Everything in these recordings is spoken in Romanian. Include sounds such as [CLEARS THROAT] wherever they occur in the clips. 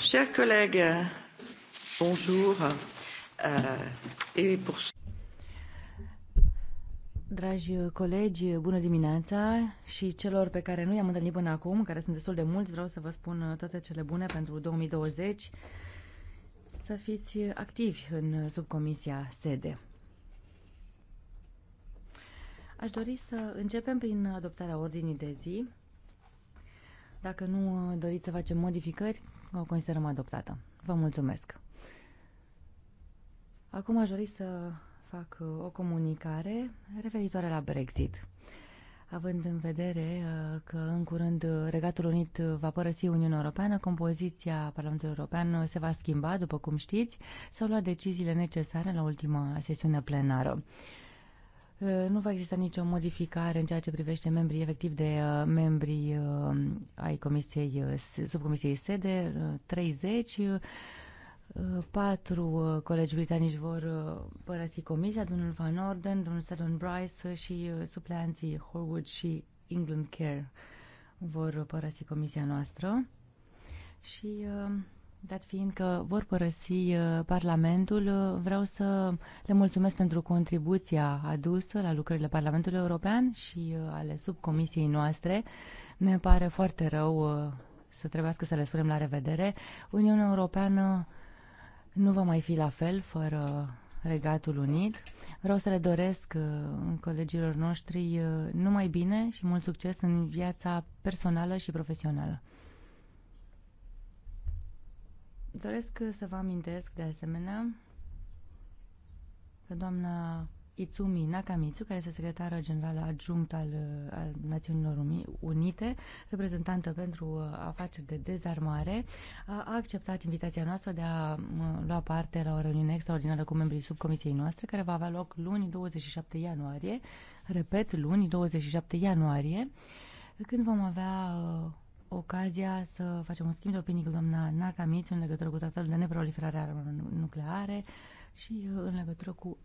Chers collègues, bonjour. Euh, Dragi colegi, bună dimineața și celor pe care nu i-am întâlnit până acum, care sunt destul de mulți, vreau să vă spun toate cele bune pentru 2020. Să fiți activi în subcomisia sede. Aș dori să începem prin adoptarea ordinii de zi. Dacă nu uh, doriți să facem modificări, o considerăm adoptată. Vă mulțumesc! Acum aș dori să fac uh, o comunicare referitoare la Brexit. Având în vedere uh, că în curând Regatul Unit va părăsi Uniunea Europeană, compoziția Parlamentului European se va schimba, după cum știți, s-au luat deciziile necesare la ultima sesiune plenară. Uh, nu va exista nicio modificare în ceea ce privește membrii efectiv de uh, membrii uh, ai comisiei, subcomisiei sede 30. Patru colegi britanici vor părăsi comisia, domnul Van Orden, domnul Stalon Bryce și supleanții Horwood și England Care vor părăsi comisia noastră. Și Dat fiind că vor părăsi uh, Parlamentul, uh, vreau să le mulțumesc pentru contribuția adusă la lucrările Parlamentului European și uh, ale subcomisiei noastre. Ne pare foarte rău să trebuiască să le spunem la revedere. Uniunea Europeană nu va mai fi la fel fără Regatul Unit. Vreau să le doresc colegilor noștri numai bine și mult succes în viața personală și profesională. Doresc să vă amintesc de asemenea că doamna Itsumi Nakamitsu, care este secretară generală adjunct al, uh, al Națiunilor Unite, reprezentantă pentru uh, afaceri de dezarmare, a acceptat invitația noastră de a lua parte la o reuniune extraordinară cu membrii subcomisiei noastre, care va avea loc luni 27 ianuarie, repet, luni 27 ianuarie, când vom avea uh, ocazia să facem un schimb de opinii cu doamna Nakamitsu în legătură cu tratatul de neproliferare a armelor nucleare și uh, în legătură cu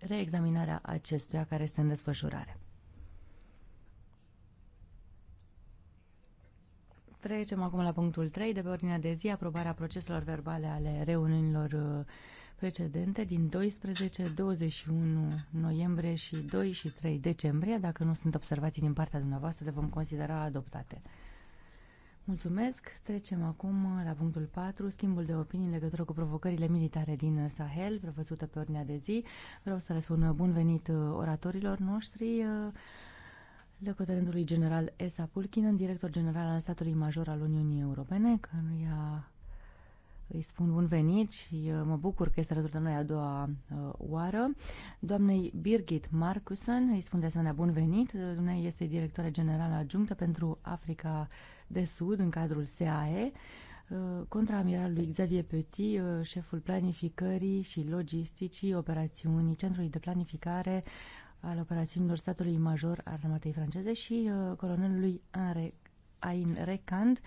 reexaminarea acestuia care este în desfășurare. Trecem acum la punctul 3 de pe ordinea de zi, aprobarea proceselor verbale ale reuniunilor uh, precedente din 12, 21 noiembrie și 2 și 3 decembrie. Dacă nu sunt observații din partea dumneavoastră, le vom considera adoptate. Mulțumesc. Trecem acum la punctul 4, schimbul de opinii în legătură cu provocările militare din Sahel, prevăzută pe ordinea de zi. Vreau să le spun bun venit uh, oratorilor noștri. Uh, Locotenentului general Esa Pulkin, director general al statului major al Uniunii Europene, căruia îi spun bun venit și uh, mă bucur că este alături de noi a doua uh, oară. Doamnei Birgit Markusen, îi spun de asemenea bun venit. Uh, Dumnezeu este directoarea generală adjunctă pentru Africa de Sud în cadrul SAE contraamiralului Xavier Petit, șeful planificării și logisticii operațiunii Centrului de Planificare al operațiunilor statului major al armatei franceze și colonelului Ain Recand,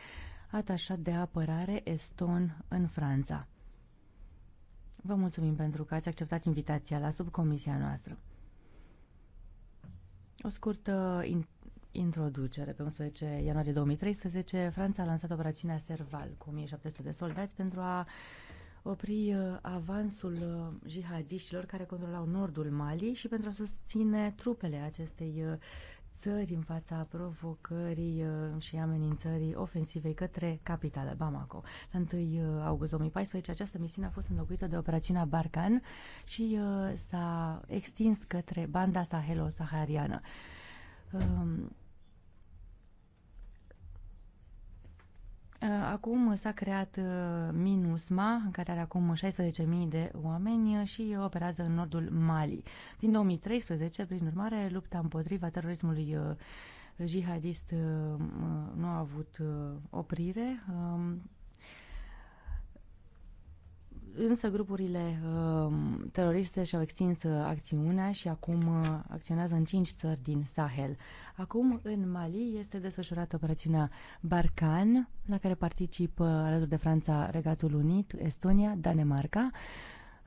atașat de apărare eston în Franța. Vă mulțumim pentru că ați acceptat invitația la subcomisia noastră. O scurtă in introducere. Pe 11 ianuarie 2013, Franța a lansat operațiunea Serval cu 1700 de soldați pentru a opri uh, avansul uh, jihadiștilor care controlau nordul Mali și pentru a susține trupele acestei uh, țări în fața provocării uh, și amenințării ofensivei către capitală, Bamako. La 1 uh, august 2014 această misiune a fost înlocuită de operațiunea Barkan și uh, s-a extins către banda sahelo-sahariană. Um, Uh, acum s-a creat uh, MINUSMA, în care are acum 16.000 de oameni uh, și operează în nordul Mali. Din 2013, prin urmare, lupta împotriva terorismului jihadist nu a avut oprire. Um, Însă grupurile uh, teroriste și-au extins uh, acțiunea și acum uh, acționează în cinci țări din Sahel. Acum, în Mali, este desfășurată operațiunea Barcan, la care participă alături de Franța Regatul Unit, Estonia, Danemarca,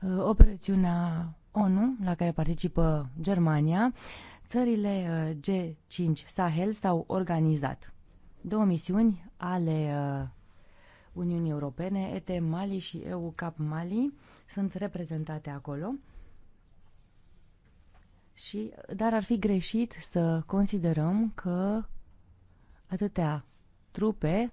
uh, operațiunea ONU, la care participă Germania. Țările uh, G5 Sahel s-au organizat. Două misiuni ale uh, Uniunii Europene, ET Mali și cap Mali sunt reprezentate acolo. Și, dar ar fi greșit să considerăm că atâtea trupe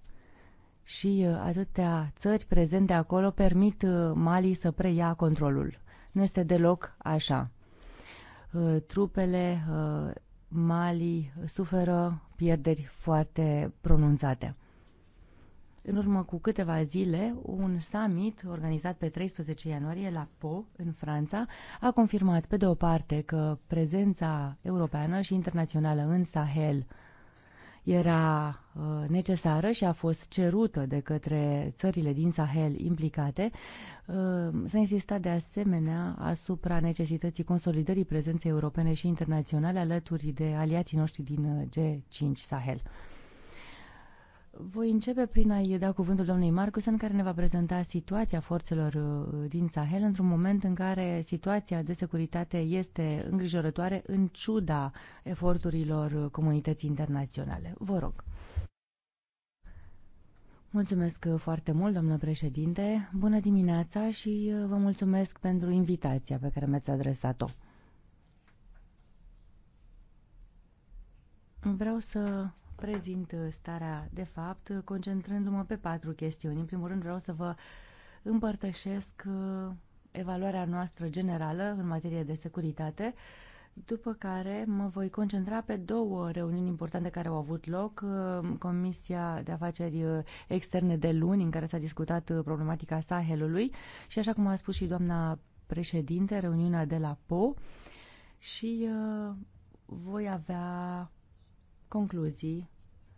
și uh, atâtea țări prezente acolo permit uh, Mali să preia controlul. Nu este deloc așa. Uh, trupele Mali suferă pierderi foarte pronunțate în urmă cu câteva zile, un summit organizat pe 13 ianuarie la Po, în Franța, a confirmat, pe de o parte, că prezența europeană și internațională în Sahel era uh, necesară și a fost cerută de către țările din Sahel implicate. Uh, S-a insistat de asemenea asupra necesității consolidării prezenței europene și internaționale alături de aliații noștri din uh, G5 Sahel. Voi începe prin a-i da cuvântul domnului în care ne va prezenta situația forțelor uh, din Sahel într-un moment în care situația de securitate este îngrijorătoare în ciuda eforturilor uh, comunității internaționale. Vă rog. Mulțumesc uh, foarte mult, doamnă președinte. Bună dimineața și vă mulțumesc pentru invitația pe care mi-ați adresat-o. Vreau să prezint uh, starea de fapt, uh, concentrându-mă pe patru chestiuni. În primul rând vreau să vă împărtășesc uh, evaluarea noastră generală în materie de securitate, după care mă voi concentra pe două reuniuni importante care au avut loc. Comisia de Afaceri Externe de luni, în care s-a discutat problematica Sahelului și, așa cum a spus și doamna președinte, reuniunea de la PO și uh, voi avea concluzii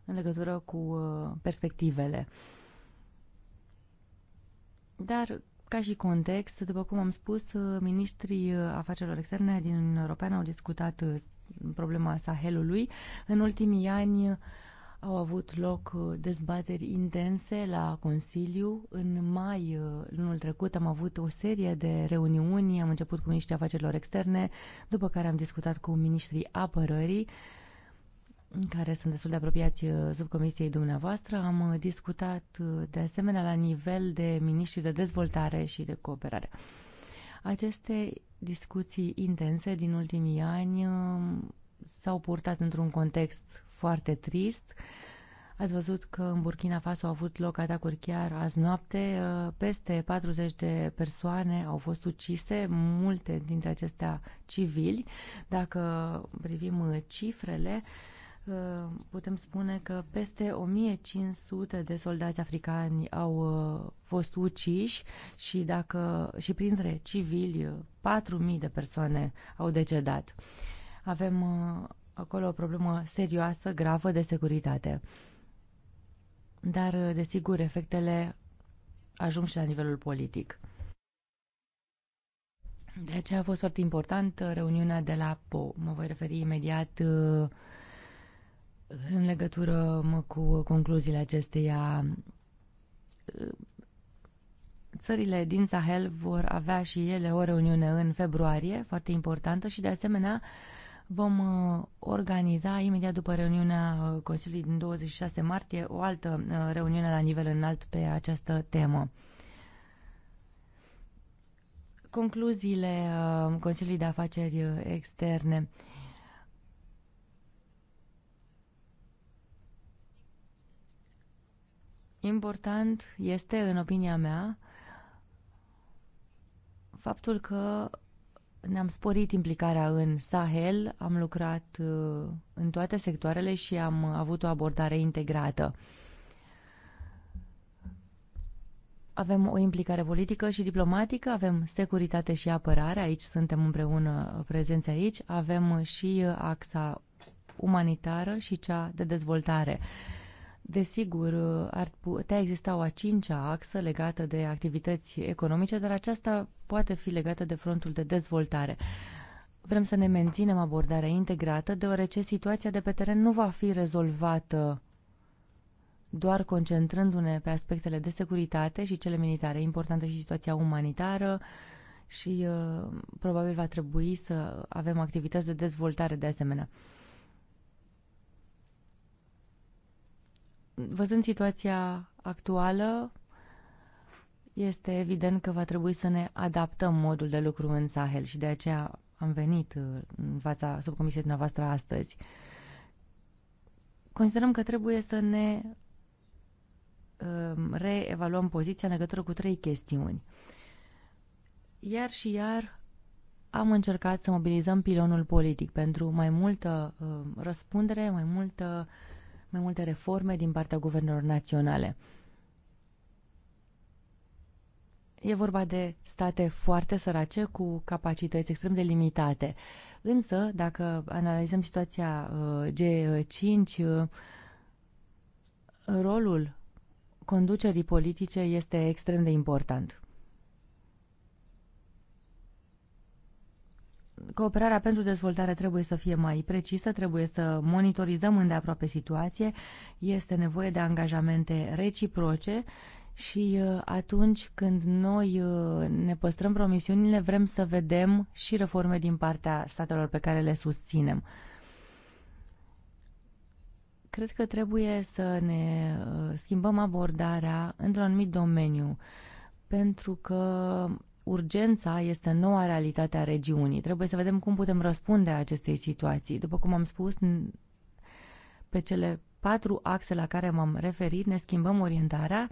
în legătură cu uh, perspectivele. Dar, ca și context, după cum am spus, uh, ministrii uh, afacerilor externe din Uniunea Europeană au discutat problema Sahelului. În ultimii ani au avut loc dezbateri intense la Consiliu. În mai, lunul trecut, am avut o serie de reuniuni. Am început cu ministrii afacerilor externe, după care am discutat cu ministrii apărării care sunt destul de apropiați uh, subcomisiei dumneavoastră. Am uh, discutat uh, de asemenea la nivel de miniștri de dezvoltare și de cooperare. Aceste discuții intense din ultimii ani um, s-au purtat într-un context foarte trist. Ați văzut că în Burkina Faso au avut loc atacuri chiar azi noapte. Peste 40 de persoane au fost ucise, multe dintre acestea civili. Dacă privim cifrele, Ă, putem spune că peste 1500 de soldați africani au ă, fost uciși și, dacă, și printre civili 4000 ă, de persoane au decedat. Avem acolo o problemă serioasă, gravă de securitate. Dar, desigur, efectele ajung și la nivelul politic. De aceea a fost foarte important reuniunea de la PO. Mă voi referi imediat uh, în legătură mă, cu concluziile acesteia, țările din Sahel vor avea și ele o reuniune în februarie, foarte importantă, și de asemenea vom uh, organiza imediat după reuniunea uh, Consiliului din 26 martie o altă uh, reuniune la nivel înalt pe această temă. Concluziile Consiliului de Afaceri Externe. Uh, Important este, în opinia mea, faptul că ne-am sporit implicarea în Sahel, am lucrat uh, în toate sectoarele și am avut o abordare integrată. Avem o implicare politică și diplomatică, avem securitate și apărare, aici suntem împreună uh, prezenți aici, avem și uh, axa umanitară și cea de dezvoltare. Uh, Desigur, ar putea exista o a cincea axă legată de activități economice, dar aceasta poate fi legată de frontul de dezvoltare. Vrem să ne menținem abordarea integrată, deoarece situația de pe teren nu va fi rezolvată doar concentrându-ne pe aspectele de securitate și cele militare. Importantă și situația umanitară și uh, probabil va trebui să avem activități de dezvoltare de asemenea. văzând situația actuală, este evident că va trebui să ne adaptăm modul de lucru în Sahel și de aceea am venit uh, în fața subcomisiei dumneavoastră astăzi. Considerăm că trebuie să ne um, reevaluăm poziția în legătură cu trei chestiuni. Iar și iar am încercat să mobilizăm pilonul politic pentru mai multă um, răspundere, mai multă mai multe reforme din partea guvernelor naționale. E vorba de state foarte sărace cu capacități extrem de limitate. Însă, dacă analizăm situația uh, G5, uh, rolul conducerii politice este extrem de important. Cooperarea pentru dezvoltare trebuie să fie mai precisă, trebuie să monitorizăm îndeaproape situație, este nevoie de angajamente reciproce și uh, atunci când noi uh, ne păstrăm promisiunile, vrem să vedem și reforme din partea statelor pe care le susținem. Cred că trebuie să ne uh, schimbăm abordarea într-un anumit domeniu, pentru că Urgența este noua realitate a regiunii. Trebuie să vedem cum putem răspunde a acestei situații. După cum am spus, pe cele patru axe la care m-am referit ne schimbăm orientarea,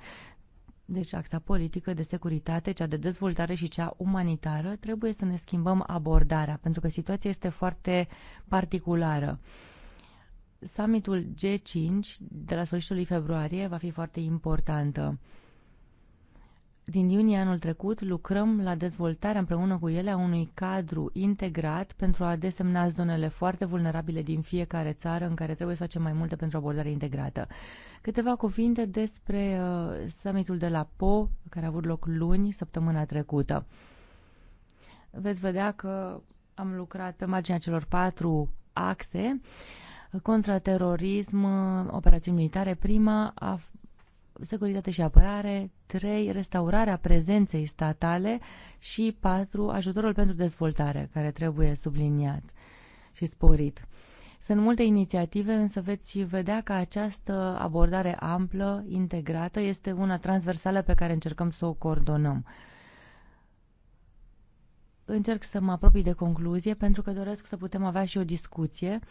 deci axa politică, de securitate, cea de dezvoltare și cea umanitară, trebuie să ne schimbăm abordarea, pentru că situația este foarte particulară. Summitul G5 de la sfârșitul lui februarie va fi foarte importantă. Din iunie anul trecut lucrăm la dezvoltarea împreună cu ele a unui cadru integrat pentru a desemna zonele foarte vulnerabile din fiecare țară în care trebuie să facem mai multe pentru abordare integrată. Câteva cuvinte despre uh, summitul de la Po, care a avut loc luni, săptămâna trecută. Veți vedea că am lucrat pe marginea celor patru axe. Contraterorism, uh, operațiuni militare, prima a securitate și apărare, 3. restaurarea prezenței statale și 4. ajutorul pentru dezvoltare, care trebuie subliniat și sporit. Sunt multe inițiative, însă veți vedea că această abordare amplă, integrată, este una transversală pe care încercăm să o coordonăm. Încerc să mă apropii de concluzie pentru că doresc să putem avea și o discuție uh,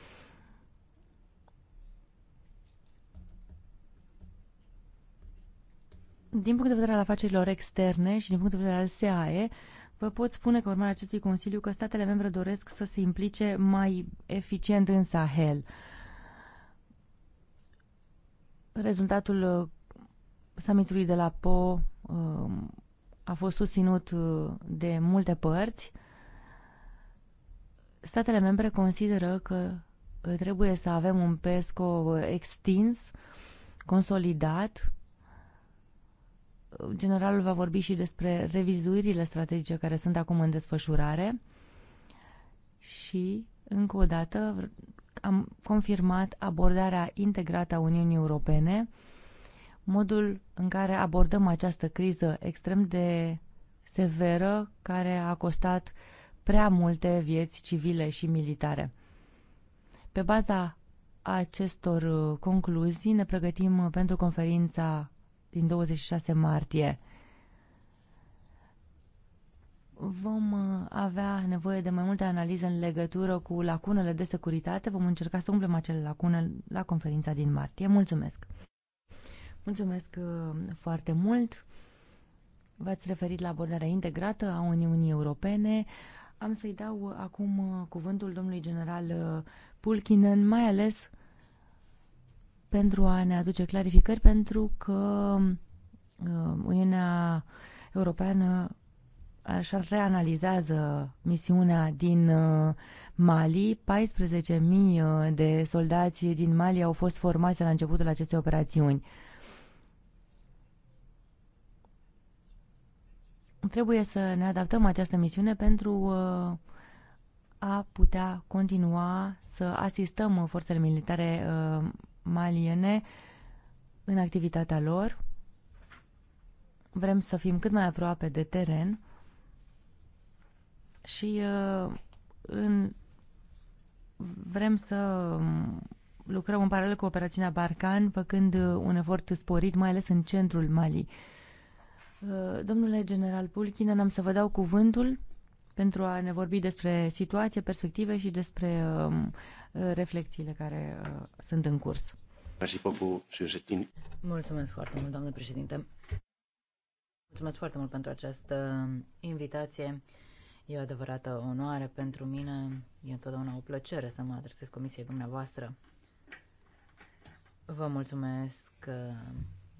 Din punct de vedere al afacerilor externe și din punct de vedere al SAE, vă pot spune că urmarea acestui Consiliu că statele membre doresc să se implice mai eficient în Sahel. Rezultatul uh, summitului de la Po um, a fost susținut uh, de multe părți. Statele membre consideră că trebuie să avem un PESCO uh, extins, consolidat, generalul va vorbi și despre revizuirile strategice care sunt acum în desfășurare și, încă o dată, am confirmat abordarea integrată a Uniunii Europene, modul în care abordăm această criză extrem de severă care a costat prea multe vieți civile și militare. Pe baza acestor uh, concluzii ne pregătim uh, pentru conferința din 26 martie. Vom uh, avea nevoie de mai multe analize în legătură cu lacunele de securitate. Vom încerca să umplem acele lacune la conferința din martie. Mulțumesc! Mulțumesc uh, foarte mult! V-ați referit la abordarea integrată a Uniunii Europene. Am să-i dau acum uh, cuvântul domnului general Pulkinen, mai ales pentru a ne aduce clarificări, pentru că uh, Uniunea Europeană așa reanalizează misiunea din uh, Mali. 14.000 uh, de soldați din Mali au fost formați la începutul acestei operațiuni. Trebuie să ne adaptăm această misiune pentru a putea continua să asistăm forțele militare maliene în activitatea lor. Vrem să fim cât mai aproape de teren și uh, în, vrem să um, lucrăm în paralel cu operațiunea Barcan, făcând uh, un efort sporit, mai ales în centrul Mali. Uh, domnule general Pulchinen, am să vă dau cuvântul pentru a ne vorbi despre situație, perspective și despre um, reflexiile care uh, sunt în curs. Mulțumesc foarte mult, doamnă președinte. Mulțumesc foarte mult pentru această invitație. E o adevărată onoare pentru mine. E întotdeauna o plăcere să mă adresez comisiei dumneavoastră. Vă mulțumesc, uh,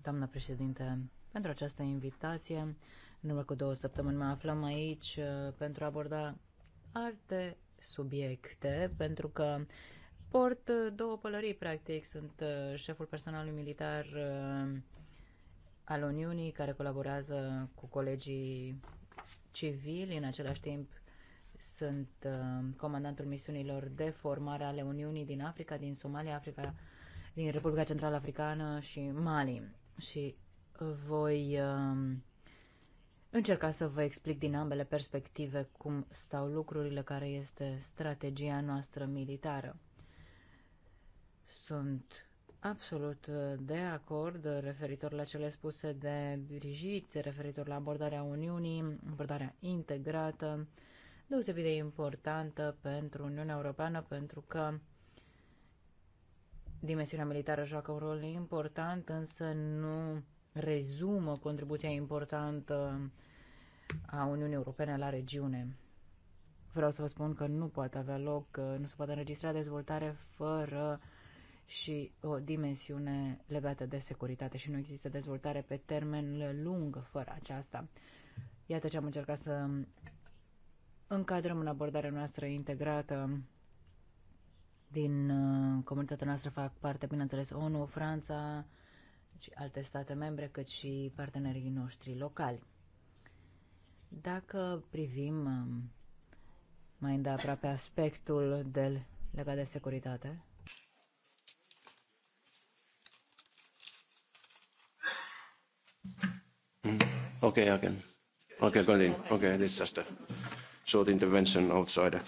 doamnă președinte, pentru această invitație. În urmă cu două săptămâni mă aflam aici uh, pentru a aborda alte subiecte, pentru că port uh, două pălării, practic. Sunt uh, șeful personalului militar al Uniunii, care colaborează cu colegii civili, în același timp sunt uh, comandantul misiunilor de formare ale Uniunii din Africa, din Somalia, Africa, din Republica Central Africană și Mali. Și voi uh, încerca să vă explic din ambele perspective cum stau lucrurile, care este strategia noastră militară. Sunt absolut de acord referitor la cele spuse de Brigitte, referitor la abordarea Uniunii, abordarea integrată, deosebit de importantă pentru Uniunea Europeană, pentru că dimensiunea militară joacă un rol important, însă nu rezumă contribuția importantă a Uniunii Europene la regiune. Vreau să vă spun că nu poate avea loc, nu se poate înregistra dezvoltare fără și o dimensiune legată de securitate și nu există dezvoltare pe termen lung fără aceasta. Iată ce am încercat să încadrăm în abordarea noastră integrată din uh, comunitatea noastră fac parte, bineînțeles, ONU, Franța, și alte state membre, cât și partenerii noștri locali. Dacă privim um, mai îndeaproape aspectul de legat de securitate, mm. Ok, I can. Ok, continue. Ok, this is just a short intervention outside.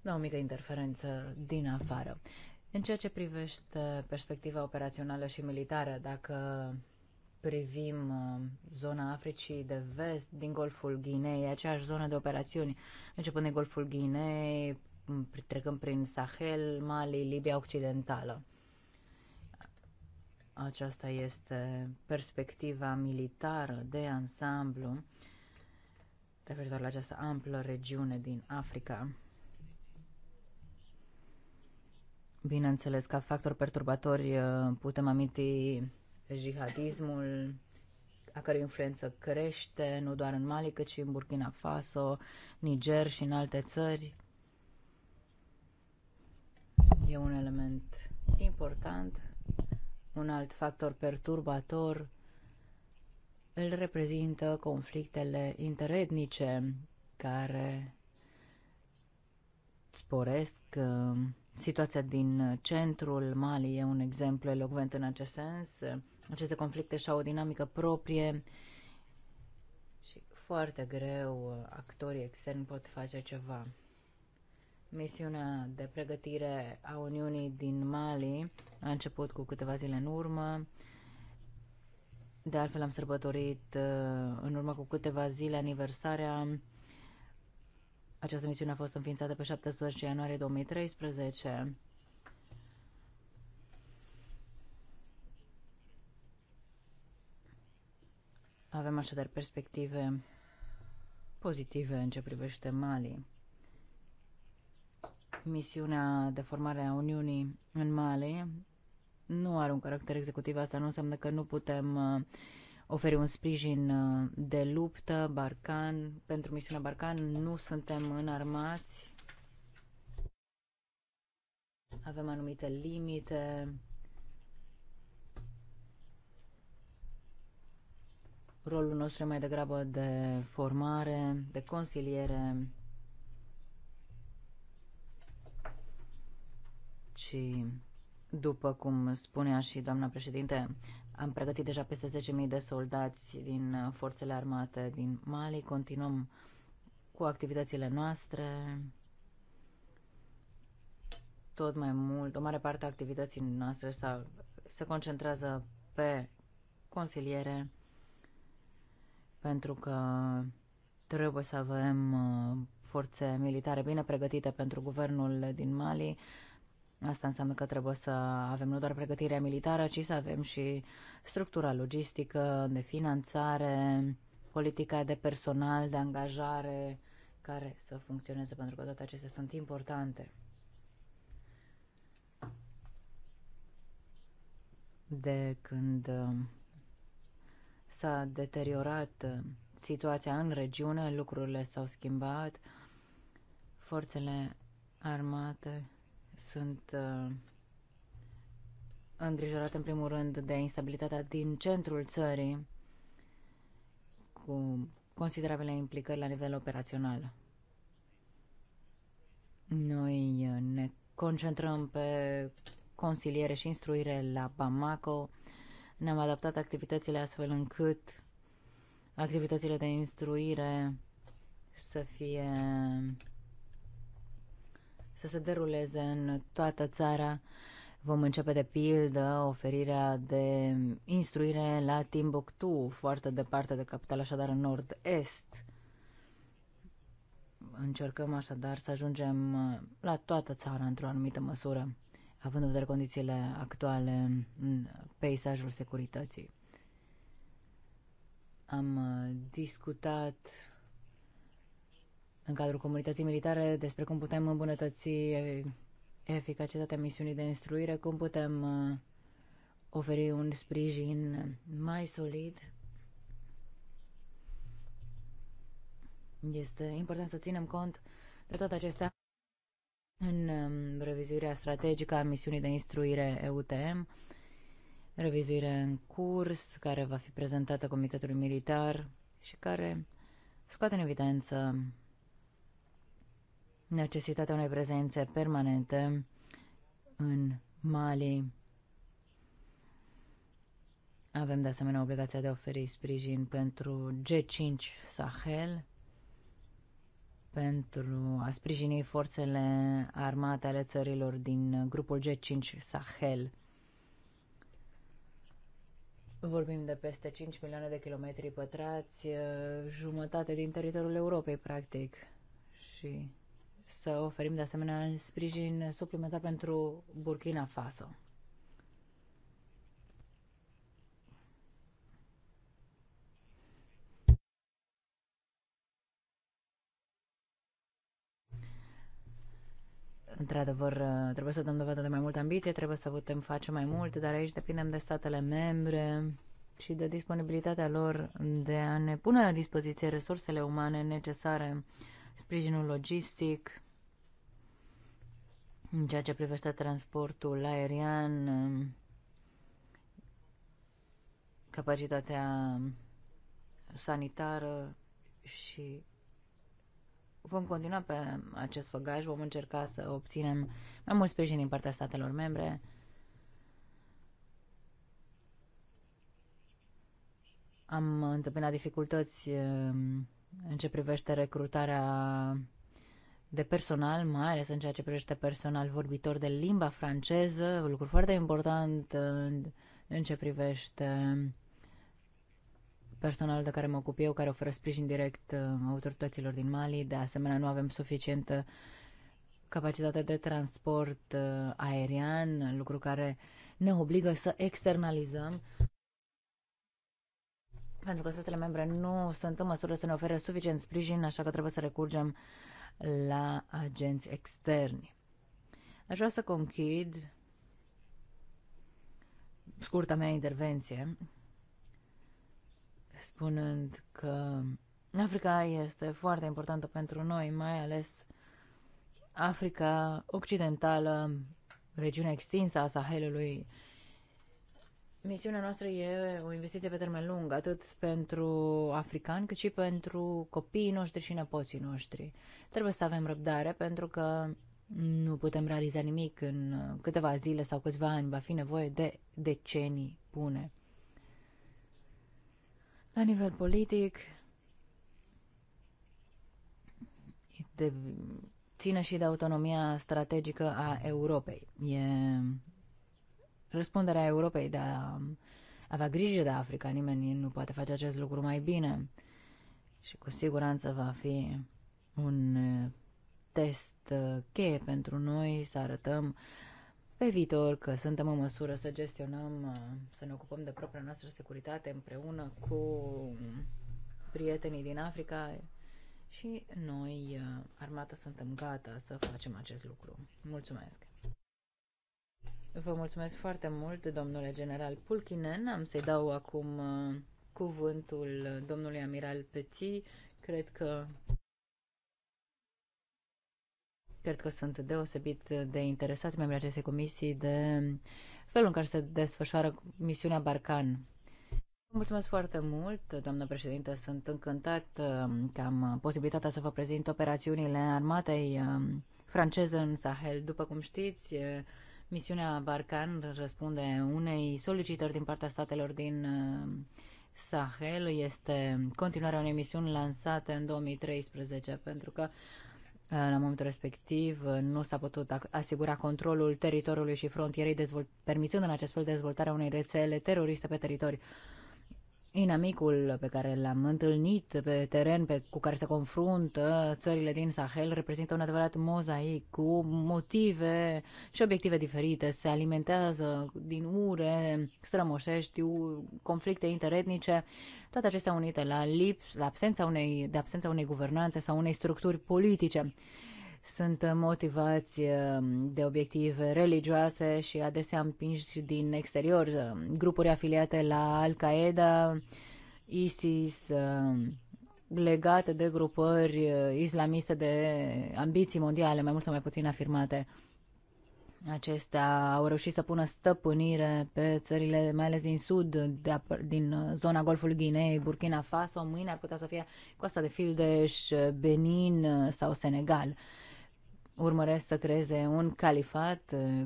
Da, o mică interferență din afară. În ceea ce privește perspectiva operațională și militară, dacă privim uh, zona Africii de vest, din Golful Guinei, aceeași zonă de operațiuni, începând de Golful Guinei, trecând prin Sahel, Mali, Libia Occidentală. Aceasta este perspectiva militară de ansamblu referitor la această amplă regiune din Africa. Bineînțeles, ca factor perturbatori eh, putem aminti jihadismul, a cărui influență crește nu doar în Mali, cât și în Burkina Faso, Niger și în alte țări. E un element important. Un alt factor perturbator îl reprezintă conflictele interetnice care sporesc eh, Situația din centrul Mali e un exemplu elocvent în acest sens. Aceste conflicte și au o dinamică proprie și foarte greu actorii externi pot face ceva. Misiunea de pregătire a Uniunii din Mali a început cu câteva zile în urmă. De altfel am sărbătorit uh, în urmă cu câteva zile aniversarea această misiune a fost înființată pe 17 ianuarie 2013. Avem așadar perspective pozitive în ce privește Mali. Misiunea de formare a Uniunii în Mali nu are un caracter executiv, asta nu înseamnă că nu putem uh, oferi un sprijin uh, de luptă, Barcan, pentru misiunea Barcan, nu suntem înarmați, avem anumite limite, rolul nostru e mai degrabă de formare, de consiliere, și după cum spunea și doamna președinte, am pregătit deja peste 10.000 de soldați din uh, forțele armate din Mali. Continuăm cu activitățile noastre. Tot mai mult, o mare parte a activității noastre s-a, se concentrează pe consiliere, pentru că trebuie să avem uh, forțe militare bine pregătite pentru guvernul din Mali Asta înseamnă că trebuie să avem nu doar pregătirea militară, ci să avem și structura logistică, de finanțare, politica de personal, de angajare, care să funcționeze, pentru că toate acestea sunt importante. De când uh, s-a deteriorat uh, situația în regiune, lucrurile s-au schimbat, forțele armate sunt uh, îngrijorat în primul rând de instabilitatea din centrul țării cu considerabile implicări la nivel operațional. Noi uh, ne concentrăm pe consiliere și instruire la Bamako. Ne-am adaptat activitățile astfel încât activitățile de instruire să fie să se deruleze în toată țara. Vom începe de pildă oferirea de instruire la Timbuktu, foarte departe de capitală, așadar în nord-est. Încercăm așadar să ajungem la toată țara într-o anumită măsură, având în vedere condițiile actuale în peisajul securității. Am discutat în cadrul comunității militare despre cum putem îmbunătăți eficacitatea misiunii de instruire, cum putem uh, oferi un sprijin mai solid. Este important să ținem cont de toate acestea în um, revizuirea strategică a misiunii de instruire EUTM, revizuire în curs care va fi prezentată Comitetului Militar și care scoate în evidență necesitatea unei prezențe permanente în Mali. Avem de asemenea obligația de a oferi sprijin pentru G5 Sahel, pentru a sprijini forțele armate ale țărilor din grupul G5 Sahel. Vorbim de peste 5 milioane de kilometri pătrați, jumătate din teritoriul Europei, practic. Și să oferim de asemenea sprijin suplimentar pentru Burkina Faso. Într-adevăr, trebuie să dăm dovadă de mai multă ambiție, trebuie să putem face mai mult, dar aici depindem de statele membre și de disponibilitatea lor de a ne pune la dispoziție resursele umane necesare uh, sprijinul logistic, în ceea ce privește transportul aerian, um, capacitatea sanitară și vom continua pe acest făgaș, vom încerca să obținem mai mult sprijin din partea statelor membre. Am întâmpinat dificultăți um, în ce privește recrutarea de personal, mai ales în ceea ce privește personal vorbitor de limba franceză, un lucru foarte important în ce privește personalul de care mă ocup eu, care oferă sprijin direct uh, autorităților din Mali. De asemenea, nu avem suficientă capacitate de transport uh, aerian, lucru care ne obligă să externalizăm pentru că statele membre nu sunt în măsură să ne ofere suficient sprijin, așa că trebuie să recurgem la agenți externi. Aș vrea să conchid scurta mea intervenție spunând că Africa este foarte importantă pentru noi, mai ales Africa Occidentală, regiunea extinsă a Sahelului, Misiunea noastră e o investiție pe termen lung, atât pentru africani, cât și pentru copiii noștri și nepoții noștri. Trebuie să avem răbdare, pentru că nu putem realiza nimic în câteva zile sau câțiva ani. Va fi nevoie de decenii bune. La nivel politic, de, ține și de autonomia strategică a Europei. E răspunderea Europei de a avea grijă de Africa. Nimeni nu poate face acest lucru mai bine. Și cu siguranță va fi un uh, test uh, cheie pentru noi să arătăm pe viitor că suntem în măsură să gestionăm, uh, să ne ocupăm de propria noastră securitate împreună cu prietenii din Africa și noi, armata, suntem gata să facem acest lucru. Mulțumesc! Vă mulțumesc foarte mult, domnule general Pulkinen. Am să-i dau acum uh, cuvântul domnului amiral Petit. Cred că cred că sunt deosebit de interesat membrii acestei comisii de felul în care se desfășoară misiunea Barcan. Mulțumesc foarte mult, doamnă președintă. Sunt încântat uh, că am posibilitatea să vă prezint operațiunile armatei uh, franceze în Sahel. După cum știți, Misiunea Barcan răspunde unei solicitări din partea statelor din uh, Sahel. Este continuarea unei misiuni lansate în 2013 pentru că uh, la momentul respectiv uh, nu s-a putut asigura controlul teritoriului și frontierei, permițând în acest fel dezvoltarea unei rețele teroriste pe teritoriu. Inamicul pe care l-am întâlnit pe teren pe, cu care se confruntă țările din Sahel reprezintă un adevărat mozaic cu motive și obiective diferite. Se alimentează din ure, strămoșești, conflicte interetnice, toate acestea unite la, lips, la absența unei, de absența unei guvernanțe sau unei structuri politice sunt motivați uh, de obiective religioase și adesea împinși din exterior. Uh, grupuri afiliate la Al-Qaeda, ISIS, uh, legate de grupări islamiste de ambiții mondiale, mai mult sau mai puțin afirmate. Acestea au reușit să pună stăpânire pe țările, mai ales din sud, de, din zona Golfului Guinei, Burkina Faso, mâine ar putea să fie coasta de Fildeș, Benin sau Senegal urmăresc să creeze un califat eh,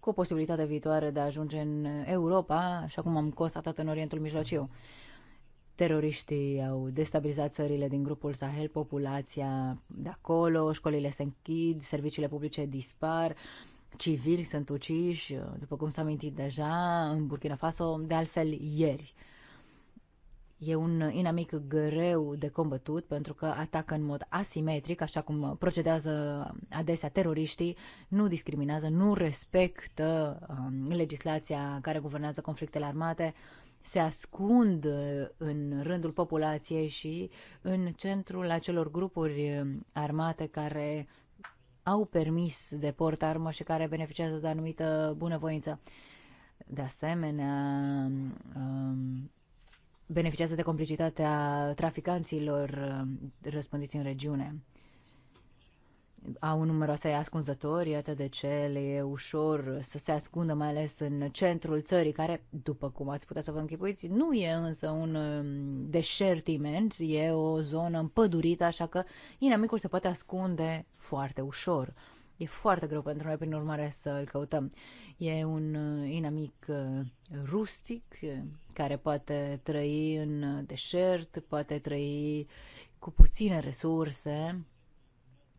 cu posibilitatea viitoare de a ajunge în Europa, așa cum am constatat în Orientul Mijlociu. Teroriștii au destabilizat țările din grupul Sahel, populația de acolo, școlile se închid, serviciile publice dispar, civili sunt uciși, după cum s-a mintit deja, în Burkina Faso, de altfel ieri. E un inamic greu de combătut pentru că atacă în mod asimetric, așa cum procedează adesea teroriștii, nu discriminează, nu respectă um, legislația care guvernează conflictele armate, se ascund în rândul populației și în centrul acelor grupuri armate care au permis de port armă și care beneficiază de o anumită bunăvoință. De asemenea, um, beneficiază de complicitatea traficanților uh, răspândiți în regiune. Au numeroase ascunzători, iată de ce le e ușor să se ascundă, mai ales în centrul țării, care, după cum ați putea să vă închipuiți, nu e însă un um, deșert imens, e o zonă împădurită, așa că inamicul se poate ascunde foarte ușor. E foarte greu pentru noi, prin urmare, să îl căutăm. E un uh, inamic uh, rustic uh, care poate trăi în deșert, poate trăi cu puține resurse,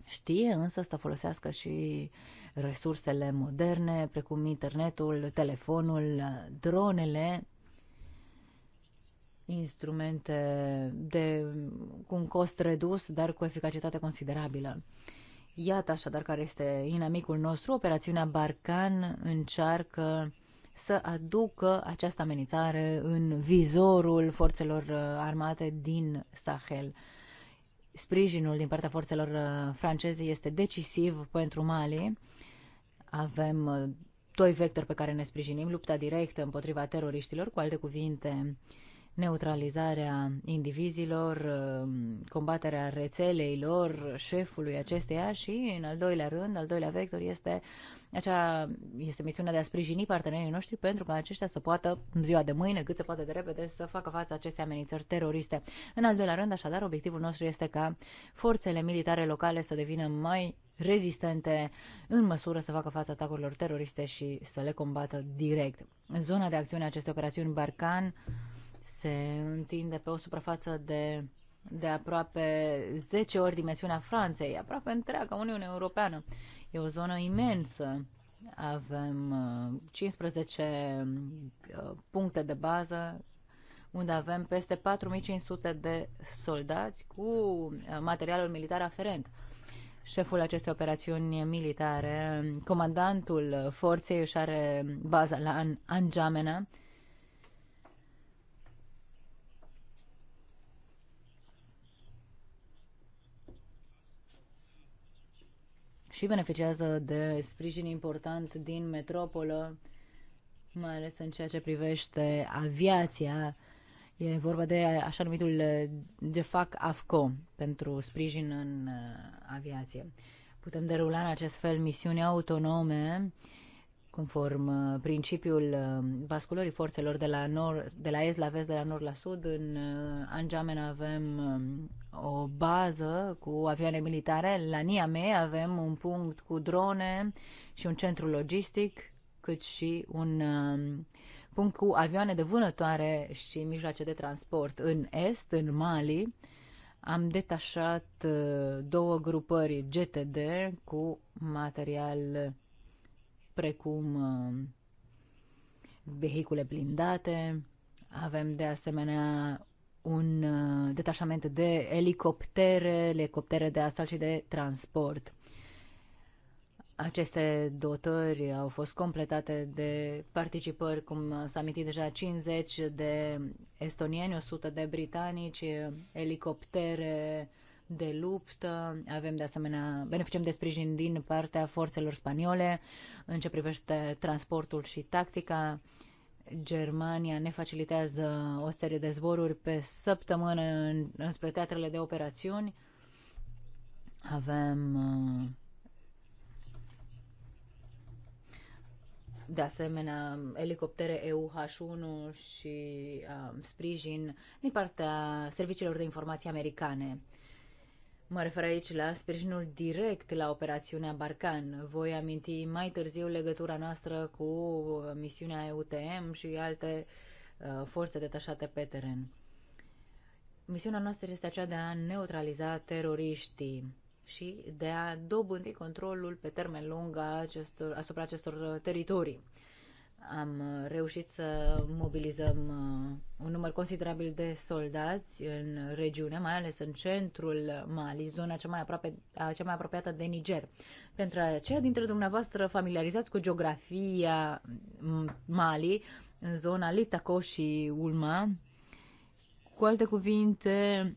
Știe însă să folosească și resursele moderne, precum internetul, telefonul, dronele, instrumente de, cu un cost redus, dar cu eficacitate considerabilă. Iată așadar care este inamicul nostru. Operațiunea Barcan încearcă să aducă această amenințare în vizorul forțelor uh, armate din Sahel. Sprijinul din partea forțelor uh, franceze este decisiv pentru Mali. Avem uh, doi vectori pe care ne sprijinim, lupta directă împotriva teroriștilor, cu alte cuvinte, neutralizarea indivizilor, um, combaterea rețelei lor, șefului acesteia și, în al doilea rând, al doilea vector este, acea, este misiunea de a sprijini partenerii noștri pentru ca aceștia să poată, în ziua de mâine, cât se poate de repede, să facă față acestei amenințări teroriste. În al doilea rând, așadar, obiectivul nostru este ca forțele militare locale să devină mai rezistente în măsură să facă față atacurilor teroriste și să le combată direct. În zona de acțiune a acestei operațiuni Barcan se întinde pe o suprafață de, de aproape 10 ori dimensiunea Franței, aproape întreaga Uniune Europeană. E o zonă imensă. Avem 15 uh, uh, puncte de bază unde avem peste 4500 de soldați cu uh, materialul militar aferent. Șeful acestei operațiuni militare, comandantul forței, își are baza la Anjamena, și beneficiază de sprijin important din metropolă, mai ales în ceea ce privește aviația. E vorba de așa numitul eh, GFAC AFCO pentru sprijin în eh, aviație. Putem derula în acest fel misiuni autonome uh, conform uh, principiul uh, basculării forțelor de la, nord, de la est la vest, de la nord la sud. În uh, Anjamen avem um, o bază cu avioane militare, la Niamey avem un punct cu drone și un centru logistic, cât și un um, punct cu avioane de vânătoare și mijloace de transport. În est, în Mali, am detașat două grupări GTD cu material precum uh, vehicule blindate. Avem de asemenea un uh, detașament de elicoptere, elicoptere de asalt și de transport. Aceste dotări au fost completate de participări, cum s-a amintit deja, 50 de estonieni, 100 de britanici, elicoptere, de luptă. Avem de asemenea, beneficiem de sprijin din partea forțelor spaniole în ce privește transportul și tactica. Germania ne facilitează o serie de zboruri pe săptămână în, înspre teatrele de operațiuni. Avem uh, de asemenea elicoptere EUH-1 și uh, sprijin din partea serviciilor de informații americane. Mă refer aici la sprijinul direct la operațiunea Barcan. Voi aminti mai târziu legătura noastră cu misiunea EUTM și alte uh, forțe detașate pe teren. Misiunea noastră este aceea de a neutraliza teroriștii și de a dobândi controlul pe termen lung a acestor, asupra acestor uh, teritorii. Am uh, reușit să mobilizăm uh, un număr considerabil de soldați în regiune, mai ales în centrul Mali, zona cea mai, aproape, cea mai apropiată de Niger. Pentru aceia dintre dumneavoastră familiarizați cu geografia Mali, în zona Litaco și Ulma, cu alte cuvinte,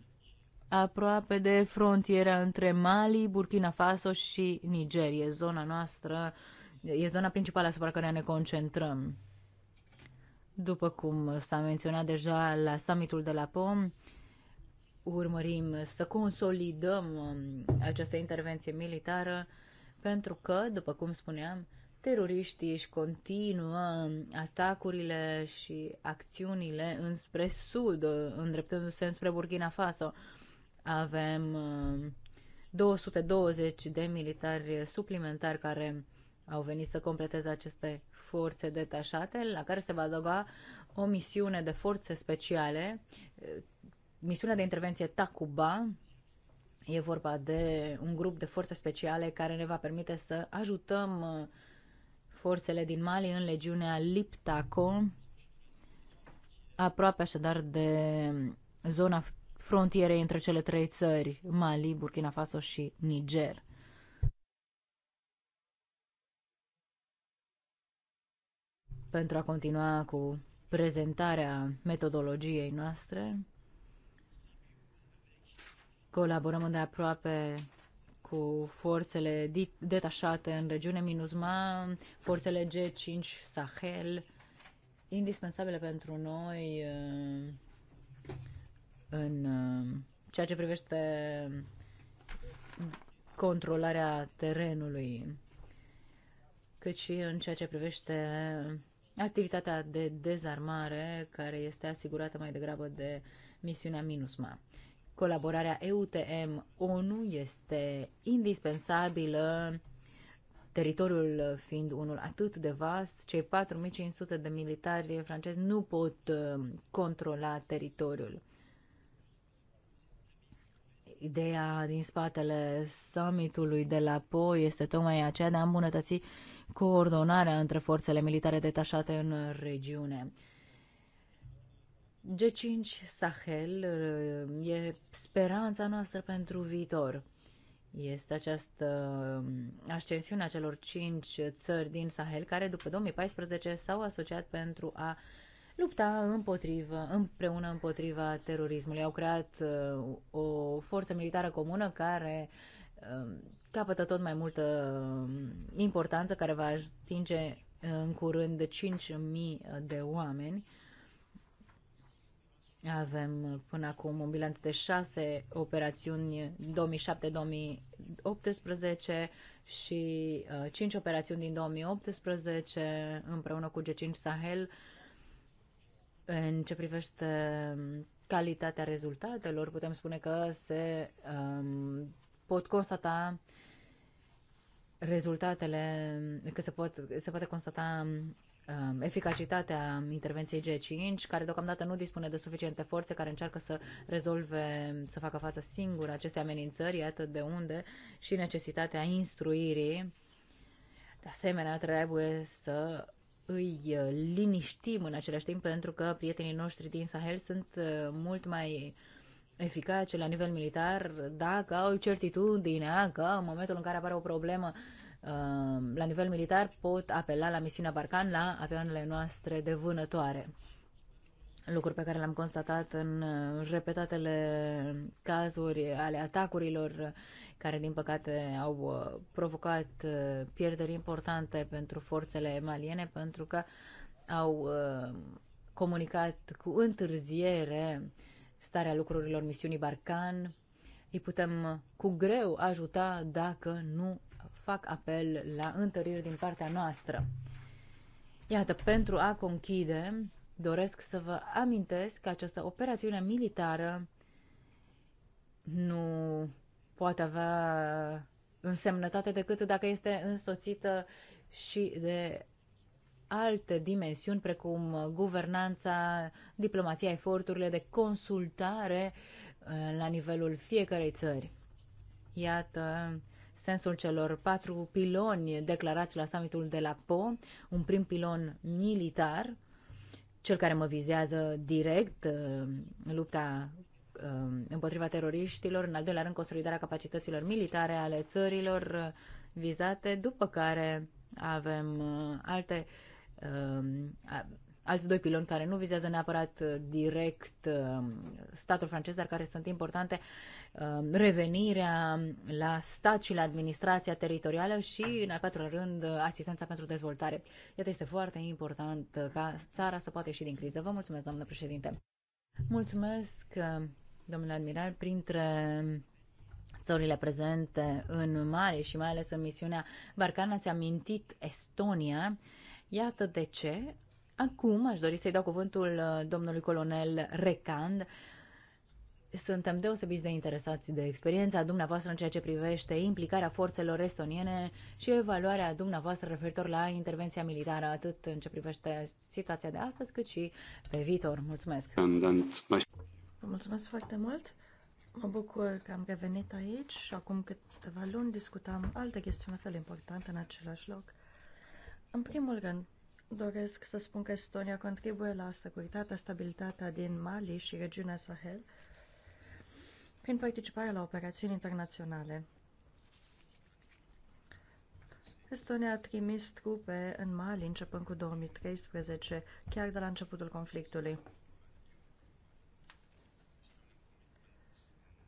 aproape de frontiera între Mali, Burkina Faso și Nigerie, zona noastră uh, e zona principală asupra care ne concentrăm. După cum s-a menționat deja la summitul de la POM, urmărim să consolidăm um, această intervenție militară pentru că, după cum spuneam, teroriștii își continuă um, atacurile și acțiunile înspre sud, îndreptându-se înspre Burkina Faso. Avem 220 um, de militari suplimentari care au venit să completeze aceste forțe detașate, la care se va adăuga o misiune de forțe speciale, misiunea de intervenție Tacuba, e vorba de un grup de forțe speciale care ne va permite să ajutăm uh, forțele din Mali în legiunea Liptaco, aproape așadar de zona frontierei între cele trei țări, Mali, Burkina Faso și Niger. pentru a continua cu prezentarea metodologiei noastre. Colaborăm de aproape cu forțele detașate în regiune MINUSMA, forțele G5 Sahel, indispensabile pentru noi uh, în uh, ceea ce privește controlarea terenului, cât și în ceea ce privește activitatea de dezarmare care este asigurată mai degrabă de misiunea MINUSMA. Colaborarea EUTM-ONU este indispensabilă, teritoriul fiind unul atât de vast, cei 4500 de militari francezi nu pot uh, controla teritoriul. Ideea din spatele summitului de la Po este tocmai aceea de a îmbunătăți uh, coordonarea între forțele militare detașate în regiune. G5 Sahel uh, e speranța noastră pentru viitor. Este această um, ascensiune a celor cinci țări din Sahel care după 2014 s-au asociat pentru a lupta împotriva, împreună împotriva terorismului. Au creat uh, o forță militară comună care uh, Um, capătă tot mai multă um, importanță, care va atinge în curând 5.000 de oameni. Avem uh, până acum un bilanț de șase operațiuni 2007-2018 și uh, 5 operațiuni din 2018 împreună cu G5 Sahel în ce privește um, calitatea rezultatelor, putem spune că se um, pot constata rezultatele, că se, pot, se poate constata um, eficacitatea intervenției G5, care deocamdată nu dispune de suficiente forțe care încearcă să rezolve, să facă față singură aceste amenințări, iată de unde și necesitatea instruirii. De asemenea, trebuie să îi liniștim în același timp, pentru că prietenii noștri din Sahel sunt uh, mult mai uh, eficace la nivel militar dacă au certitudinea că în momentul în care apare o problemă uh, la nivel militar pot apela la misiunea Barcan la avioanele noastre de vânătoare. Lucruri pe care le-am constatat în uh, repetatele cazuri ale atacurilor care, din păcate, au uh, provocat pierderi importante pentru forțele maliene pentru că au comunicat cu întârziere starea lucrurilor misiunii Barcan. Îi putem cu greu ajuta dacă nu fac apel la întăriri din partea noastră. Iată, pentru a conchide, doresc să vă amintesc că această operațiune militară nu poate avea însemnătate decât dacă este însoțită și de alte dimensiuni, precum guvernanța, diplomația, eforturile de consultare uh, la nivelul fiecarei țări. Iată sensul celor patru piloni declarați la summitul de la Po, un prim pilon militar, cel care mă vizează direct, uh, lupta uh, împotriva teroriștilor, în al doilea rând consolidarea capacităților militare ale țărilor vizate, după care avem alte uh, Ehm, alți doi piloni care nu vizează neapărat uh, direct ehm, statul francez, dar care sunt importante, ehm, revenirea la stat și la administrația teritorială și, în al patrulea rând, asistența pentru dezvoltare. Iată, este foarte important uh, ca țara să poată ieși din criză. Vă mulțumesc, doamnă președinte. Mulțumesc, uh, domnule admiral, printre țările prezente în mare și mai ales în misiunea ți-a amintit Estonia Iată de ce. Acum aș dori să-i dau cuvântul uh, domnului colonel Recand. Suntem deosebit de interesați de experiența dumneavoastră în ceea ce privește implicarea forțelor estoniene și evaluarea dumneavoastră referitor la intervenția militară, atât în ce privește situația de astăzi, cât și pe viitor. Mulțumesc! Vă mulțumesc foarte mult! Mă bucur că am revenit aici și acum câteva luni discutam alte chestiuni la fel importante în același loc. În primul rând, doresc să spun că Estonia contribuie la securitatea, stabilitatea din Mali și regiunea Sahel prin participarea la operațiuni internaționale. Estonia a trimis trupe în Mali începând cu 2013, chiar de la începutul conflictului.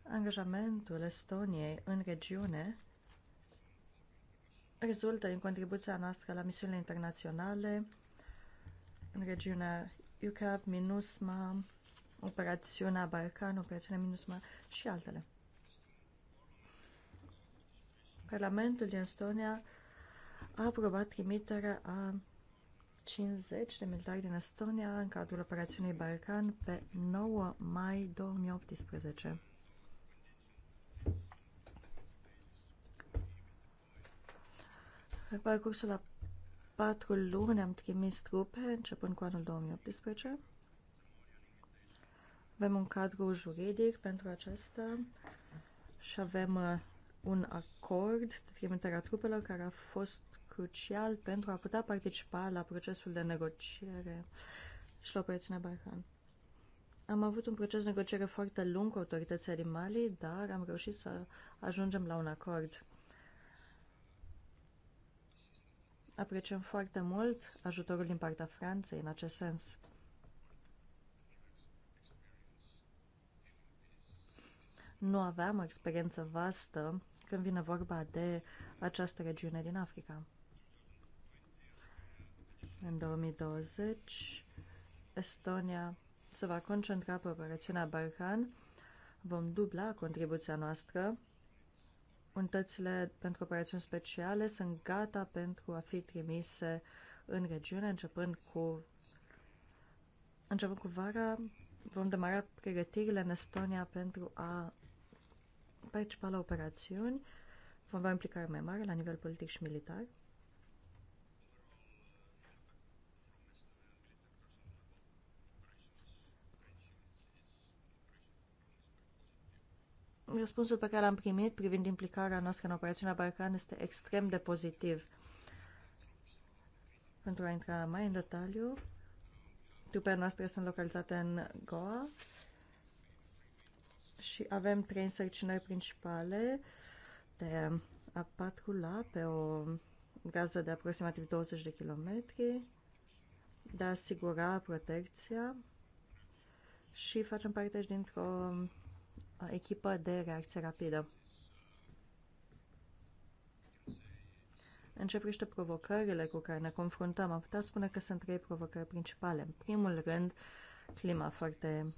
Angajamentul Estoniei în regiune rezultă din contribuția noastră la misiunile internaționale în regiunea UCAP, MINUSMA, operațiunea Balcan, operațiunea MINUSMA și altele. Parlamentul din Estonia a aprobat trimiterea a 50 de militari din Estonia în cadrul operațiunii Balcan pe 9 mai 2018. Pe parcursul a patru luni am trimis trupe, începând cu anul 2018. Avem un cadru juridic pentru acesta și avem uh, un acord de trimitere a trupelor care a fost crucial pentru a putea participa la procesul de negociere și la operațiunea Barhan. Am avut un proces de negociere foarte lung cu autoritățile din Mali, dar am reușit să ajungem la un acord. Apreciem foarte mult ajutorul din partea Franței în acest sens. Nu aveam o experiență vastă când vine vorba de această regiune din Africa. În 2020, Estonia se va concentra pe operațiunea Balkan. Vom dubla contribuția noastră Unitățile pentru operațiuni speciale sunt gata pentru a fi trimise în regiune, începând cu, începând cu vara. Vom demara pregătirile în Estonia pentru a participa la operațiuni. Vom avea implicare mai mare la nivel politic și militar. răspunsul pe care l-am primit privind implicarea noastră în operațiunea Balcan este extrem de pozitiv. Pentru a intra mai în detaliu, trupele noastre sunt localizate în Goa și avem trei însărcinări principale de a patrula pe o gază de aproximativ 20 de kilometri, de a asigura protecția și facem parte dintr-o echipă de reacție rapidă. În ce privește provocările cu care ne confruntăm, am putea spune că sunt trei provocări principale. În primul rând, clima foarte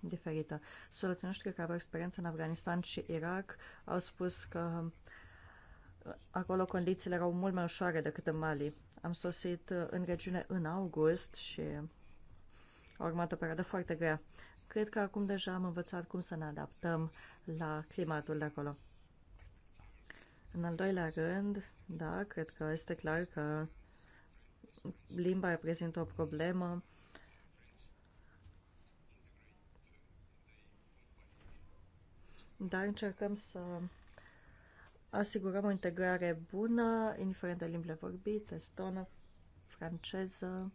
diferită. Soluții noștri care aveau experiență în Afganistan și Irak au spus că acolo condițiile erau mult mai ușoare decât în Mali. Am sosit în regiune în august și a urmat o perioadă foarte grea. Cred că acum deja am învățat cum să ne adaptăm la climatul de acolo. În al doilea rând, da, cred că este clar că limba reprezintă o problemă. Dar încercăm să asigurăm o integrare bună, indiferent de limbile vorbite, estonă, franceză,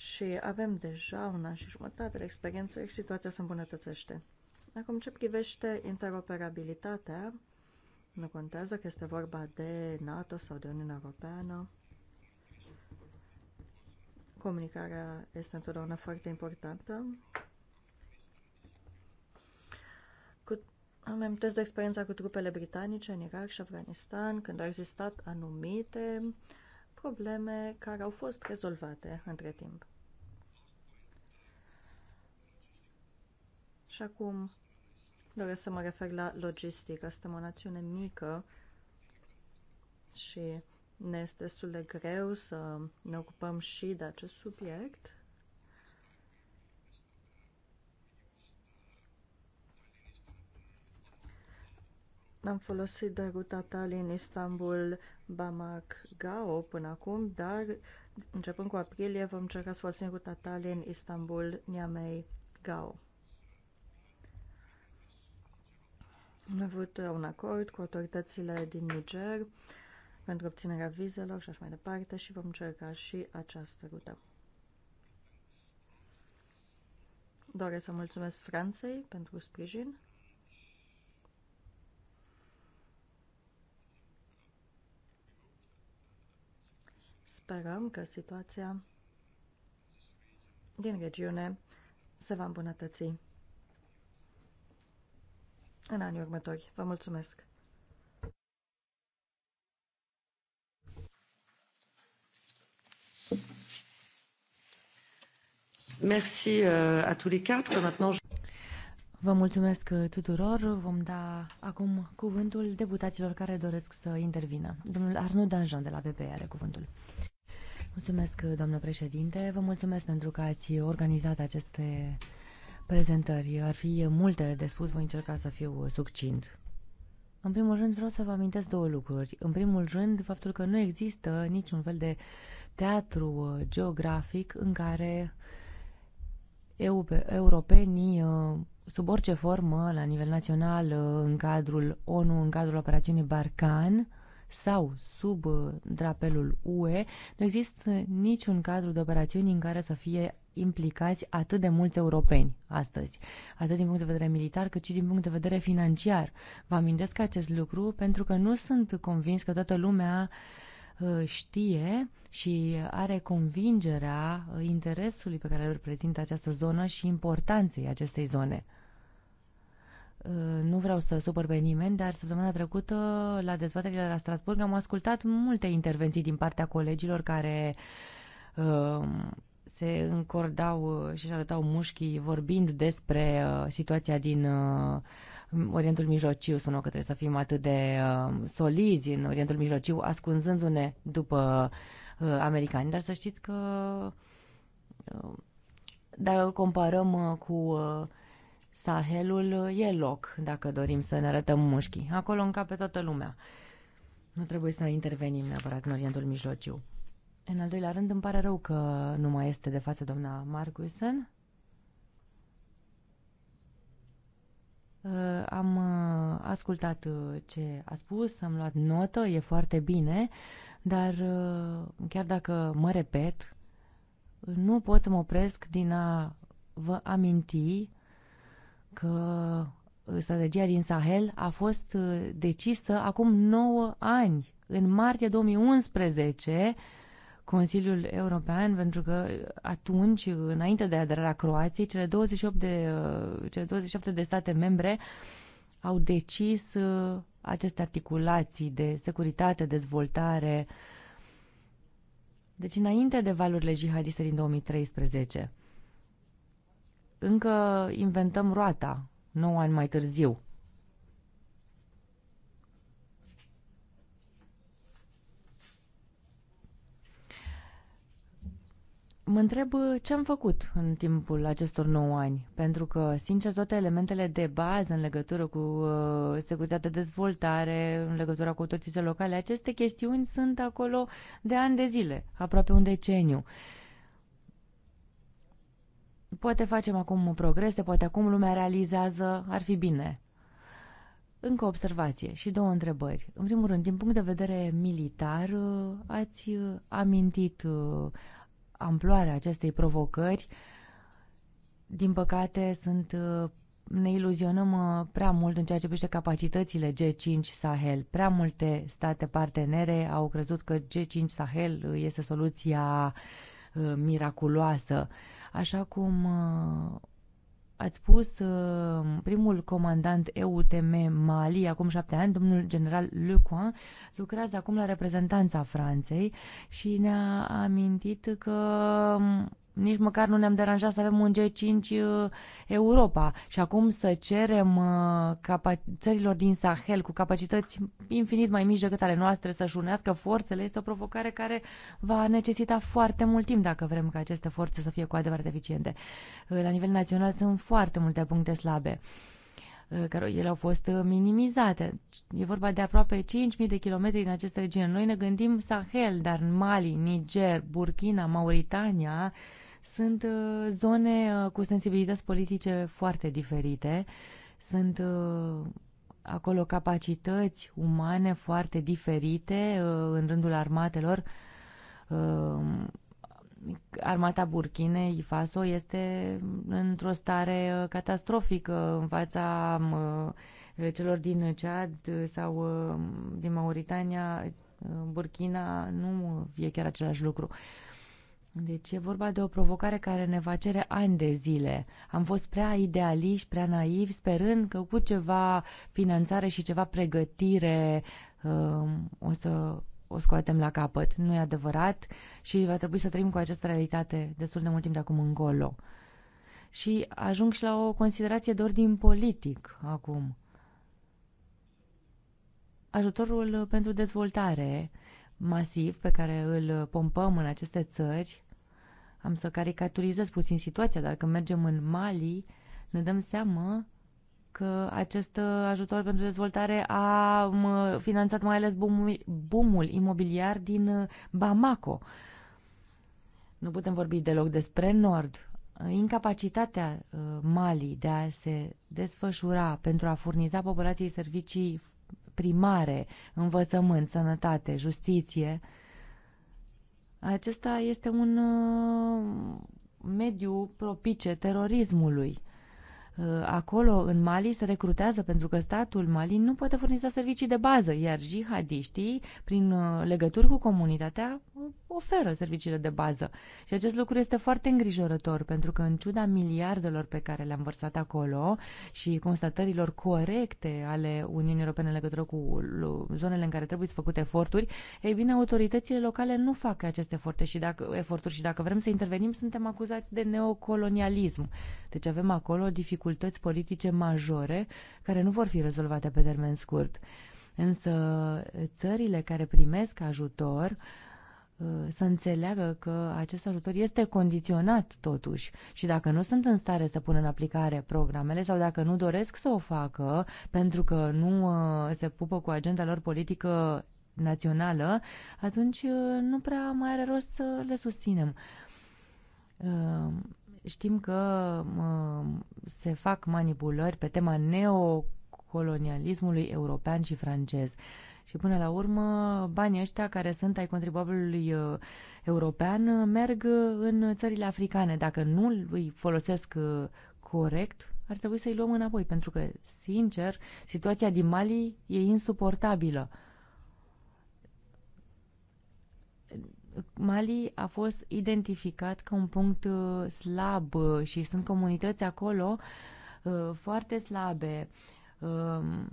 și avem deja un an și jumătate de experiență, situația se îmbunătățește. Acum, ce privește interoperabilitatea, nu contează că este vorba de NATO sau de Uniunea Europeană, comunicarea este întotdeauna foarte importantă. Cu, am amintesc de experiența cu trupele britanice în Irak și Afganistan, când au existat anumite probleme care au fost rezolvate între timp. Și acum doresc să mă refer la logistică. Suntem o națiune mică și ne este destul de greu să ne ocupăm și de acest subiect. Am folosit de ruta Tallinn, Istanbul, Bamak Gao până acum, dar începând cu aprilie vom încerca să folosim ruta Tallinn, Istanbul, Niamey, Gao. Am avut uh, un acord cu autoritățile din Niger pentru obținerea vizelor și așa mai departe și vom încerca și această rută. Doresc să mulțumesc Franței pentru sprijin. Sperăm că situația din regiune se va îmbunătăți în anii următori. Vă mulțumesc! Merci euh, à tous les quatre. Maintenant, je... Vă mulțumesc tuturor. Vom da acum cuvântul deputaților care doresc să intervină. Domnul Arnaud Danjon de la PP are cuvântul. Mulțumesc, doamnă președinte. Vă mulțumesc pentru că ați organizat aceste prezentări. Ar fi multe de spus, voi încerca să fiu succint. În primul rând vreau să vă amintesc două lucruri. În primul rând, faptul că nu există niciun fel de teatru uh, geografic în care europenii uh, sub orice formă, la nivel național, uh, în cadrul ONU, în cadrul operațiunii Barcan sau sub drapelul UE, nu există niciun cadru de operațiuni în care să fie implicați atât de mulți europeni astăzi, atât din punct de vedere militar, cât și din punct de vedere financiar. Vă amintesc acest lucru pentru că nu sunt convins că toată lumea uh, știe și are convingerea uh, interesului pe care îl reprezintă această zonă și importanței acestei zone uh, nu vreau să supăr pe nimeni, dar săptămâna trecută, la dezbaterile de la Strasburg, am ascultat multe intervenții din partea colegilor care uh, se încordau uh, și își arătau mușchii vorbind despre uh, situația din uh, Orientul Mijlociu. Spuneau că trebuie să fim atât de solizi în Orientul Mijlociu, ascunzându-ne după americani. Dar să știți că dacă comparăm cu Sahelul, e loc dacă dorim să ne arătăm mușchii. Acolo încape toată lumea. Nu trebuie să intervenim neapărat în Orientul Mijlociu. În al doilea rând, îmi pare rău că nu mai este de față doamna Marcusen. Uh, am uh, ascultat uh, ce a spus, am luat notă, e foarte bine, dar chiar dacă mă repet, nu pot să mă opresc din a vă aminti că strategia din Sahel a fost decisă acum 9 ani. În martie 2011 Consiliul European, pentru că atunci, înainte de aderarea Croației, cele 28 de, uh, cele 27 de state membre au decis uh, aceste articulații de securitate, dezvoltare. Deci înainte de valurile jihadiste din 2013. Încă inventăm roata, 9 ani mai târziu. Mă întreb uh, ce am făcut în timpul acestor 9 ani, pentru că, sincer, toate elementele de bază în legătură cu uh, securitatea, dezvoltare, în legătură cu autoritățile locale, aceste chestiuni sunt acolo de ani de zile, aproape un deceniu. Poate facem acum progrese, poate acum lumea realizează, ar fi bine. Încă o observație și două întrebări. În primul rând, din punct de vedere militar, uh, ați uh, amintit amploarea acestei provocări, din păcate, sunt uh, ne iluzionăm uh, prea mult în ceea ce privește capacitățile G5 Sahel. Prea multe state partenere au crezut că G5 Sahel uh, este soluția miraculoasă, așa cum Ați spus uh, primul comandant EUTM Mali, acum șapte ani, domnul general Lecoin, lucrează acum la reprezentanța Franței și ne-a amintit că um, nici măcar nu ne-am deranjat să avem un G5 uh, Europa și acum să cerem uh, țărilor din Sahel cu capacități infinit mai mici decât ale noastre să-și unească forțele este o provocare care va necesita foarte mult timp dacă vrem ca aceste forțe să fie cu adevărat eficiente. Uh, la nivel național sunt foarte multe puncte slabe care ele au fost minimizate. E vorba de aproape 5.000 de kilometri în aceste regiune. Noi ne gândim Sahel, dar Mali, Niger, Burkina, Mauritania, sunt uh, zone uh, cu sensibilități politice foarte diferite, sunt uh, acolo capacități umane foarte diferite în rândul armatelor. Armata Burkinei Faso este într-o stare catastrofică în fața celor din Chad sau din Mauritania. Burkina nu e chiar același lucru. Uh, deci e vorba de o provocare care ne va cere ani de zile. Am fost prea idealiști, prea naivi, sperând că cu ceva finanțare și ceva pregătire um, o să o scoatem la capăt. Nu e adevărat și va trebui să trăim cu această realitate destul de mult timp de acum încolo. Și ajung și la o considerație de ordin politic acum. Ajutorul pentru dezvoltare uh, masiv pe care îl pompăm în aceste țări, am să caricaturizez puțin situația, dar când mergem în Mali, ne dăm seama că acest ajutor pentru dezvoltare a finanțat mai ales boomul, imobiliar din uh, Bamako. Nu putem vorbi deloc despre Nord. Incapacitatea uh, Mali de a se desfășura pentru a furniza populației servicii primare, învățământ, sănătate, justiție. Acesta este un uh, mediu propice terorismului. Uh, acolo, în Mali, se recrutează pentru că statul Mali nu poate furniza servicii de bază, iar jihadiștii, prin uh, legături cu comunitatea, oferă serviciile de bază. Și acest lucru este foarte îngrijorător, pentru că în ciuda miliardelor pe care le-am vărsat acolo și constatărilor corecte ale Uniunii Europene în legătură cu zonele în care trebuie să făcute eforturi, ei bine, autoritățile locale nu fac aceste eforturi și dacă, eforturi și dacă vrem să intervenim, suntem acuzați de neocolonialism. Deci avem acolo dificultăți politice majore care nu vor fi rezolvate pe termen scurt. Însă țările care primesc ajutor uh, Uh, să înțeleagă că acest ajutor este condiționat totuși și dacă nu sunt în stare să pună în aplicare programele sau dacă nu doresc să o facă pentru că nu uh, se pupă cu agenda lor politică națională, atunci uh, nu prea mai are rost să le susținem. Știm că se fac manipulări pe tema neocolonialismului european și francez. Și până la urmă, banii ăștia care sunt ai contribuabilului uh, european uh, merg uh, în țările africane. Dacă nu îi folosesc corect, ar trebui să-i luăm înapoi, pentru că, sincer, situația din Mali e insuportabilă. Mali a fost identificat ca un punct slab și sunt comunități acolo foarte slabe um,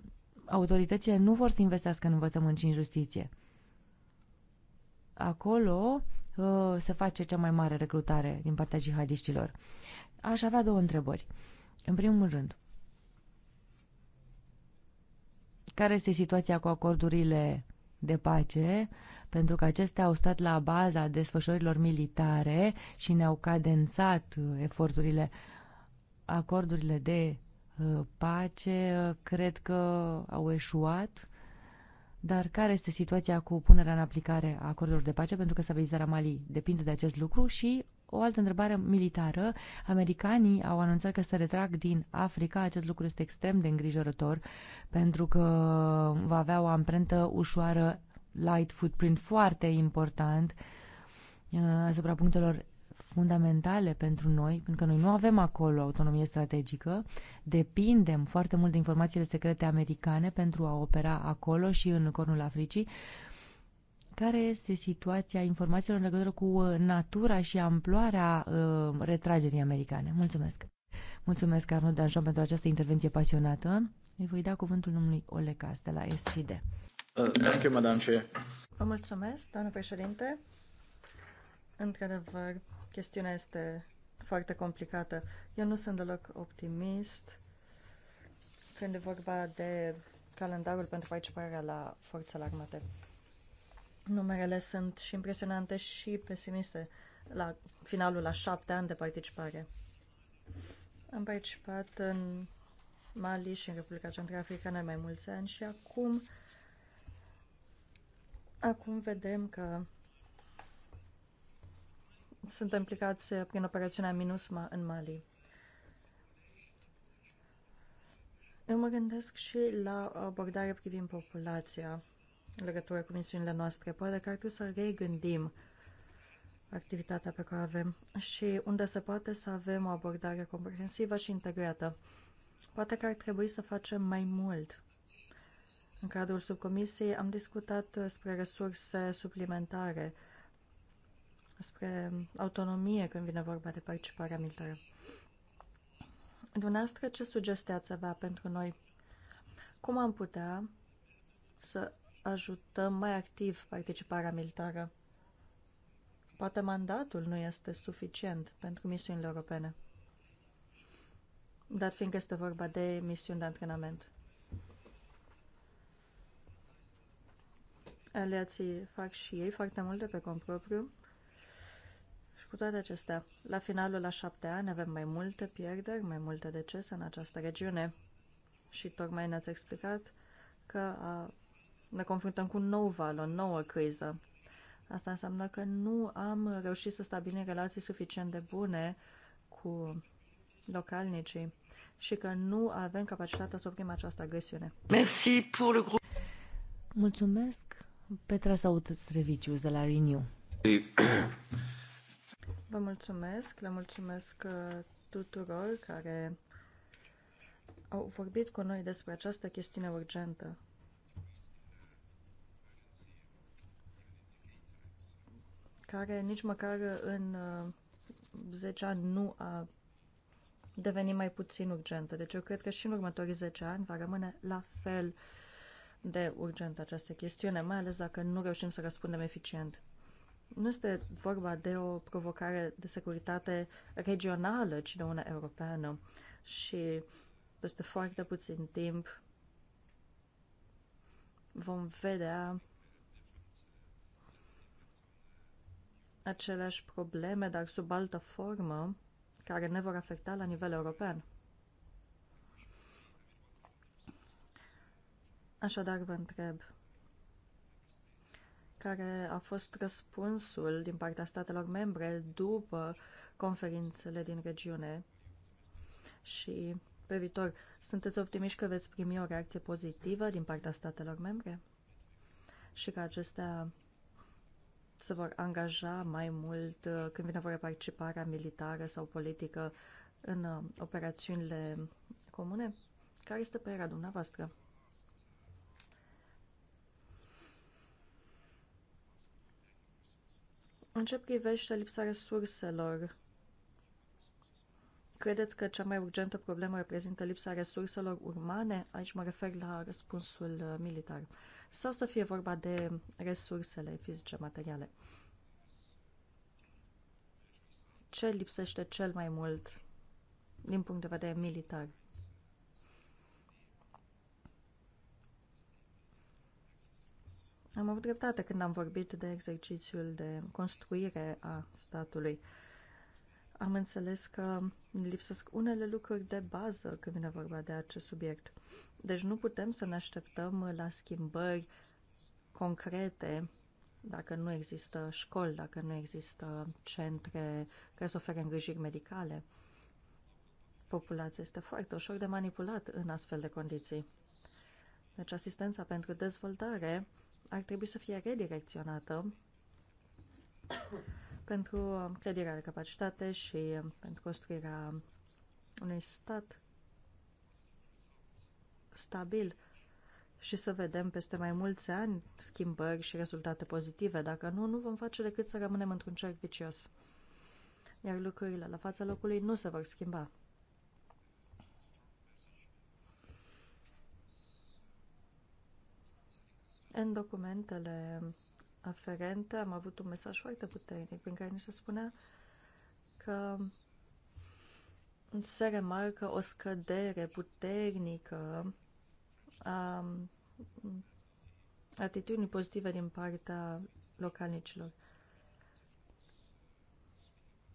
autoritățile nu vor să investească în învățământ și în justiție. Acolo uh, se face cea mai mare recrutare din partea jihadiștilor. Aș avea două întrebări. În primul rând, care este situația cu acordurile de pace, pentru că acestea au stat la baza desfășurilor militare și ne-au cadențat uh, eforturile. Acordurile de Uh, pace uh, cred că au eșuat. Dar care este situația cu punerea în aplicare a acordurilor de pace? Pentru că stabilizarea Mali depinde de acest lucru și o altă întrebare militară. Americanii au anunțat că se retrag din Africa. Acest lucru este extrem de îngrijorător pentru că va avea o amprentă ușoară, light footprint foarte important uh, asupra punctelor fundamentale pentru noi, pentru că noi nu avem acolo autonomie strategică, depindem foarte mult de informațiile secrete americane pentru a opera acolo și în cornul Africii. Care este situația informațiilor în legătură cu uh, natura și amploarea uh, retragerii americane? Mulțumesc! Mulțumesc, Arnold Danjon, pentru această intervenție pasionată. Îi voi da cuvântul numului Olecas de la SCD. Uh, thank you, Madam Chair. Vă mulțumesc, doamnă președinte. Într-adevăr, chestiunea este foarte complicată. Eu nu sunt deloc optimist când e vorba de calendarul pentru participarea la forțele armate. Numerele sunt și impresionante și pesimiste la finalul la șapte ani de participare. Am participat în Mali și în Republica Africană mai mulți ani și acum acum vedem că sunt implicați prin operațiunea MINUSMA în Mali. Eu mă gândesc și la abordare privind populația în legătură cu misiunile noastre. Poate că ar trebui să regândim activitatea pe care o avem și unde se poate să avem o abordare comprehensivă și integrată. Poate că ar trebui să facem mai mult. În cadrul subcomisiei am discutat despre resurse suplimentare despre autonomie când vine vorba de participarea militară. Dumneavoastră, ce sugestii avea pentru noi? Cum am putea să ajutăm mai activ participarea militară? Poate mandatul nu este suficient pentru misiunile europene, dar fiindcă este vorba de misiuni de antrenament. Aliații fac și ei foarte multe pe propriu cu toate acestea, la finalul la șapte ani avem mai multe pierderi, mai multe decese în această regiune. Și tocmai ne-ați explicat că a, ne confruntăm cu un nou val, o nouă criză. Asta înseamnă că nu am reușit să stabilim relații suficient de bune cu localnicii și că nu avem capacitatea să oprim această agresiune. Merci pour le grup. Mulțumesc, Petra Sautăț Reviciu de la Renew. [CLEARS THROAT] Vă mulțumesc, le mulțumesc uh, tuturor care au vorbit cu noi despre această chestiune urgentă. care nici măcar în 10 uh, ani nu a devenit mai puțin urgentă. Deci eu cred că și în următorii 10 ani va rămâne la fel de urgentă această chestiune, mai ales dacă nu reușim să răspundem eficient. Nu este vorba de o provocare de securitate regională, ci de una europeană. Și peste foarte puțin timp vom vedea aceleași probleme, dar sub altă formă, care ne vor afecta la nivel european. Așadar, vă întreb, care a fost răspunsul din partea statelor membre după conferințele din regiune. Și pe viitor, sunteți optimiști că veți primi o reacție pozitivă din partea statelor membre? Și că acestea se vor angaja mai mult uh, când vine vorba participarea militară sau politică în uh, operațiunile comune? Care este părerea dumneavoastră? În ce privește lipsa resurselor, credeți că cea mai urgentă problemă reprezintă lipsa resurselor urmane? Aici mă refer la răspunsul uh, militar. Sau să fie vorba de resursele fizice materiale? Ce lipsește cel mai mult din punct de vedere militar? Am avut dreptate când am vorbit de exercițiul de construire a statului. Am înțeles că lipsesc unele lucruri de bază când vine vorba de acest subiect. Deci nu putem să ne așteptăm la schimbări concrete dacă nu există școli, dacă nu există centre care să ofere îngrijiri medicale. Populația este foarte ușor de manipulat în astfel de condiții. Deci asistența pentru dezvoltare ar trebui să fie redirecționată pentru clădirea de capacitate și pentru construirea unui stat stabil și să vedem peste mai mulți ani schimbări și rezultate pozitive. Dacă nu, nu vom face decât să rămânem într-un cerc vicios. Iar lucrurile la fața locului nu se vor schimba. În documentele aferente am avut un mesaj foarte puternic prin care ni se spunea că se remarcă o scădere puternică a atitudini pozitive din partea localnicilor.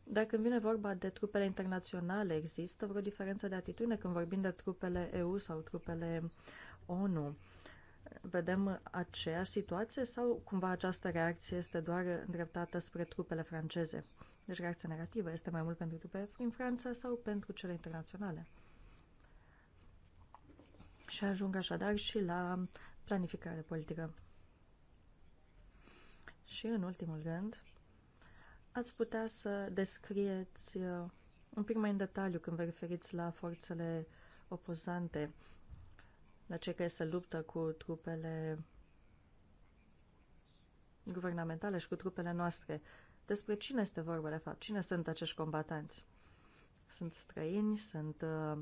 Dar când vine vorba de trupele internaționale, există vreo diferență de atitudine când vorbim de trupele EU sau trupele ONU? vedem aceeași situație sau cumva această reacție este doar îndreptată spre trupele franceze? Deci reacția negativă este mai mult pentru trupele din Franța sau pentru cele internaționale? Și ajung așadar și la planificare politică. Și în ultimul rând, ați putea să descrieți uh, un pic mai în detaliu când vă referiți la forțele opozante la cei care se luptă cu trupele guvernamentale și cu trupele noastre. Despre cine este vorba, de fapt? Cine sunt acești combatanți? Sunt străini, sunt uh,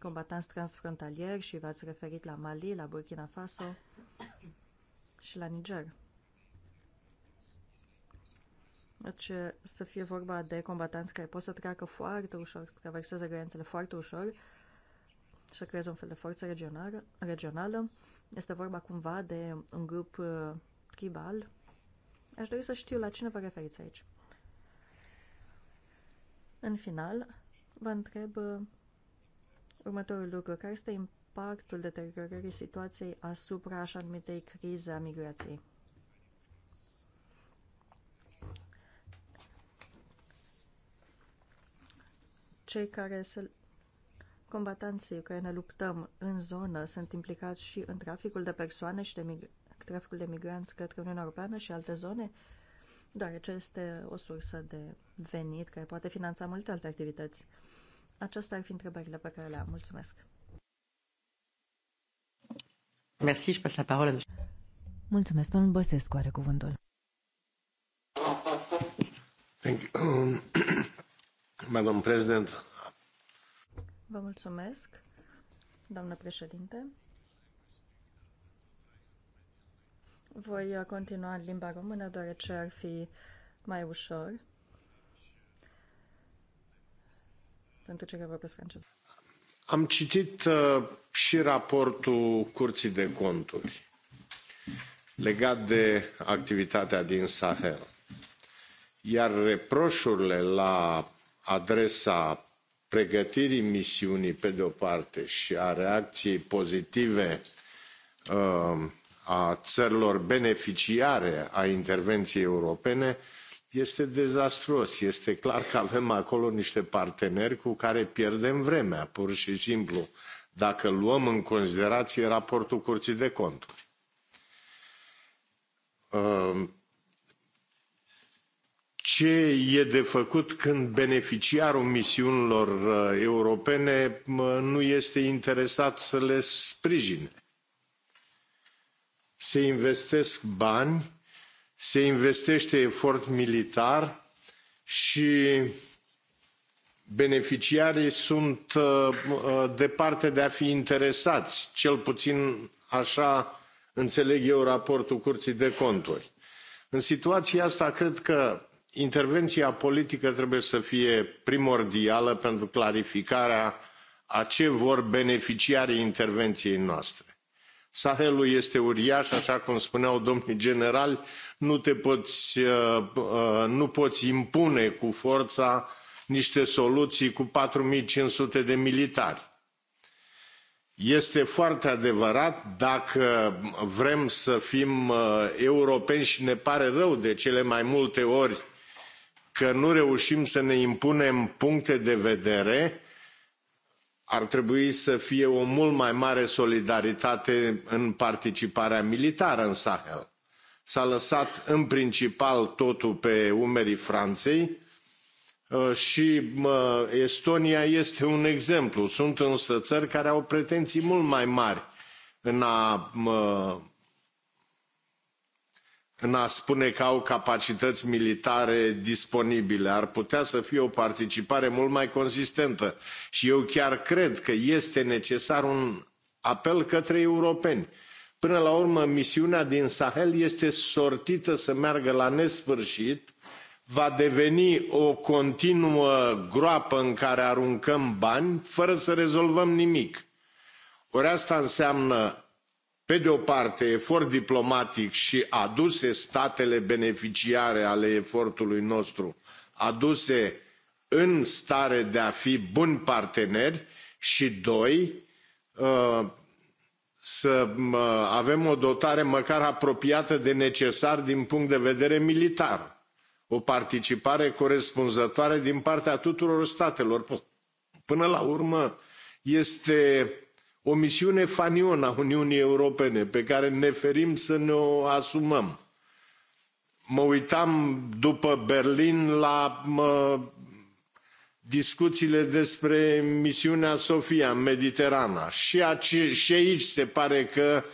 combatanți transfrontalieri și v-ați referit la Mali, la Burkina Faso și la Niger. Deci să fie vorba de combatanți care pot să treacă foarte ușor, să traverseze granițele foarte ușor să creeze un fel de forță regională. regională. Este vorba cumva de un grup uh, tribal. Aș dori să știu la cine vă referiți aici. În final, vă întreb uh, următorul lucru. Care este impactul deteriorării situației asupra așa numitei crize a migrației? Cei care se combatanții care ne luptăm în zonă sunt implicați și în traficul de persoane și de mig- traficul de migranți către Uniunea Europeană și alte zone, deoarece este o sursă de venit care poate finanța multe alte activități. Acestea ar fi întrebările pe care le-am. Mulțumesc! Merci, je passe la parole. Mulțumesc, domnul Băsescu are cuvântul. Thank you. [CLEARS THROAT] Madam President, Vă mulțumesc, doamnă președinte. Voi continua în limba română, deoarece ar fi mai ușor pentru cei care vorbesc franceză. Am citit uh, și raportul Curții de Conturi legat de activitatea din Sahel. Iar reproșurile la adresa pregătirii misiunii pe de o parte și a reacției pozitive uh, a țărilor beneficiare a intervenției europene este dezastruos. Este clar că avem acolo niște parteneri cu care pierdem vremea, pur și simplu, dacă luăm în considerație raportul Curții de Conturi uh, ce e de făcut când beneficiarul misiunilor uh, europene uh, nu este interesat să le sprijine. Se investesc bani, se investește efort militar și beneficiarii sunt uh, departe de a fi interesați, cel puțin așa înțeleg eu raportul Curții de Conturi. În situația asta, cred că intervenția politică trebuie să fie primordială pentru clarificarea a ce vor beneficiarii intervenției noastre. Sahelul este uriaș, așa cum spuneau domnii generali, nu, te poți, uh, uh, nu poți impune cu forța niște soluții cu 4500 de militari. Este foarte adevărat, dacă vrem să fim uh, europeni și ne pare rău de cele mai multe ori că nu reușim să ne impunem puncte de vedere ar trebui să fie o mult mai mare solidaritate în participarea militară în Sahel. S-a lăsat în principal totul pe umerii Franței uh, și Estonia este un exemplu. Sunt însă țări care au pretenții mult mai mari în a în a spune că au capacități militare disponibile ar putea să fie o participare mult mai consistentă și eu chiar cred că este necesar un apel către europeni până la urmă misiunea din sahel este sortită să meargă la nesfârșit va deveni o continuă groapă în care aruncăm bani fără să rezolvăm nimic. ori asta înseamnă pe de o parte efort diplomatic și aduse statele beneficiare ale efortului nostru aduse în stare de a fi buni parteneri și doi ă, să avem o dotare măcar apropiată de necesar din punct de vedere militar o participare corespunzătoare din partea tuturor statelor. până la urmă este o misiune fanion a Uniunii Europene pe care ne ferim să ne o asumăm. Mă uitam după Berlin la mă, discuțiile despre misiunea Sofia în Mediterana și, și aici se pare că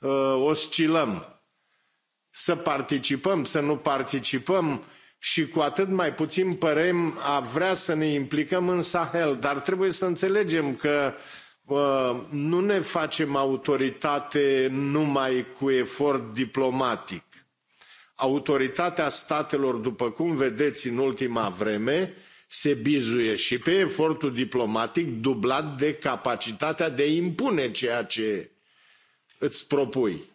uh, oscilăm. Să participăm, să nu participăm și cu atât mai puțin părem a vrea să ne implicăm în Sahel. Dar trebuie să înțelegem că uh, nu ne facem autoritate numai cu efort diplomatic. Autoritatea statelor, după cum vedeți în ultima vreme, se bizuie și pe efortul diplomatic dublat de capacitatea de a impune ceea ce îți propui.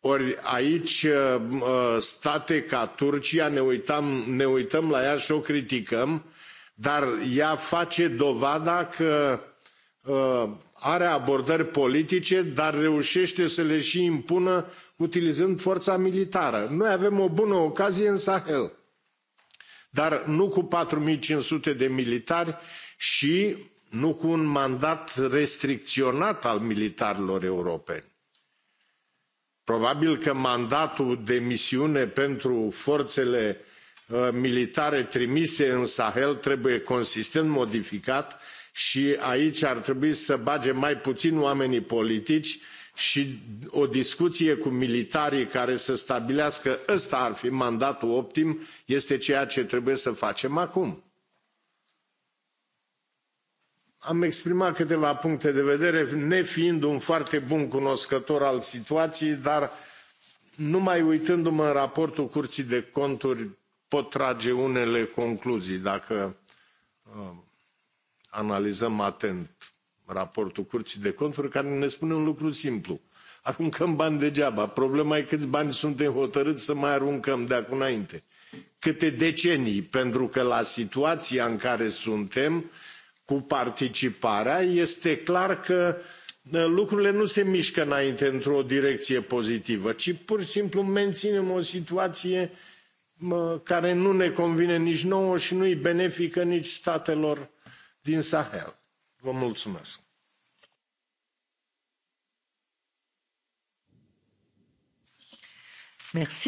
Ori aici uh, uh, state ca Turcia, ne, uitam, ne uităm la ea și o criticăm, dar ea face dovada că Uh, are abordări politice, dar reușește să le și impună utilizând forța militară. Noi avem o bună ocazie în Sahel, dar nu cu 4500 de militari și nu cu un mandat restricționat al militarilor europeni. Probabil că mandatul de misiune pentru forțele uh, militare trimise în Sahel trebuie consistent modificat și aici ar trebui să bagem mai puțin oamenii politici și o discuție cu militarii care să stabilească ăsta ar fi mandatul optim este ceea ce trebuie să facem acum. Am exprimat câteva puncte de vedere, nefiind un foarte bun cunoscător al situației, dar numai uitându-mă în raportul Curții de Conturi pot trage unele concluzii. Dacă uh, analizăm atent raportul Curții de Conturi, care ne spune un lucru simplu. Aruncăm bani degeaba. Problema e câți bani suntem hotărâți să mai aruncăm de acum înainte. Câte decenii, pentru că la situația în care suntem, cu participarea, este clar că ă, lucrurile nu se mișcă înainte într-o direcție pozitivă, ci pur și simplu menținem o situație ă, care nu ne convine nici nouă și nu-i benefică nici statelor din Sahel. Vă mulțumesc! Merci.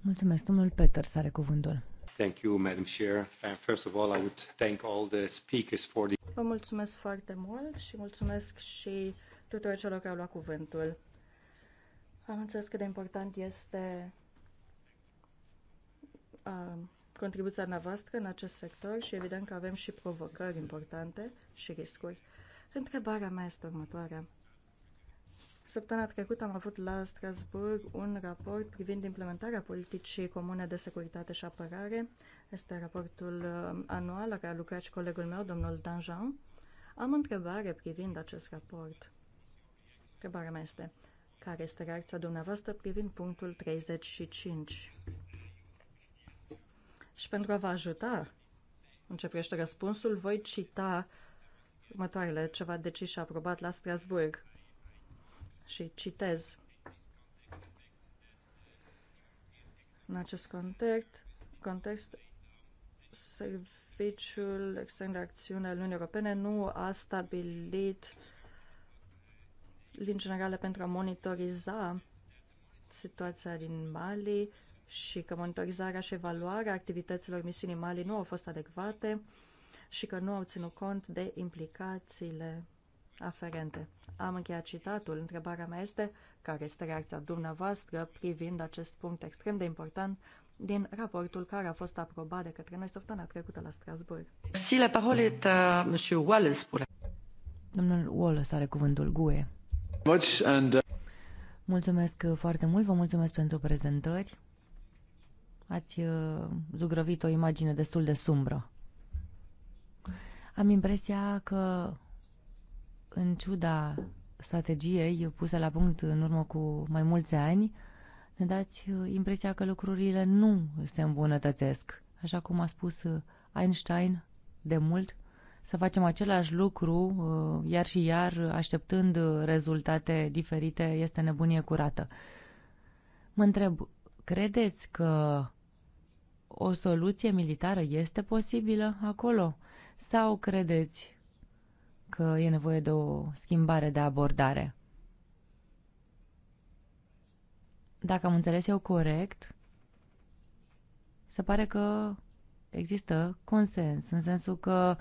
Mulțumesc, domnul Peter, să are cuvântul. Thank you, Madam Chair. And uh, first of all, I would thank all the speakers for the... Vă mulțumesc foarte mult și mulțumesc și tuturor celor care au luat cuvântul. Am înțeles cât de important este uh, contribuția noastră în acest sector și evident că avem și provocări importante și riscuri. Întrebarea mea este următoarea. Săptămâna trecută am avut la Strasburg un raport privind implementarea politicii comune de securitate și apărare. Este raportul uh, anual la care a lucrat și colegul meu, domnul Danjean. Am o întrebare privind acest raport. Întrebarea mea este, care este reacția dumneavoastră privind punctul 35? Și pentru a vă ajuta în ce privește răspunsul, voi cita următoarele ceva decis și aprobat la Strasburg. Și citez. În acest context, context Serviciul Extern de Acțiune al Uniunii Europene nu a stabilit linii generale pentru a monitoriza situația din Mali și că monitorizarea și evaluarea activităților misiunii Mali nu au fost adecvate și că nu au ținut cont de implicațiile aferente. Am încheiat citatul. Întrebarea mea este care este reacția dumneavoastră privind acest punct extrem de important din raportul care a fost aprobat de către noi săptămâna trecută la Strasburg. Si la parole est à monsieur Wallace pour Domnul Wallace are cuvântul GUE. Uh, mulțumesc foarte mult, vă mulțumesc pentru prezentări ați uh, zugrăvit o imagine destul de sumbră. Am impresia că, în ciuda strategiei puse la punct în urmă cu mai mulți ani, ne dați uh, impresia că lucrurile nu se îmbunătățesc. Așa cum a spus uh, Einstein de mult, să facem același lucru iar și iar, așteptând rezultate diferite, este nebunie curată. Mă întreb, credeți că o soluție militară este posibilă acolo? Sau credeți că e nevoie de o schimbare de abordare? Dacă am înțeles eu corect, se pare că există consens, în sensul că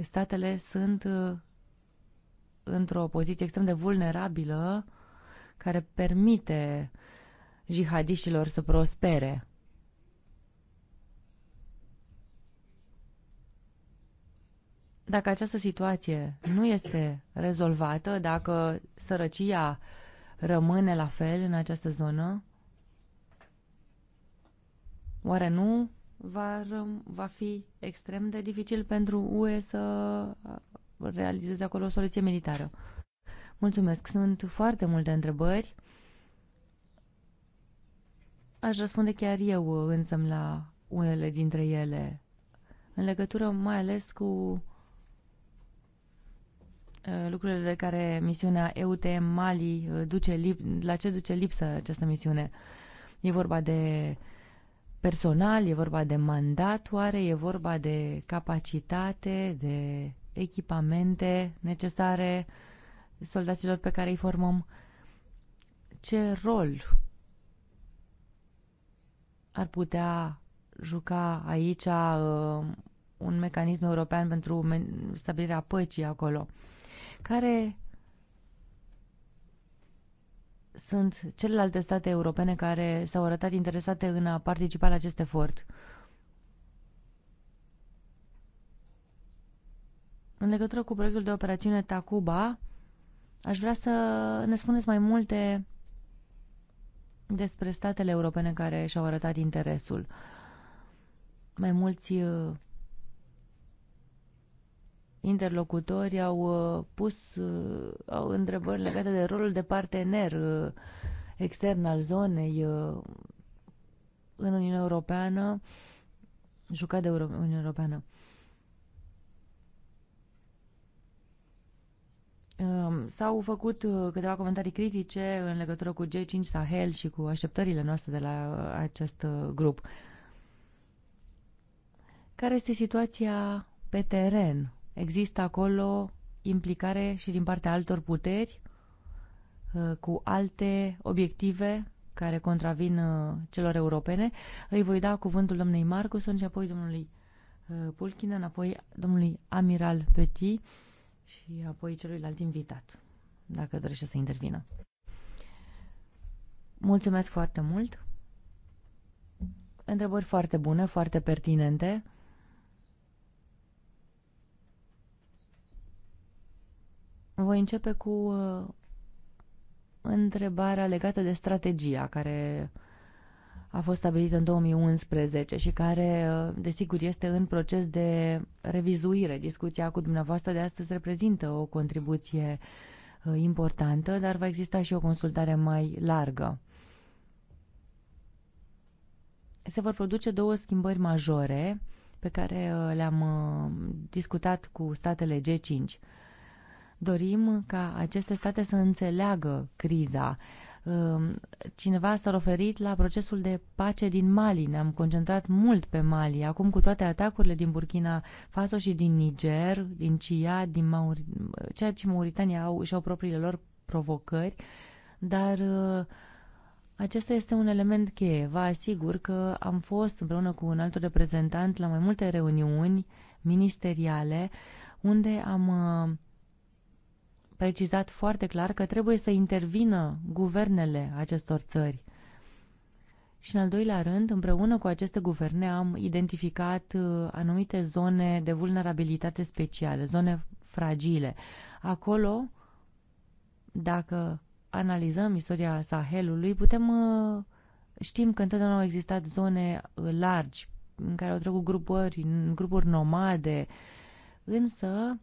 statele sunt uh, într-o poziție extrem de vulnerabilă care permite jihadiștilor să prospere. Dacă această situație nu este rezolvată, dacă sărăcia rămâne la fel în această zonă, oare nu va, va fi extrem de dificil pentru UE să realizeze acolo o soluție militară? Mulțumesc. Sunt foarte multe întrebări. Aș răspunde chiar eu însă la unele dintre ele, în legătură mai ales cu Eh, lucrurile de care misiunea EUTM Mali eh, duce lip, la ce duce lipsă această misiune. E vorba de personal, e vorba de mandat oare, e vorba de capacitate, de echipamente necesare soldaților pe care îi formăm. Ce rol ar putea juca aici uh, un mecanism european pentru stabilirea păcii acolo? Uh, care sunt celelalte state europene care s-au arătat interesate în a participa la acest efort? În legătură cu proiectul de operațiune Tacuba, aș vrea să ne spuneți mai multe despre statele europene care și-au arătat interesul. Mai mulți uh, interlocutori au uh, pus uh, au întrebări legate de rolul de partener uh, extern al zonei în Uniunea Europeană, jucat de Uniunea Europeană. Um, s-au făcut câteva comentarii critice în legătură cu G5 Sahel și cu așteptările noastre de la acest grup. Care este situația pe teren Există acolo implicare și din partea altor puteri uh, cu alte obiective care contravin uh, celor europene. Îi voi da cuvântul domnului Marcuson și apoi domnului uh, Pulchin, apoi domnului Amiral Petit și apoi celuilalt invitat, dacă dorește să intervină. Mulțumesc foarte mult! Întrebări foarte bune, foarte pertinente. Voi începe cu uh, întrebarea legată de strategia care a fost stabilită în 2011 și care, uh, desigur, este în proces de revizuire. Discuția cu dumneavoastră de astăzi reprezintă o contribuție uh, importantă, dar va exista și o consultare mai largă. Se vor produce două schimbări majore pe care le-am discutat cu statele G5 Dorim ca aceste state să înțeleagă criza. Ehm, cineva s-a oferit la procesul de pace din Mali. Ne-am concentrat mult pe Mali. Acum, cu toate atacurile din Burkina Faso și din Niger, din Cia, din Maur- ceea ce Mauritania au și au propriile lor provocări, dar ehm, acesta este un element cheie. Vă asigur că am fost împreună cu un alt reprezentant la mai multe reuniuni ministeriale unde am ehm, precizat foarte clar că trebuie să intervină guvernele acestor țări. Și în al doilea rând, împreună cu aceste guverne am identificat uh, anumite zone de vulnerabilitate speciale, zone fragile. Acolo, dacă analizăm istoria Sahelului, putem uh, știm că întotdeauna au existat zone uh, largi în care au trecut grupuri, grupuri nomade, însă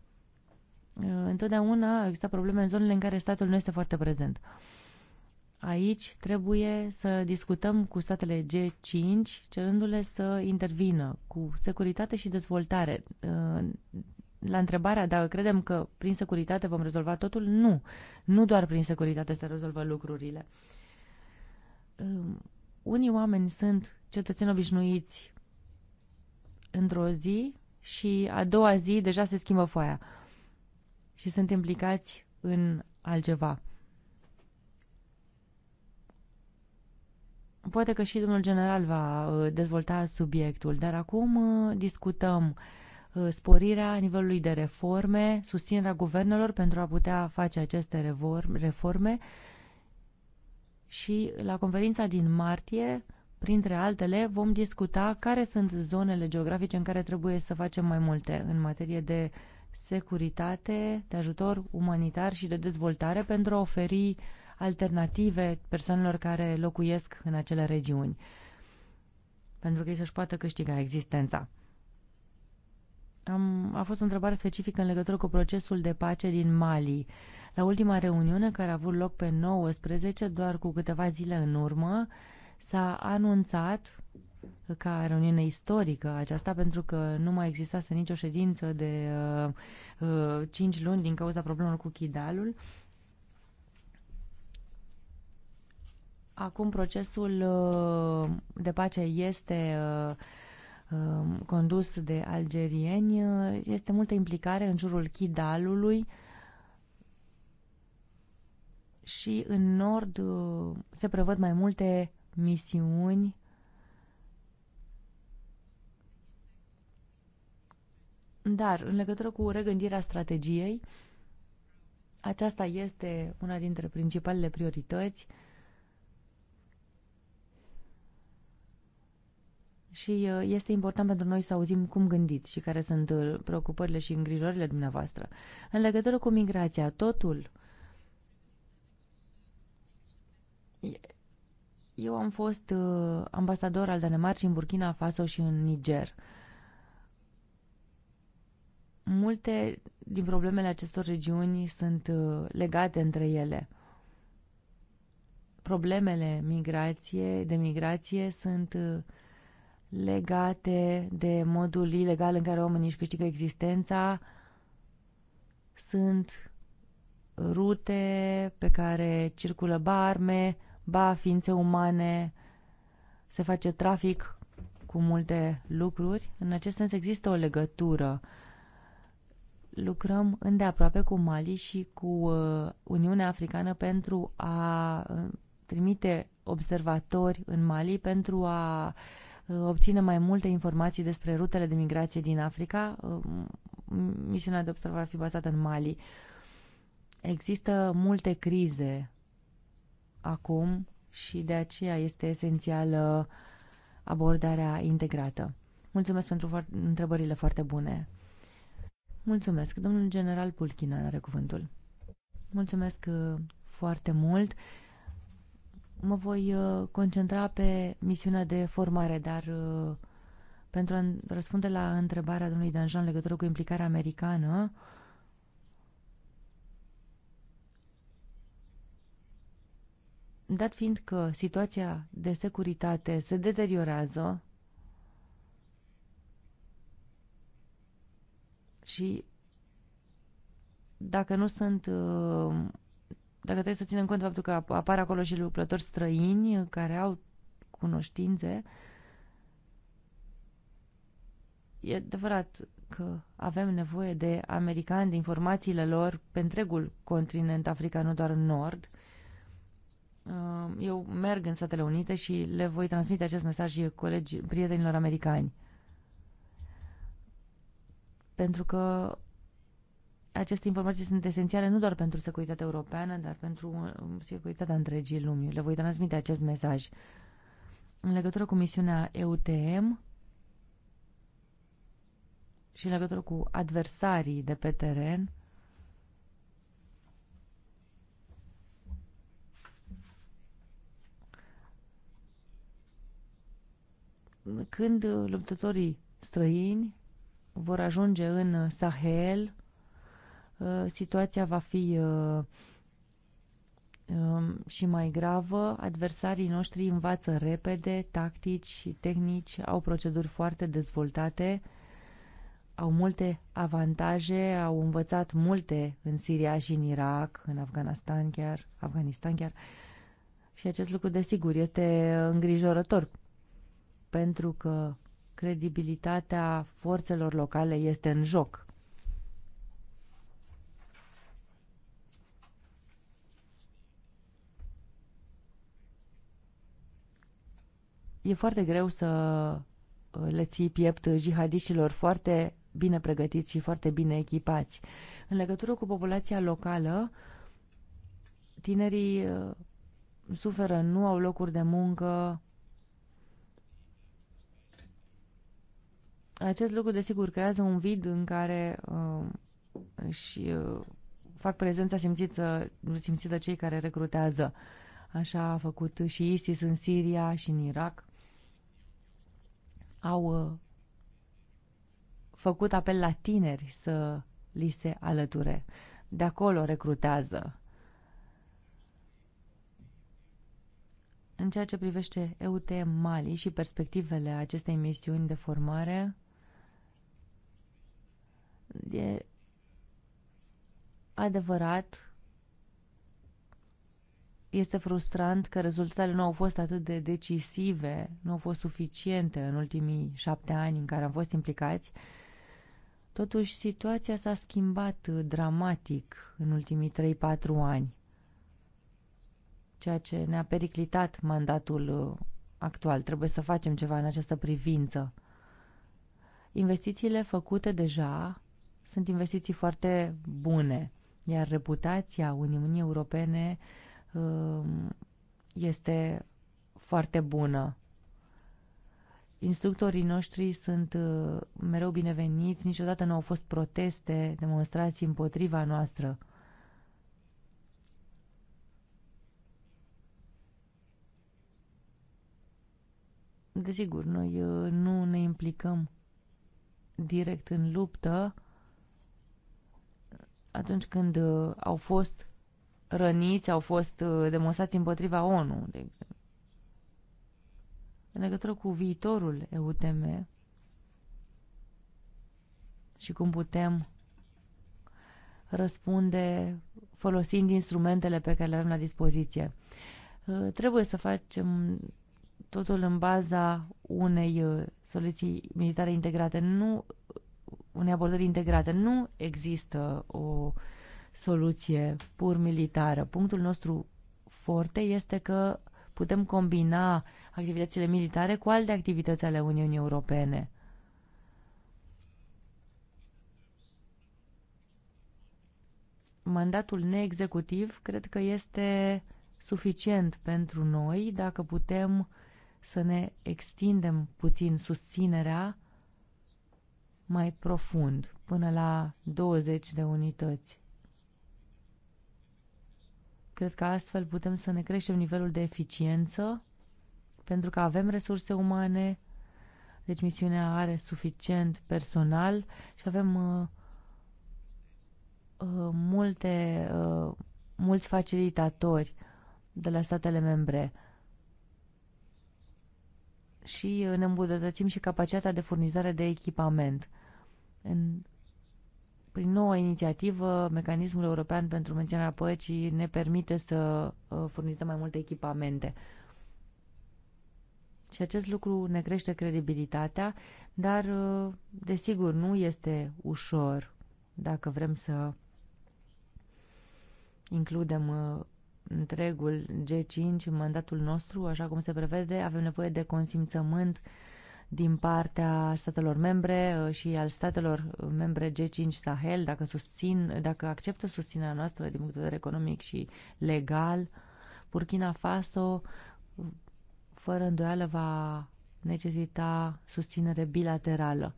întotdeauna există probleme în zonele în care statul nu este foarte prezent. Aici trebuie să discutăm cu statele G5, cerându-le să intervină cu securitate și dezvoltare. La întrebarea dacă credem că prin securitate vom rezolva totul, nu. Nu doar prin securitate se rezolvă lucrurile. Unii oameni sunt cetățeni obișnuiți într-o zi și a doua zi deja se schimbă foaia și sunt implicați în altceva. Poate că și domnul general va uh, dezvolta subiectul, dar acum uh, discutăm uh, sporirea nivelului de reforme, susținerea guvernelor pentru a putea face aceste reforme și la conferința din martie, printre altele, vom discuta care sunt zonele geografice în care trebuie să facem mai multe în materie de uh, securitate, de ajutor umanitar și de dezvoltare pentru a oferi alternative persoanelor care locuiesc în acele regiuni, pentru că ei să-și poată câștiga existența. Am, a fost o întrebare specifică în legătură cu procesul de pace din Mali. La ultima reuniune, care a avut loc pe 19, doar cu câteva zile în urmă, s-a anunțat ca reuniune istorică aceasta, pentru că nu mai existase nicio ședință de uh, 5 uh, luni din cauza problemelor cu Chidalul. Acum procesul uh, de pace este uh, uh, condus de algerieni. Este multă implicare în jurul Chidalului și în nord uh, se prevăd mai multe misiuni uh, Dar, în legătură cu regândirea strategiei, aceasta este una dintre principalele priorități și uh, este important pentru noi să auzim cum gândiți și care sunt uh, preocupările și îngrijorările dumneavoastră. În legătură cu migrația, totul eu am fost uh, ambasador al Danemarcii în Burkina Faso și în Niger. Multe din problemele acestor regiuni sunt uh, legate între ele. Problemele migrație, de migrație sunt uh, legate de modul ilegal în care oamenii își câștigă existența, sunt rute pe care circulă barme, ba ființe umane, se face trafic cu multe lucruri. În acest sens există o legătură lucrăm îndeaproape cu Mali și cu uh, Uniunea Africană pentru a uh, trimite observatori în Mali pentru a uh, obține mai multe informații despre rutele de migrație din Africa. Misiunea de observare va fi bazată în Mali. Există multe crize acum și de aceea este esențială abordarea integrată. Mulțumesc pentru întrebările foarte bune. Mulțumesc. Domnul general Pulchina are cuvântul. Mulțumesc uh, foarte mult. Mă voi uh, concentra pe misiunea de formare, dar uh, pentru a răspunde la întrebarea domnului Danjan în legătură cu implicarea americană, dat fiind că situația de securitate se deteriorează, Și dacă nu sunt uh, dacă trebuie să ținem cont de faptul că apar acolo și lucrători străini care au cunoștințe, e adevărat că avem nevoie de americani, de informațiile lor pe întregul continent african, nu doar în nord. Uh, eu merg în Statele Unite și le voi transmite acest mesaj și colegi, prietenilor americani pentru că aceste informații sunt esențiale nu doar pentru securitatea europeană, dar pentru securitatea întregii lumii. Le voi transmite acest mesaj. În legătură cu misiunea EUTM și în legătură cu adversarii de pe teren, când luptătorii străini vor ajunge în uh, Sahel, uh, situația va fi uh, um, și mai gravă, adversarii noștri învață repede, tactici și tehnici, au proceduri foarte dezvoltate, au multe avantaje, au învățat multe în Siria și în Irak, în Afganistan chiar, Afganistan chiar. Și acest lucru, desigur, este îngrijorător, pentru că credibilitatea forțelor locale este în joc. E foarte greu să uh, le ții piept jihadiștilor foarte bine pregătiți și foarte bine echipați. În legătură cu populația locală, tinerii uh, suferă, nu au locuri de muncă, Acest lucru, desigur, creează un vid în care uh, își uh, fac prezența simțită, simțită cei care recrutează. Așa a făcut și ISIS în Siria și în Irak. Au uh, făcut apel la tineri să li se alăture. De acolo recrutează. În ceea ce privește EUT Mali și perspectivele acestei misiuni de formare, E adevărat, este frustrant că rezultatele nu au fost atât de decisive, nu au fost suficiente în ultimii șapte ani în care am fost implicați. Totuși, situația s-a schimbat dramatic în ultimii 3-4 ani, ceea ce ne-a periclitat mandatul uh, actual. Trebuie să facem ceva în această privință. Investițiile făcute deja sunt investiții foarte bune, iar reputația Uniunii Europene um, este foarte bună. Instructorii noștri sunt uh, mereu bineveniți, niciodată nu au fost proteste, demonstrații împotriva noastră. Desigur, noi uh, nu ne implicăm direct în luptă, atunci când uh, au fost răniți, au fost uh, demonstrați împotriva ONU, de exemplu. În legătură cu viitorul EUTM și cum putem răspunde folosind instrumentele pe care le avem la dispoziție. Uh, trebuie să facem totul în baza unei soluții militare integrate. Nu unei abordări integrate. Nu există o soluție pur militară. Punctul nostru forte este că putem combina activitățile militare cu alte activități ale Uniunii Europene. Mandatul neexecutiv cred că este suficient pentru noi dacă putem să ne extindem puțin susținerea mai profund, până la 20 de unități. Cred că astfel putem să ne creștem nivelul de eficiență, pentru că avem resurse umane, deci misiunea are suficient personal și avem uh, uh, multe, uh, mulți facilitatori de la statele membre și uh, ne îmbunătățim și capacitatea de furnizare de echipament. În, prin noua inițiativă, Mecanismul European pentru menținerea Păcii ne permite să uh, furnizăm mai multe echipamente. Și acest lucru ne crește credibilitatea, dar, uh, desigur, nu este ușor dacă vrem să includem întregul G5 în mandatul nostru, așa cum se prevede, avem nevoie de consimțământ din partea statelor membre uh, și al statelor membre G5 Sahel, dacă, susțin, dacă acceptă susținerea noastră din punct de vedere economic și legal, Burkina Faso, fără îndoială, va necesita susținere bilaterală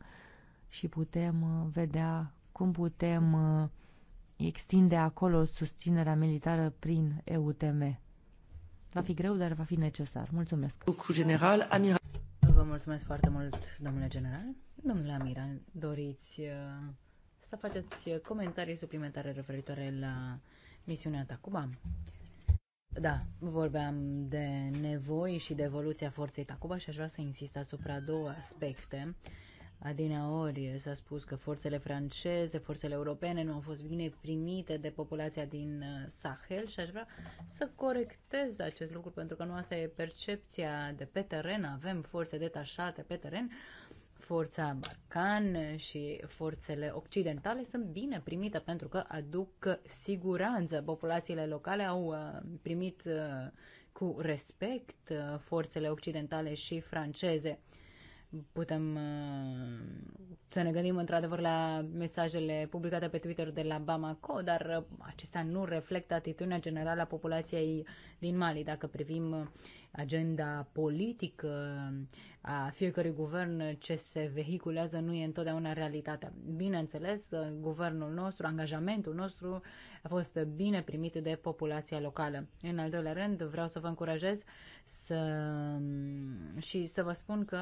și putem uh, vedea cum putem uh, extinde acolo susținerea militară prin EUTM. Va fi greu, dar va fi necesar. Mulțumesc. Cu general, amiral. Vă mulțumesc foarte mult, domnule general. Domnule amiral, doriți uh, să faceți comentarii suplimentare referitoare la misiunea Tacuba? Da, vorbeam de nevoi și de evoluția forței Tacuba și aș vrea să insist asupra două aspecte Adineori s-a spus că forțele franceze, forțele europene nu au fost bine primite de populația din uh, Sahel și aș vrea să corectez acest lucru pentru că nu asta e percepția de pe teren. Avem forțe detașate pe teren, forța Barcan și forțele occidentale sunt bine primite pentru că aduc siguranță. Populațiile locale au uh, primit uh, cu respect forțele occidentale și franceze putem uh, să ne gândim într-adevăr la mesajele publicate pe Twitter de la Bamako, dar uh, acestea nu reflectă atitudinea generală a populației din Mali. Dacă privim uh, agenda politică a fiecărui guvern, ce se vehiculează nu e întotdeauna realitatea. Bineînțeles, guvernul nostru, angajamentul nostru a fost bine primit de populația locală. În al doilea rând, vreau să vă încurajez să, um, și să vă spun că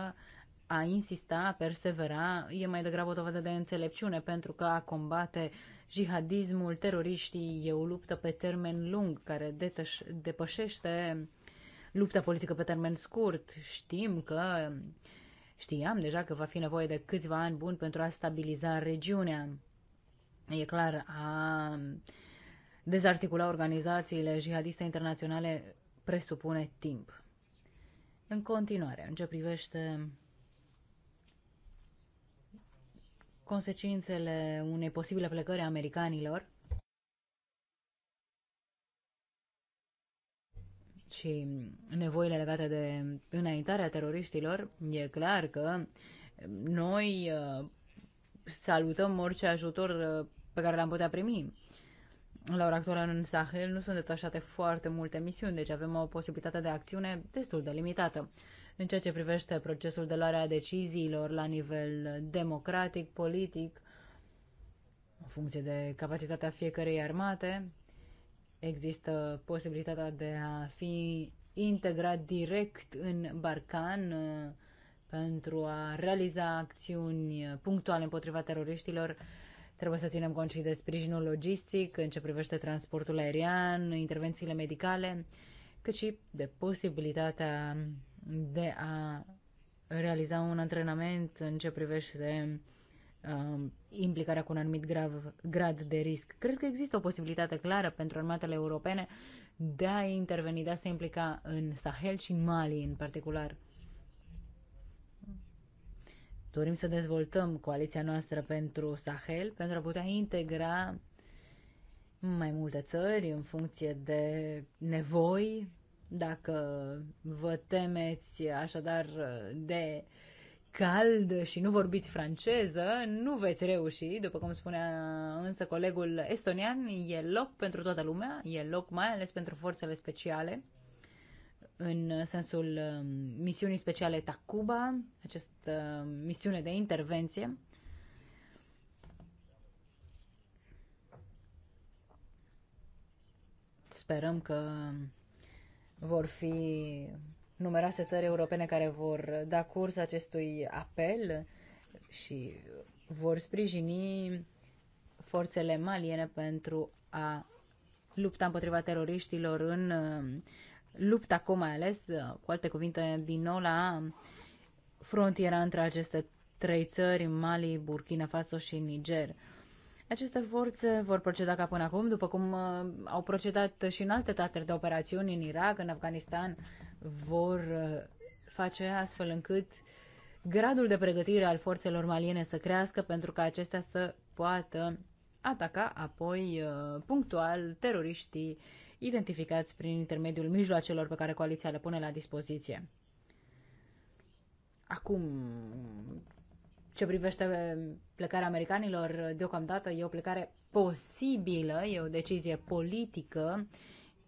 a insista, a persevera, e mai degrabă o dovadă de înțelepciune, pentru că a combate jihadismul, teroriștii, e o luptă pe termen lung care detăș, depășește lupta politică pe termen scurt. Știm că știam deja că va fi nevoie de câțiva ani buni pentru a stabiliza regiunea. E clar, a dezarticula organizațiile jihadiste internaționale presupune timp. În continuare, în ce privește consecințele unei posibile plecări a americanilor și nevoile legate de înaintarea teroriștilor, e clar că noi uh, salutăm orice ajutor uh, pe care l-am putea primi. La ora actuală în Sahel nu sunt detașate foarte multe misiuni, deci avem o posibilitate de acțiune destul de limitată în ceea ce privește procesul de luare a deciziilor la nivel democratic, politic, în funcție de capacitatea fiecărei armate, există posibilitatea de a fi integrat direct în Barcan uh, pentru a realiza acțiuni punctuale împotriva teroriștilor. Trebuie să ținem cont și de sprijinul logistic în ce privește transportul aerian, intervențiile medicale, cât și de posibilitatea de a realiza un antrenament în ce privește uh, implicarea cu un anumit grav, grad de risc. Cred că există o posibilitate clară pentru armatele europene de a interveni, de a se implica în Sahel și în Mali în particular. Dorim să dezvoltăm coaliția noastră pentru Sahel pentru a putea integra mai multe țări în funcție de nevoi, dacă vă temeți așadar de cald și nu vorbiți franceză, nu veți reuși. După cum spunea însă colegul estonian, e loc pentru toată lumea, e loc mai ales pentru forțele speciale, în sensul um, misiunii speciale Tacuba, această um, misiune de intervenție. Sperăm că vor fi numeroase țări europene care vor da curs acestui apel și vor sprijini forțele maliene pentru a lupta împotriva teroriștilor în uh, lupta acum mai ales, uh, cu alte cuvinte, din nou la frontiera între aceste trei țări, Mali, Burkina Faso și Niger. Aceste forțe vor proceda ca până acum, după cum uh, au procedat și în alte teatre de operațiuni în Irak, în Afganistan, vor uh, face astfel încât gradul de pregătire al forțelor maliene să crească pentru ca acestea să poată ataca apoi uh, punctual teroriștii identificați prin intermediul mijloacelor pe care coaliția le pune la dispoziție. Acum, ce privește plecarea americanilor, deocamdată e o plecare posibilă, e o decizie politică.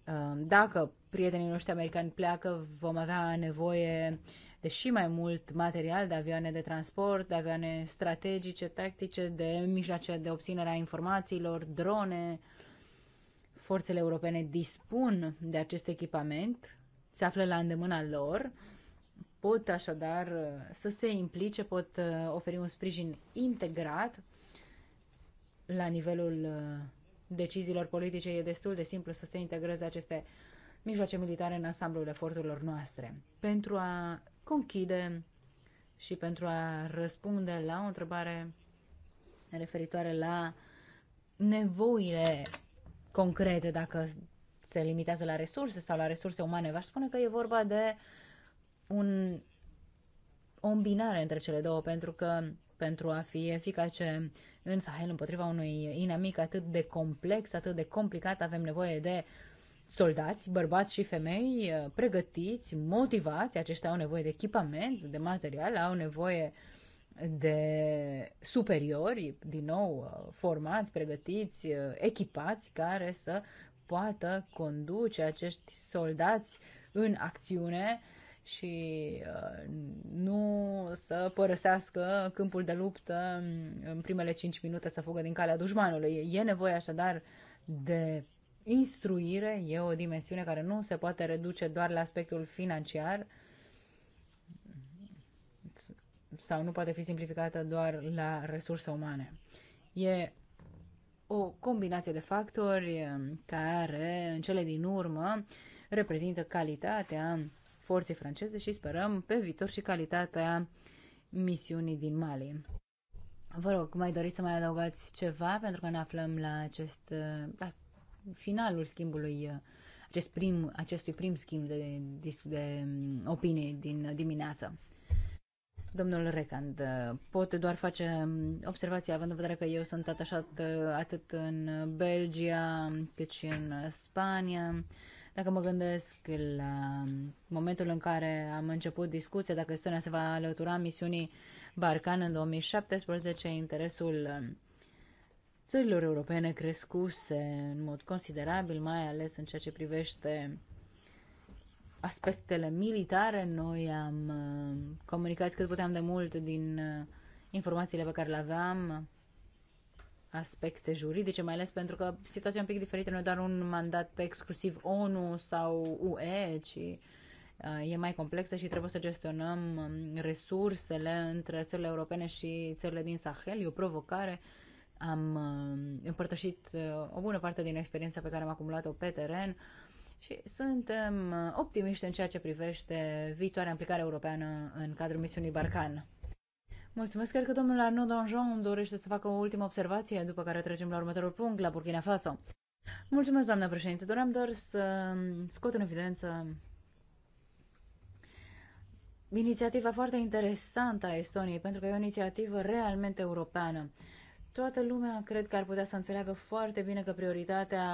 Um, dacă prietenii noștri americani pleacă, vom avea nevoie de și mai mult material, de avioane de transport, de avioane strategice, tactice, de mijloace de obținere a informațiilor, drone. Forțele europene dispun de acest echipament, se află la îndemâna lor pot așadar uh, să se implice, pot uh, oferi un sprijin integrat la nivelul uh, deciziilor politice. E destul de simplu să se integreze aceste mijloace militare în ansamblul eforturilor noastre. Pentru a conchide și pentru a răspunde la o întrebare referitoare la nevoile concrete, dacă se limitează la resurse sau la resurse umane, v-aș spune că e vorba de uh, un, o îmbinare între cele două, pentru că pentru a fi eficace în Sahel împotriva unui inamic atât de complex, atât de complicat, avem nevoie de soldați, bărbați și femei eh, pregătiți, motivați, aceștia au nevoie de echipament, de material, au nevoie de superiori, din nou eh, formați, pregătiți, eh, echipați, care să poată conduce acești soldați în acțiune și uh, nu să părăsească câmpul de luptă în primele 5 minute să fugă din calea dușmanului. E nevoie așadar de instruire, e o dimensiune care nu se poate reduce doar la aspectul financiar sau nu poate fi simplificată doar la resurse umane. E o combinație de factori um, care, în cele din urmă, reprezintă calitatea forței franceze și sperăm pe viitor și calitatea misiunii din Mali. Vă rog, mai doriți să mai adăugați ceva pentru că ne aflăm la acest la finalul schimbului acest prim, acestui prim schimb de, de, de mm, opinii din dimineață. Domnul Recand, pot doar face mm, observații, având în vedere că eu sunt atașat uh, atât în Belgia cât și în Spania. Dacă mă gândesc la momentul în care am început discuția dacă Estonia se va alătura misiunii Barcan în 2017, interesul um, țărilor europene crescuse în mod considerabil, mai ales în ceea ce privește aspectele militare. Noi am um, comunicat cât puteam de mult din uh, informațiile pe care le aveam aspecte juridice, mai ales pentru că situația e un pic diferită, nu e doar un mandat exclusiv ONU sau UE, ci uh, e mai complexă și trebuie să gestionăm um, resursele între țările europene și țările din Sahel. E o provocare. Am um, împărtășit uh, o bună parte din experiența pe care am acumulat-o pe teren și suntem uh, optimiști în ceea ce privește viitoarea implicare europeană în cadrul misiunii Barcan. Mulțumesc, cred că domnul Arnaud Donjon dorește să facă o ultimă observație, după care trecem la următorul punct, la Burkina Faso. Mulțumesc, doamna președinte. Doream doar să scot în evidență inițiativa foarte interesantă a Estoniei, pentru că e o inițiativă realmente europeană. Toată lumea cred că ar putea să înțeleagă foarte bine că prioritatea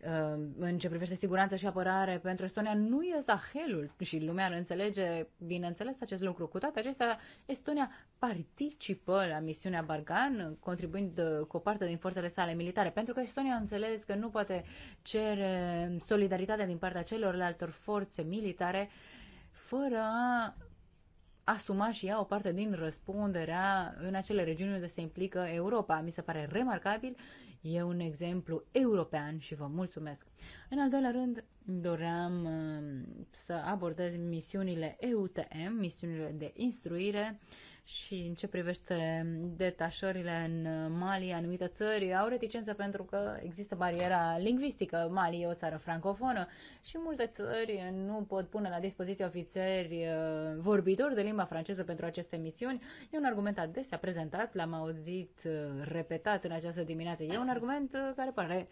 Ehm, în ce privește siguranță și apărare pentru Estonia nu e Sahelul și lumea înțelege, bineînțeles, acest lucru. Cu toate acestea, Estonia participă la misiunea Bargan, contribuind eh, cu o parte din forțele sale militare, pentru că Estonia a înțeles că nu poate cere solidaritatea din partea celorlaltor forțe militare fără a asuma și ea o parte din răspunderea în acele regiuni unde se implică Europa. Mi se pare remarcabil E un exemplu european și vă mulțumesc. În al doilea rând, doream um, să abordez misiunile EUTM, misiunile de instruire, și în ce privește detașările în Mali, anumite țări au reticență pentru că există bariera lingvistică. Mali e o țară francofonă și multe țări nu pot pune la dispoziție ofițeri uh, vorbitori de limba franceză pentru aceste misiuni. E un argument adesea prezentat, l-am auzit uh, repetat în această dimineață. E un argument uh, care pare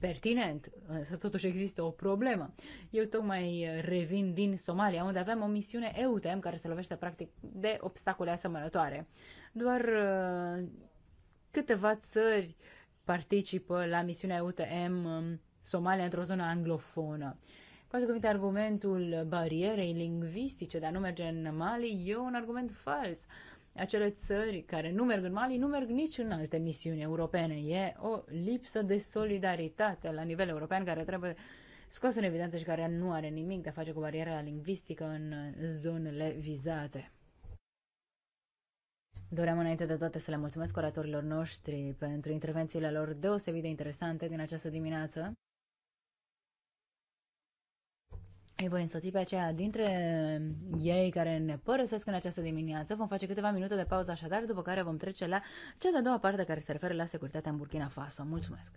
pertinent, însă totuși există o problemă. Eu tocmai revin din Somalia, unde aveam o misiune EUTM care se lovește practic de obstacole asemănătoare. Doar uh, câteva țări participă la misiunea EUTM um, Somalia într-o zonă anglofonă. Cu alte cuvinte, argumentul barierei lingvistice de a nu merge în Mali e un argument fals acele țări care nu merg în Mali nu merg nici în alte misiuni europene. E o lipsă de solidaritate la nivel european care trebuie scoasă în evidență și care nu are nimic de a face cu bariera lingvistică în zonele vizate. Doream înainte de toate să le mulțumesc oratorilor noștri pentru intervențiile lor deosebit de interesante din această dimineață. Îi voi însoți pe aceea dintre ei care ne părăsesc în această dimineață. Vom face câteva minute de pauză așadar, după care vom trece la cea de-a doua parte care se referă la securitatea în Burkina Faso. Mulțumesc!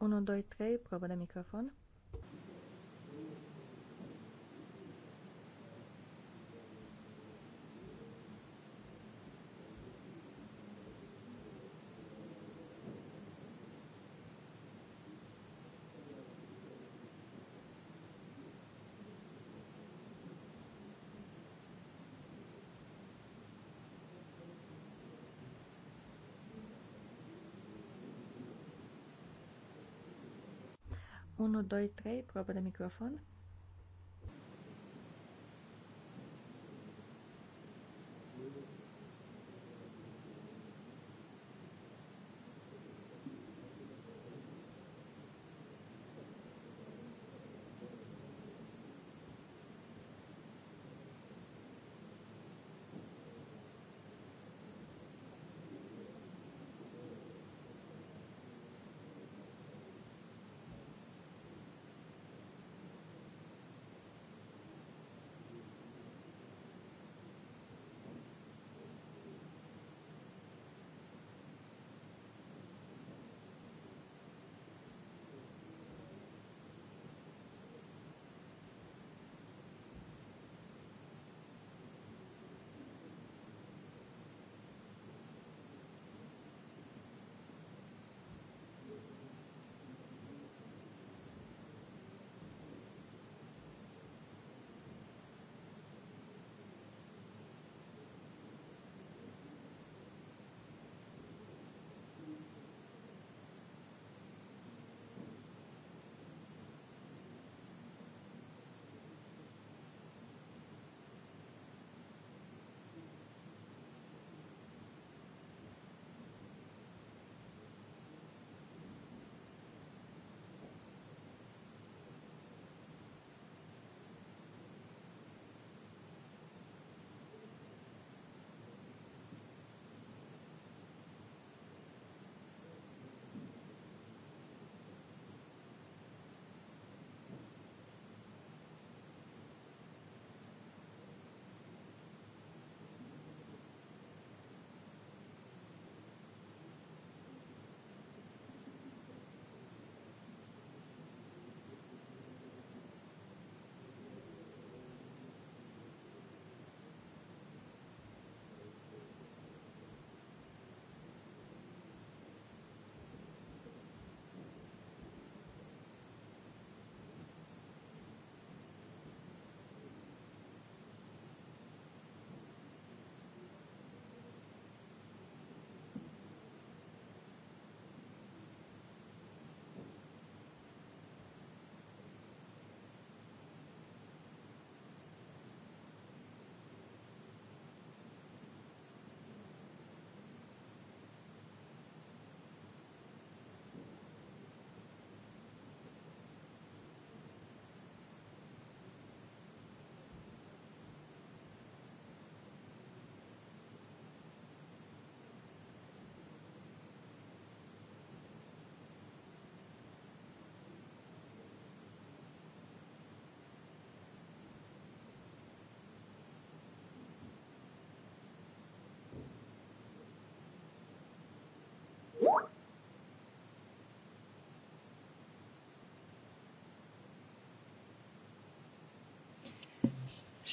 1, 2, 3, probă de microfon. 1, 2, 3, probă de microfon.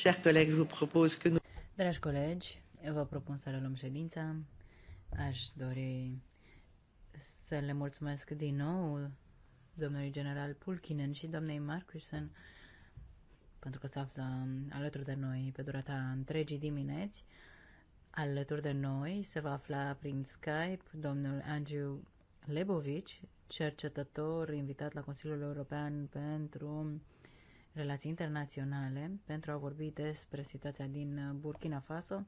Chers collègues, je vous propose que nous... Dragi colegi, eu vă propun să reluăm ședința. Aș dori să le mulțumesc din nou domnului general Pulkinen și doamnei Marcusen pentru că se află alături de noi pe durata întregii dimineți. Alături de noi se va afla prin Skype domnul Andrew Lebovici, cercetător invitat la Consiliul European pentru relații internaționale pentru a vorbi despre situația din uh, Burkina Faso.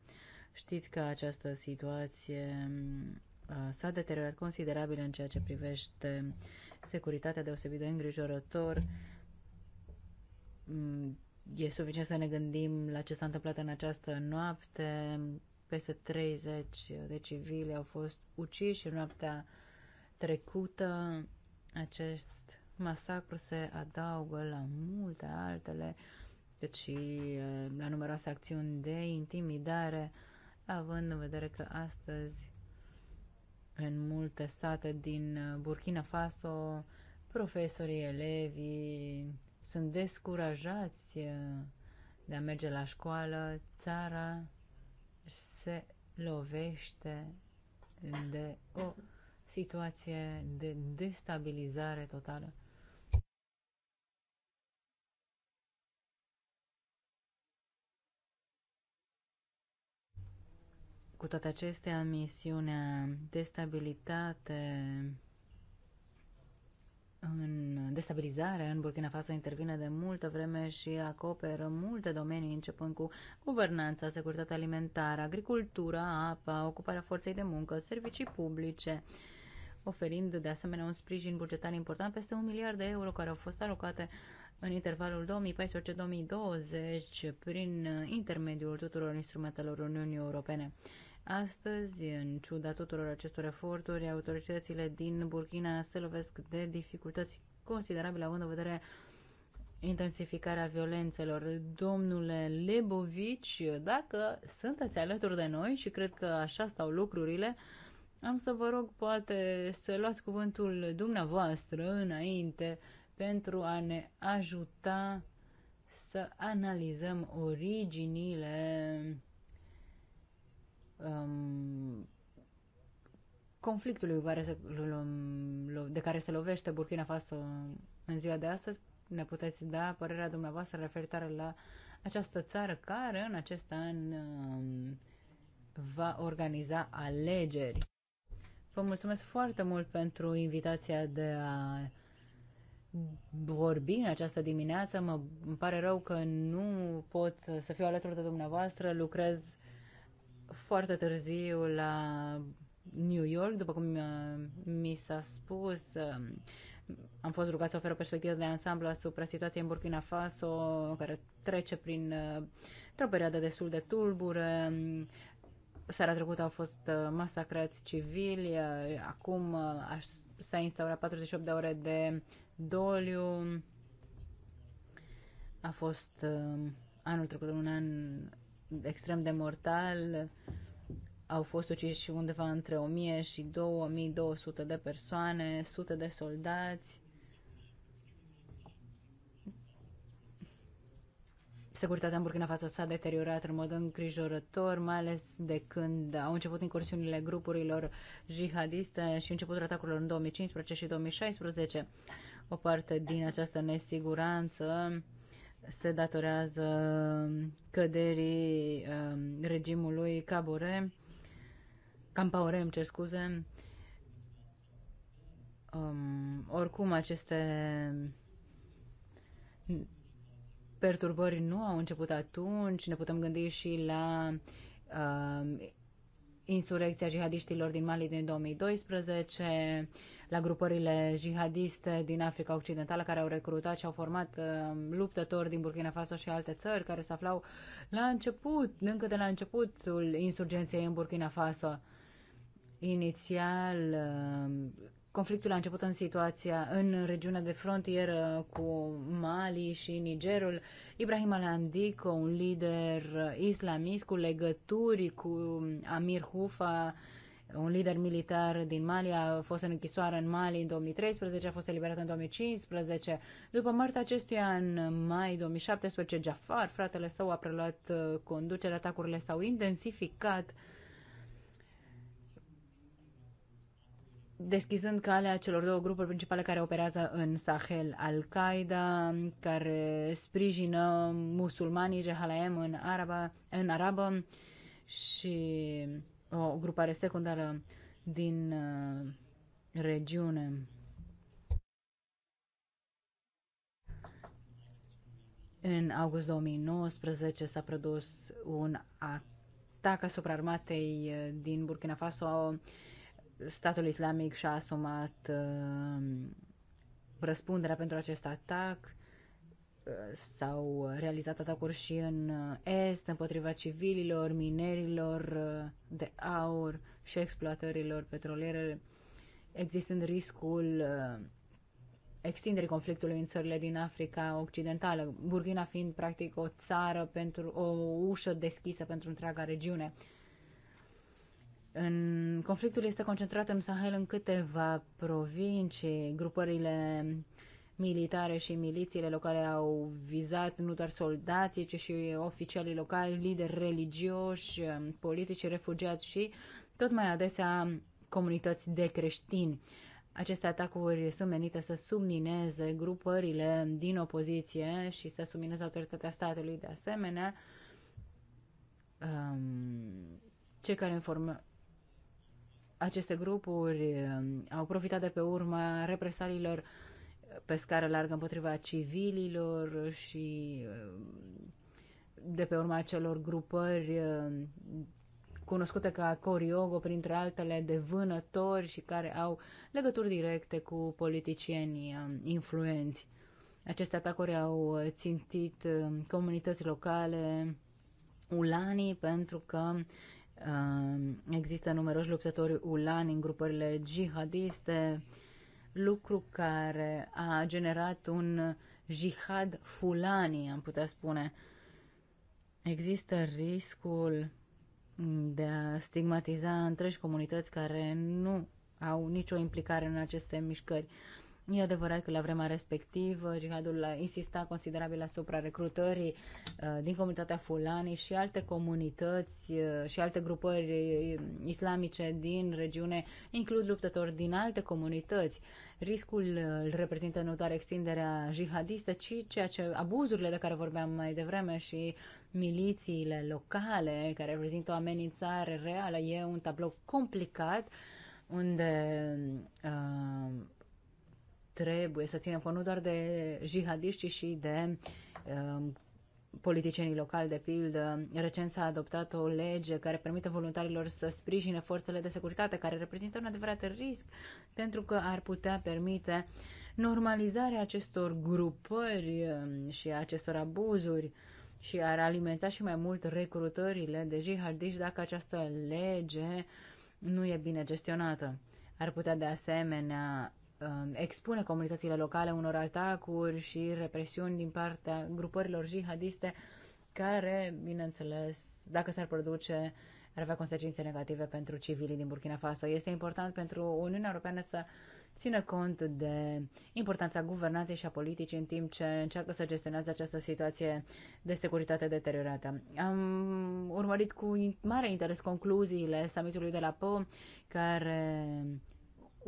Știți că această situație uh, s-a deteriorat considerabil în ceea ce privește securitatea deosebit de îngrijorător. Mm, e suficient să ne gândim la ce s-a întâmplat în această noapte. Peste 30 de civili au fost uciși în noaptea trecută. Acest masacru se adaugă la multe altele, cât și la numeroase acțiuni de intimidare, având în vedere că astăzi în multe state din Burkina Faso, profesorii, elevii sunt descurajați de a merge la școală, țara se lovește de o situație de destabilizare totală. Cu toate acestea, misiunea de stabilitate în destabilizare în Burkina Faso intervine de multă vreme și acoperă multe domenii, începând cu guvernanța, securitatea alimentară, agricultura, apa, ocuparea forței de muncă, servicii publice, oferind de asemenea un sprijin bugetar important peste un miliard de euro care au fost alocate în intervalul 2014-2020 prin intermediul tuturor instrumentelor Uniunii Europene. Astăzi, în ciuda tuturor acestor eforturi, autoritățile din Burkina se lovesc de dificultăți considerabile, având în vedere intensificarea violențelor. Domnule Lebovici, dacă sunteți alături de noi și cred că așa stau lucrurile, am să vă rog poate să luați cuvântul dumneavoastră înainte pentru a ne ajuta să analizăm originile um, conflictului care se, de care se lovește Burkina Faso în ziua de astăzi, ne puteți da părerea dumneavoastră referitoare la această țară care în acest an um, va organiza alegeri. Vă mulțumesc foarte mult pentru invitația de a vorbi în această dimineață. Mă îmi pare rău că nu pot să fiu alături de dumneavoastră. Lucrez foarte târziu la New York, după cum uh, mi s-a spus, um, am fost rugat să ofer o perspectivă de ansamblu asupra situației în Burkina Faso, care trece prin uh, o perioadă destul de tulbură. Seara trecută au fost uh, masacrați civili, acum s-a instaurat 48 de ore de doliu. A fost anul trecut un an extrem de mortal. Au fost uciși undeva între 1000 și 2200 de persoane, sute de soldați. Securitatea în Burkina Faso s-a deteriorat în mod îngrijorător, mai ales de când au început incursiunile grupurilor jihadiste și începutul atacurilor în 2015 și 2016. O parte din această nesiguranță se datorează căderii um, regimului Cabore, Campaore, îmi cer scuze. Um, oricum, aceste perturbări nu au început atunci, ne putem gândi și la um, insurecția jihadiștilor din Mali din 2012, la grupările jihadiste din Africa Occidentală care au recrutat și au format uh, luptători din Burkina Faso și alte țări care se aflau la început, încă de la începutul insurgenției în Burkina Faso. Inițial, uh, conflictul a început în situația, în regiunea de frontieră cu Mali și Nigerul. Ibrahim Alandico, un lider islamist cu legături cu Amir Hufa, un lider militar din Mali a fost în închisoare în Mali în 2013, a fost eliberat în 2015. După moartea acestuia în mai 2017, Jafar, fratele său, a preluat uh, conducerea, atacurile s-au intensificat deschizând calea celor două grupuri principale care operează în Sahel, Al-Qaeda, care sprijină musulmanii Jehalaem în, araba, în arabă și o grupare secundară din uh, regiune. În august 2019 s-a produs un atac asupra armatei uh, din Burkina Faso. Statul islamic și-a asumat uh, răspunderea pentru acest atac s-au realizat atacuri și în Est împotriva civililor, minerilor de aur și exploatărilor petroliere, existând riscul uh, extinderii conflictului în țările din Africa Occidentală, Burkina fiind practic o țară pentru o ușă deschisă pentru întreaga regiune. În conflictul este concentrat în Sahel în câteva provincii, grupările militare și milițiile locale au vizat nu doar soldații, ci și oficialii locali, lideri religioși, um, politici, refugiați și tot mai adesea comunități de creștini. Aceste atacuri sunt menite să submineze grupările din opoziție și să submineze autoritatea statului. De asemenea, um, cei care informează aceste grupuri um, au profitat de pe urma represaliilor pe scară largă împotriva civililor și de pe urma celor grupări cunoscute ca Coriogo, printre altele, de vânători și care au legături directe cu politicieni um, influenți. Aceste atacuri au țintit um, comunități locale, ulanii, pentru că um, există numeroși luptători ulani în grupările jihadiste, lucru care a generat un jihad fulani, am putea spune. Există riscul de a stigmatiza întregi comunități care nu au nicio implicare în aceste mișcări. E adevărat că la vremea respectivă jihadul insistat considerabil asupra recrutării uh, din comunitatea Fulani și alte comunități uh, și alte grupări uh, islamice din regiune, includ luptători din alte comunități. Riscul îl reprezintă nu doar extinderea jihadistă, ci ceea ce abuzurile de care vorbeam mai devreme și milițiile locale, care reprezintă o amenințare reală. E un tablou complicat unde uh, trebuie să ținem cont nu doar de jihadiști, ci și de um, politicienii locali, de pildă. Recent s-a adoptat o lege care permite voluntarilor să sprijine forțele de securitate, care reprezintă un adevărat risc, pentru că ar putea permite normalizarea acestor grupări um, și acestor abuzuri și ar alimenta și mai mult recrutările de jihadiști dacă această lege nu e bine gestionată. Ar putea de asemenea Um, expune comunitățile locale unor atacuri și represiuni din partea grupărilor jihadiste, care, bineînțeles, dacă s-ar produce, ar avea consecințe negative pentru civilii din Burkina Faso. Este important pentru Uniunea Europeană să țină cont de importanța guvernanței și a politicii în timp ce încearcă să gestioneze această situație de securitate deteriorată. Am urmărit cu mare interes concluziile summitului de la PO, care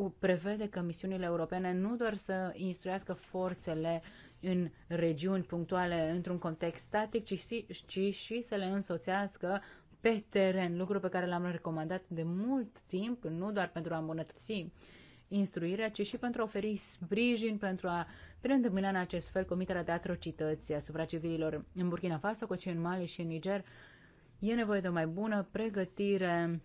prevede că misiunile europene nu doar să instruiască forțele în regiuni punctuale într-un context static, ci, ci și să le însoțească pe teren, lucru pe care l-am recomandat de mult timp, nu doar pentru a îmbunătăți instruirea, ci și pentru a oferi sprijin pentru a preîntâmpina în acest fel comiterea de atrocități asupra civililor în Burkina Faso, Coci în Mali și în Niger. E nevoie de o mai bună pregătire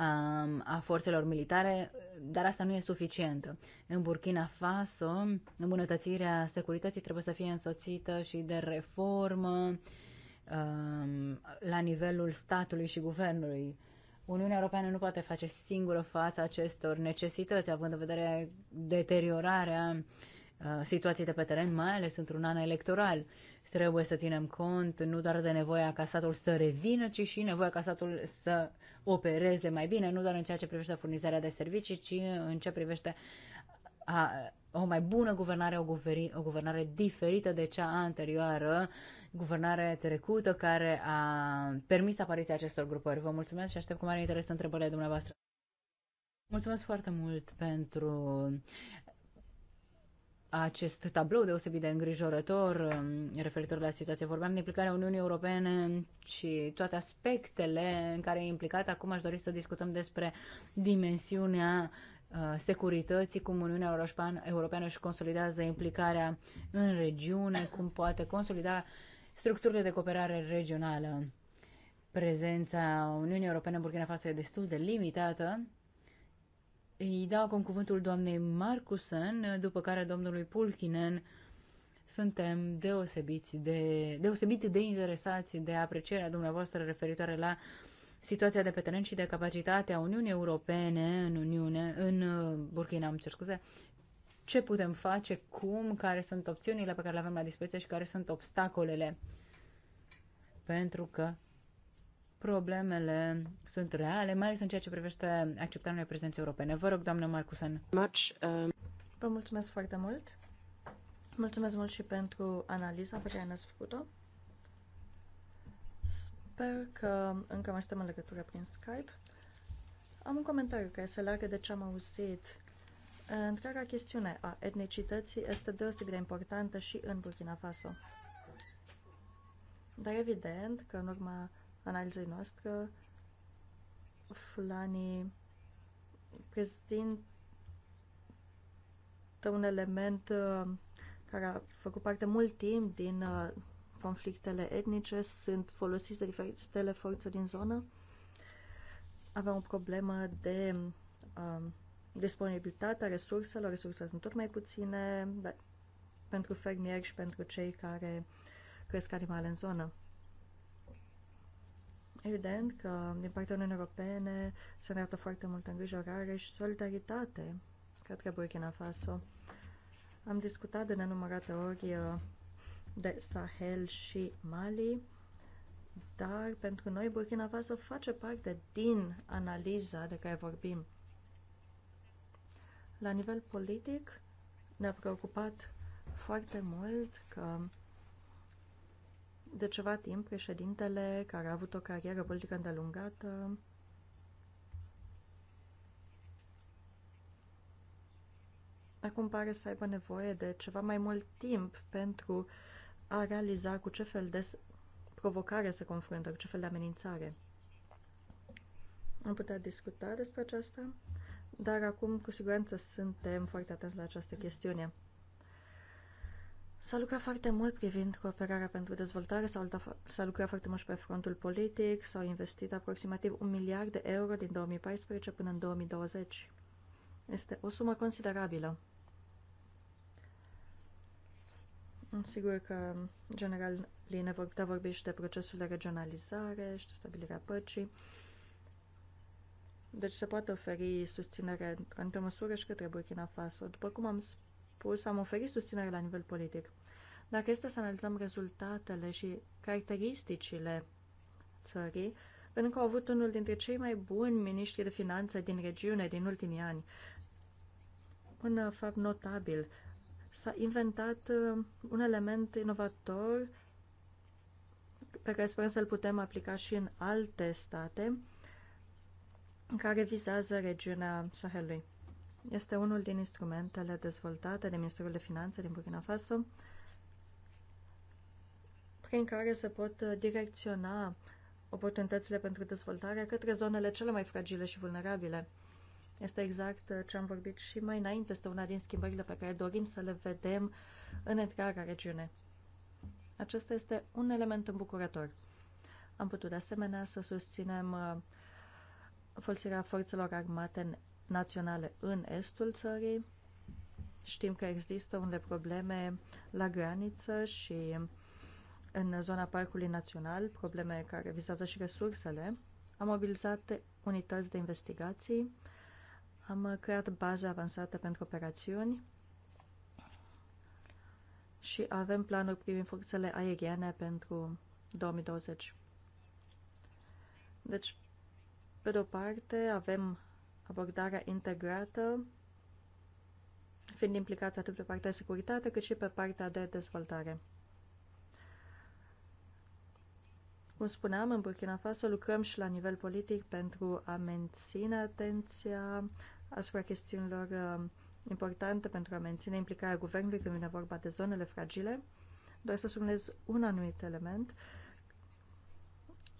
a, a forțelor militare, dar asta nu e suficientă. În Burkina Faso, îmbunătățirea securității trebuie să fie însoțită și de reformă um, la nivelul statului și guvernului. Uniunea Europeană nu poate face singură față acestor necesități, având în vedere deteriorarea Uh, situații de pe teren, mai ales într-un an electoral. Trebuie să ținem cont nu doar de nevoia ca statul să revină, ci și nevoia ca statul să opereze mai bine, nu doar în ceea ce privește furnizarea de servicii, ci în ce privește a, o mai bună guvernare, o, guveri, o guvernare diferită de cea anterioară, guvernare trecută care a permis apariția acestor grupări. Vă mulțumesc și aștept cu mare interes întrebările dumneavoastră. Mulțumesc foarte mult pentru acest tablou deosebit de îngrijorător um, referitor la situație. Vorbeam de implicarea Uniunii Europene și toate aspectele în care e implicat. Acum aș dori să discutăm despre dimensiunea uh, securității, cum Uniunea Europeană își consolidează implicarea în regiune, cum poate consolida structurile de cooperare regională. Prezența Uniunii Europene în Burkina Faso e destul de limitată, îi dau acum cuvântul doamnei Marcusen, după care domnului Pulkinen. Suntem deosebiți de, deosebit de interesați de aprecierea dumneavoastră referitoare la situația de pe teren și de capacitatea Uniunii Europene în Uniune, în uh, Burkina, am cer scuze, ce putem face, cum, care sunt opțiunile pe care le avem la dispoziție și care sunt obstacolele. Pentru că problemele sunt reale, mai ales în ceea ce privește acceptarea unei prezențe europene. Vă rog, doamnă Marcusan. Much, um... Vă mulțumesc foarte mult. Mulțumesc mult și pentru analiza pe care ne-ați făcut-o. Sper că încă mai suntem în legătură prin Skype. Am un comentariu care se leagă de ce am auzit. Întreaga chestiune a etnicității este deosebit de importantă și în Burkina Faso. Dar evident că în urma analizei noastre, Fulani prezintă un element uh, care a făcut parte mult timp din uh, conflictele etnice, sunt folosiți de diferitele forțe din zonă. Avem o problemă de um, disponibilitatea resurselor, resursele sunt tot mai puține dar pentru fermieri și pentru cei care cresc animale în zonă. Evident că din partea Uniunii Europene se arată foarte mult îngrijorare și solidaritate către Burkina Faso. Am discutat de nenumărate ori uh, de Sahel și Mali, dar pentru noi Burkina Faso face parte din analiza de care vorbim. La nivel politic ne-a preocupat foarte mult că de ceva timp, președintele, care a avut o carieră politică îndelungată, acum pare să aibă nevoie de ceva mai mult timp pentru a realiza cu ce fel de provocare se confruntă, cu ce fel de amenințare. Am putea discuta despre aceasta, dar acum cu siguranță suntem foarte atenți la această chestiune. S-a lucrat foarte mult privind cooperarea pentru dezvoltare, s-a lucrat, lucrat foarte mult și pe frontul politic, s-au investit aproximativ un miliard de euro din 2014 până în 2020. Este o sumă considerabilă. Sigur că generalii ne vor putea vorbi și de procesul de regionalizare și de stabilirea păcii. Deci se poate oferi susținere într-o măsură și către Burkina Faso. După cum am spus, spus, am oferit susținere la nivel politic. Dacă este să analizăm rezultatele și caracteristicile țării, pentru că au avut unul dintre cei mai buni miniștri de finanțe din regiune din ultimii ani. Un fapt notabil, s-a inventat uh, un element inovator pe care sperăm să-l putem aplica și în alte state care vizează regiunea Sahelului. Este unul din instrumentele dezvoltate de Ministerul de Finanțe din Burkina Faso, prin care se pot uh, direcționa oportunitățile pentru dezvoltare către zonele cele mai fragile și vulnerabile. Este exact uh, ce am vorbit și mai înainte, este una din schimbările pe care dorim să le vedem în întreaga regiune. Acesta este un element îmbucurător. Am putut de asemenea să susținem uh, folosirea forțelor armate în naționale în estul țării. Știm că există unele probleme la graniță și în zona Parcului Național, probleme care vizează și resursele. Am mobilizat unități de investigații, am creat baze avansate pentru operațiuni și avem planuri privind forțele aeriene pentru 2020. Deci, pe de-o parte, avem abordarea integrată, fiind implicați atât pe partea de securitate cât și pe partea de dezvoltare. Cum spuneam, în Burkina Faso lucrăm și la nivel politic pentru a menține atenția asupra chestiunilor uh, importante, pentru a menține implicarea guvernului când vine vorba de zonele fragile. Doar să sublinez un anumit element.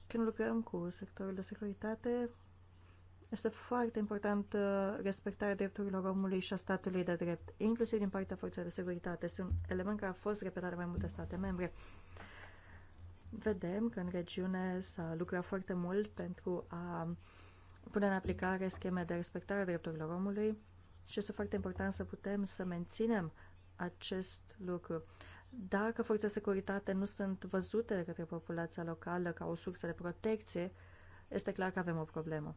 Când lucrăm cu sectorul de securitate, este foarte important uh, respectarea drepturilor omului și a statului de drept, inclusiv din partea forțelor de securitate. Este un element care a fost repetat de mai multe state membre. Vedem că în regiune s-a lucrat foarte mult pentru a pune în aplicare scheme de respectare a drepturilor omului și este foarte important să putem să menținem acest lucru. Dacă forțele de securitate nu sunt văzute de către populația locală ca o sursă de protecție, este clar că avem o problemă.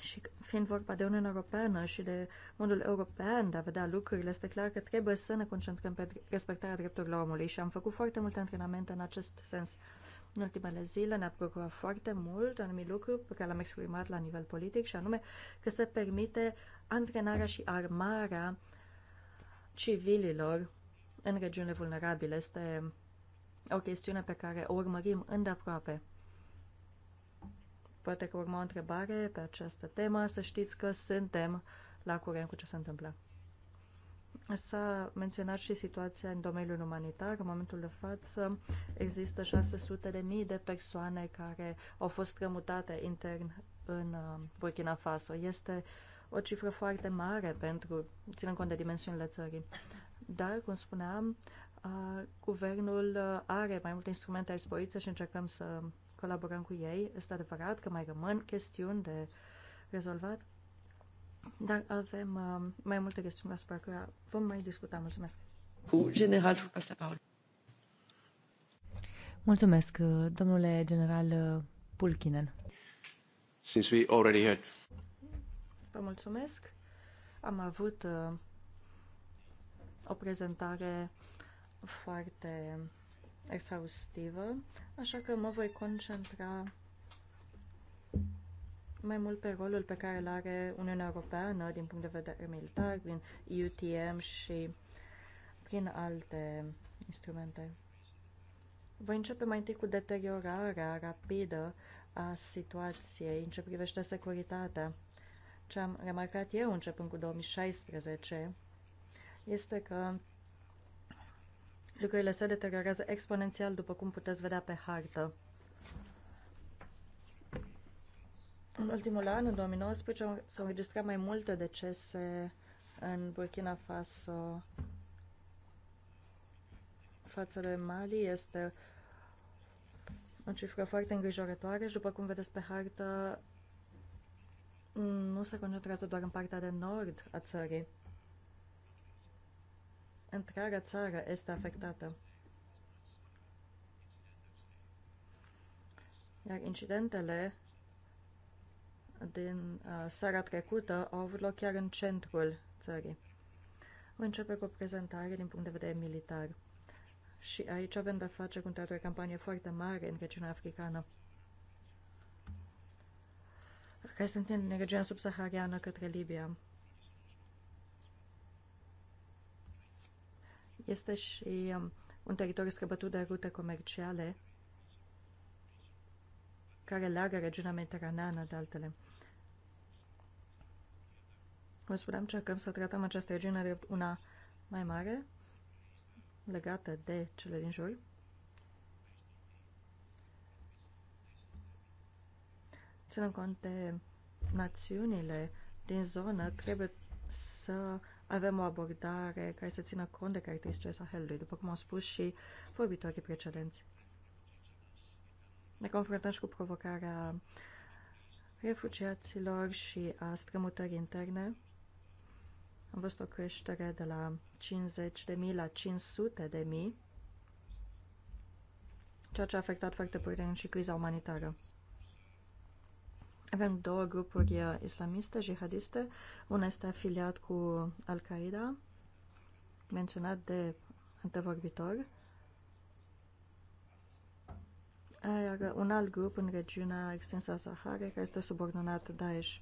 Și fiind vorba de Uniunea Europeană și de modul european de a vedea lucrurile, este clar că trebuie să ne concentrăm pe respectarea drepturilor omului și am făcut foarte multe antrenamente în acest sens. În ultimele zile ne-a procurat foarte mult anumit lucru pe care l-am exprimat la nivel politic și anume că se permite antrenarea și armarea civililor în regiunile vulnerabile. Este o chestiune pe care o urmărim îndeaproape poate că urma o întrebare pe această temă, să știți că suntem la curent cu ce se întâmplă. S-a menționat și situația în domeniul umanitar. În momentul de față există 600 de mii de persoane care au fost strămutate intern în uh, Burkina Faso. Este o cifră foarte mare pentru, ținând cont de dimensiunile țării. Dar, cum spuneam, uh, guvernul are mai multe instrumente a și încercăm să colaborăm cu ei. Este adevărat că mai rămân chestiuni de rezolvat, dar avem uh, mai multe chestiuni asupra care vom mai discuta. Mulțumesc! Cu general, vă pas la parole. Mulțumesc, uh, domnule general uh, Pulkinen. Since we already heard. Vă mulțumesc. Am avut uh, o prezentare foarte exhaustivă, așa că mă voi concentra mai mult pe rolul pe care îl are Uniunea Europeană din punct de vedere militar, prin UTM și prin alte instrumente. Voi începe mai întâi cu deteriorarea rapidă a situației în ce privește securitatea. Ce am remarcat eu începând cu 2016 este că lucrurile se deteriorează exponențial, după cum puteți vedea pe hartă. În ultimul an, în 2019, s-au înregistrat mai multe decese în Burkina Faso față de Mali. Este o cifră foarte îngrijorătoare și, după cum vedeți pe hartă, nu se concentrează doar în partea de nord a țării întreaga țară este afectată. Iar incidentele din uh, seara trecută au avut loc chiar în centrul țării. Voi începe cu o prezentare din punct de vedere militar. Și aici avem de-a face cu un teatru de campanie foarte mare în regiunea africană, care se întinde regiunea subsahariană către Libia. Este și um, un teritoriu străbătut de rute comerciale care leagă regiunea mediteraneană de altele. Vă spuneam, încercăm să tratăm această regiune drept una mai mare, legată de cele din jur. Ținând cont de națiunile din zonă, trebuie să avem o abordare care să țină cont de caracteristicile Sahelului, după cum au spus și vorbitorii precedenți. Ne confruntăm și cu provocarea refugiaților și a strămutării interne. Am văzut o creștere de la 50.000 la 500.000, ceea ce a afectat foarte puternic și criza umanitară. Avem două grupuri uh, islamiste, jihadiste. Una este afiliat cu Al-Qaeda, menționat de antevorbitor, iar un alt grup în regiunea extinsă a Saharei, care este subordonat Daesh.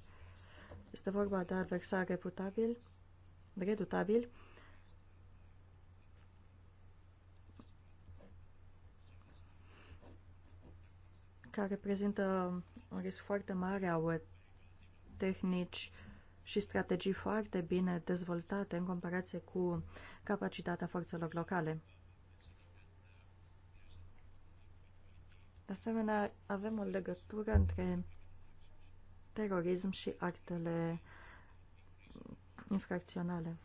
Este vorba de adversar reputabil, redutabil, care prezintă un risc foarte mare, au tehnici și strategii foarte bine dezvoltate în comparație cu capacitatea forțelor locale. De asemenea, avem o legătură între terorism și actele infracționale.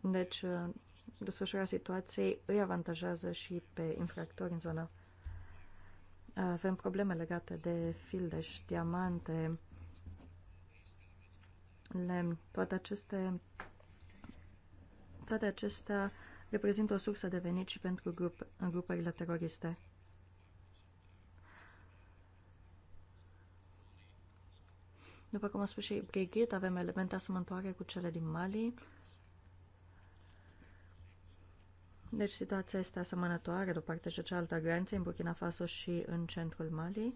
Deci, desfășurarea situației îi avantajează și pe infractori în zonă. Avem probleme legate de fildeș, diamante, lemn. Toate aceste toate acestea reprezintă o sursă de venit și pentru grup, grupările teroriste. După cum a spus și Brigitte, avem elemente asemănătoare cu cele din Mali, Deci situația este asemănătoare de o parte și cealaltă granță, în Burkina Faso și în centrul Mali.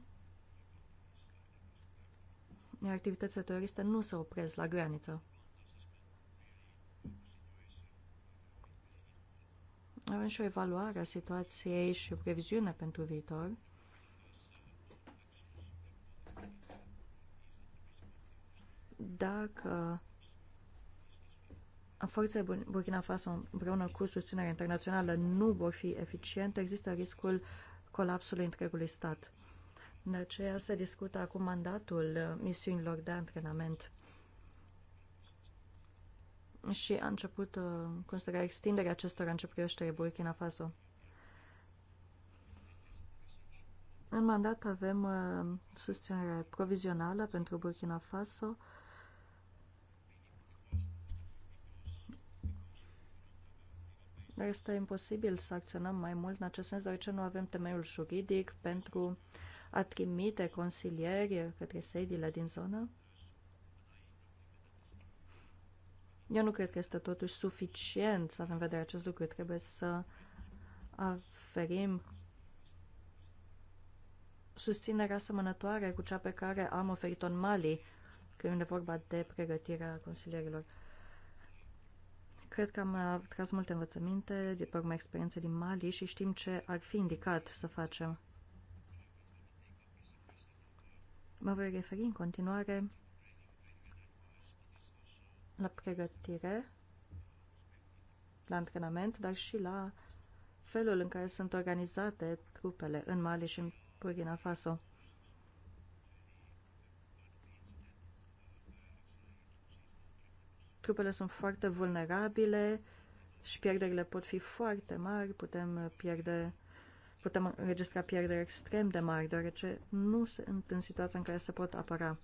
Iar activitățile teroriste nu se opresc la graniță. Avem și o evaluare a situației și o previziune pentru viitor. Dacă forțele Burkina Faso împreună cu susținerea internațională nu vor fi eficiente, există riscul colapsului întregului stat. De aceea se discută acum mandatul misiunilor de antrenament și a început uh, extinderea acestora în ce privește Burkina Faso. În mandat avem uh, susținere provizională pentru Burkina Faso, uh, Dar este imposibil să acționăm mai mult în acest sens, deoarece nu avem temeiul juridic pentru a trimite consilieri către sediile din zonă. Eu nu cred că este totuși suficient să avem vedere acest lucru. Trebuie să oferim susținere asemănătoare cu cea pe care am oferit-o în Mali, când e vorba de pregătirea consilierilor. Cred că am tras multe învățăminte de pe urma experienței din Mali și știm ce ar fi indicat să facem. Mă voi referi în continuare la pregătire, la antrenament, dar și la felul în care sunt organizate trupele în Mali și în Burkina Faso. trupele sunt foarte vulnerabile și pierderile pot fi foarte mari, putem pierde putem înregistra pierderi extrem de mari, deoarece nu sunt în situația în care se pot apăra.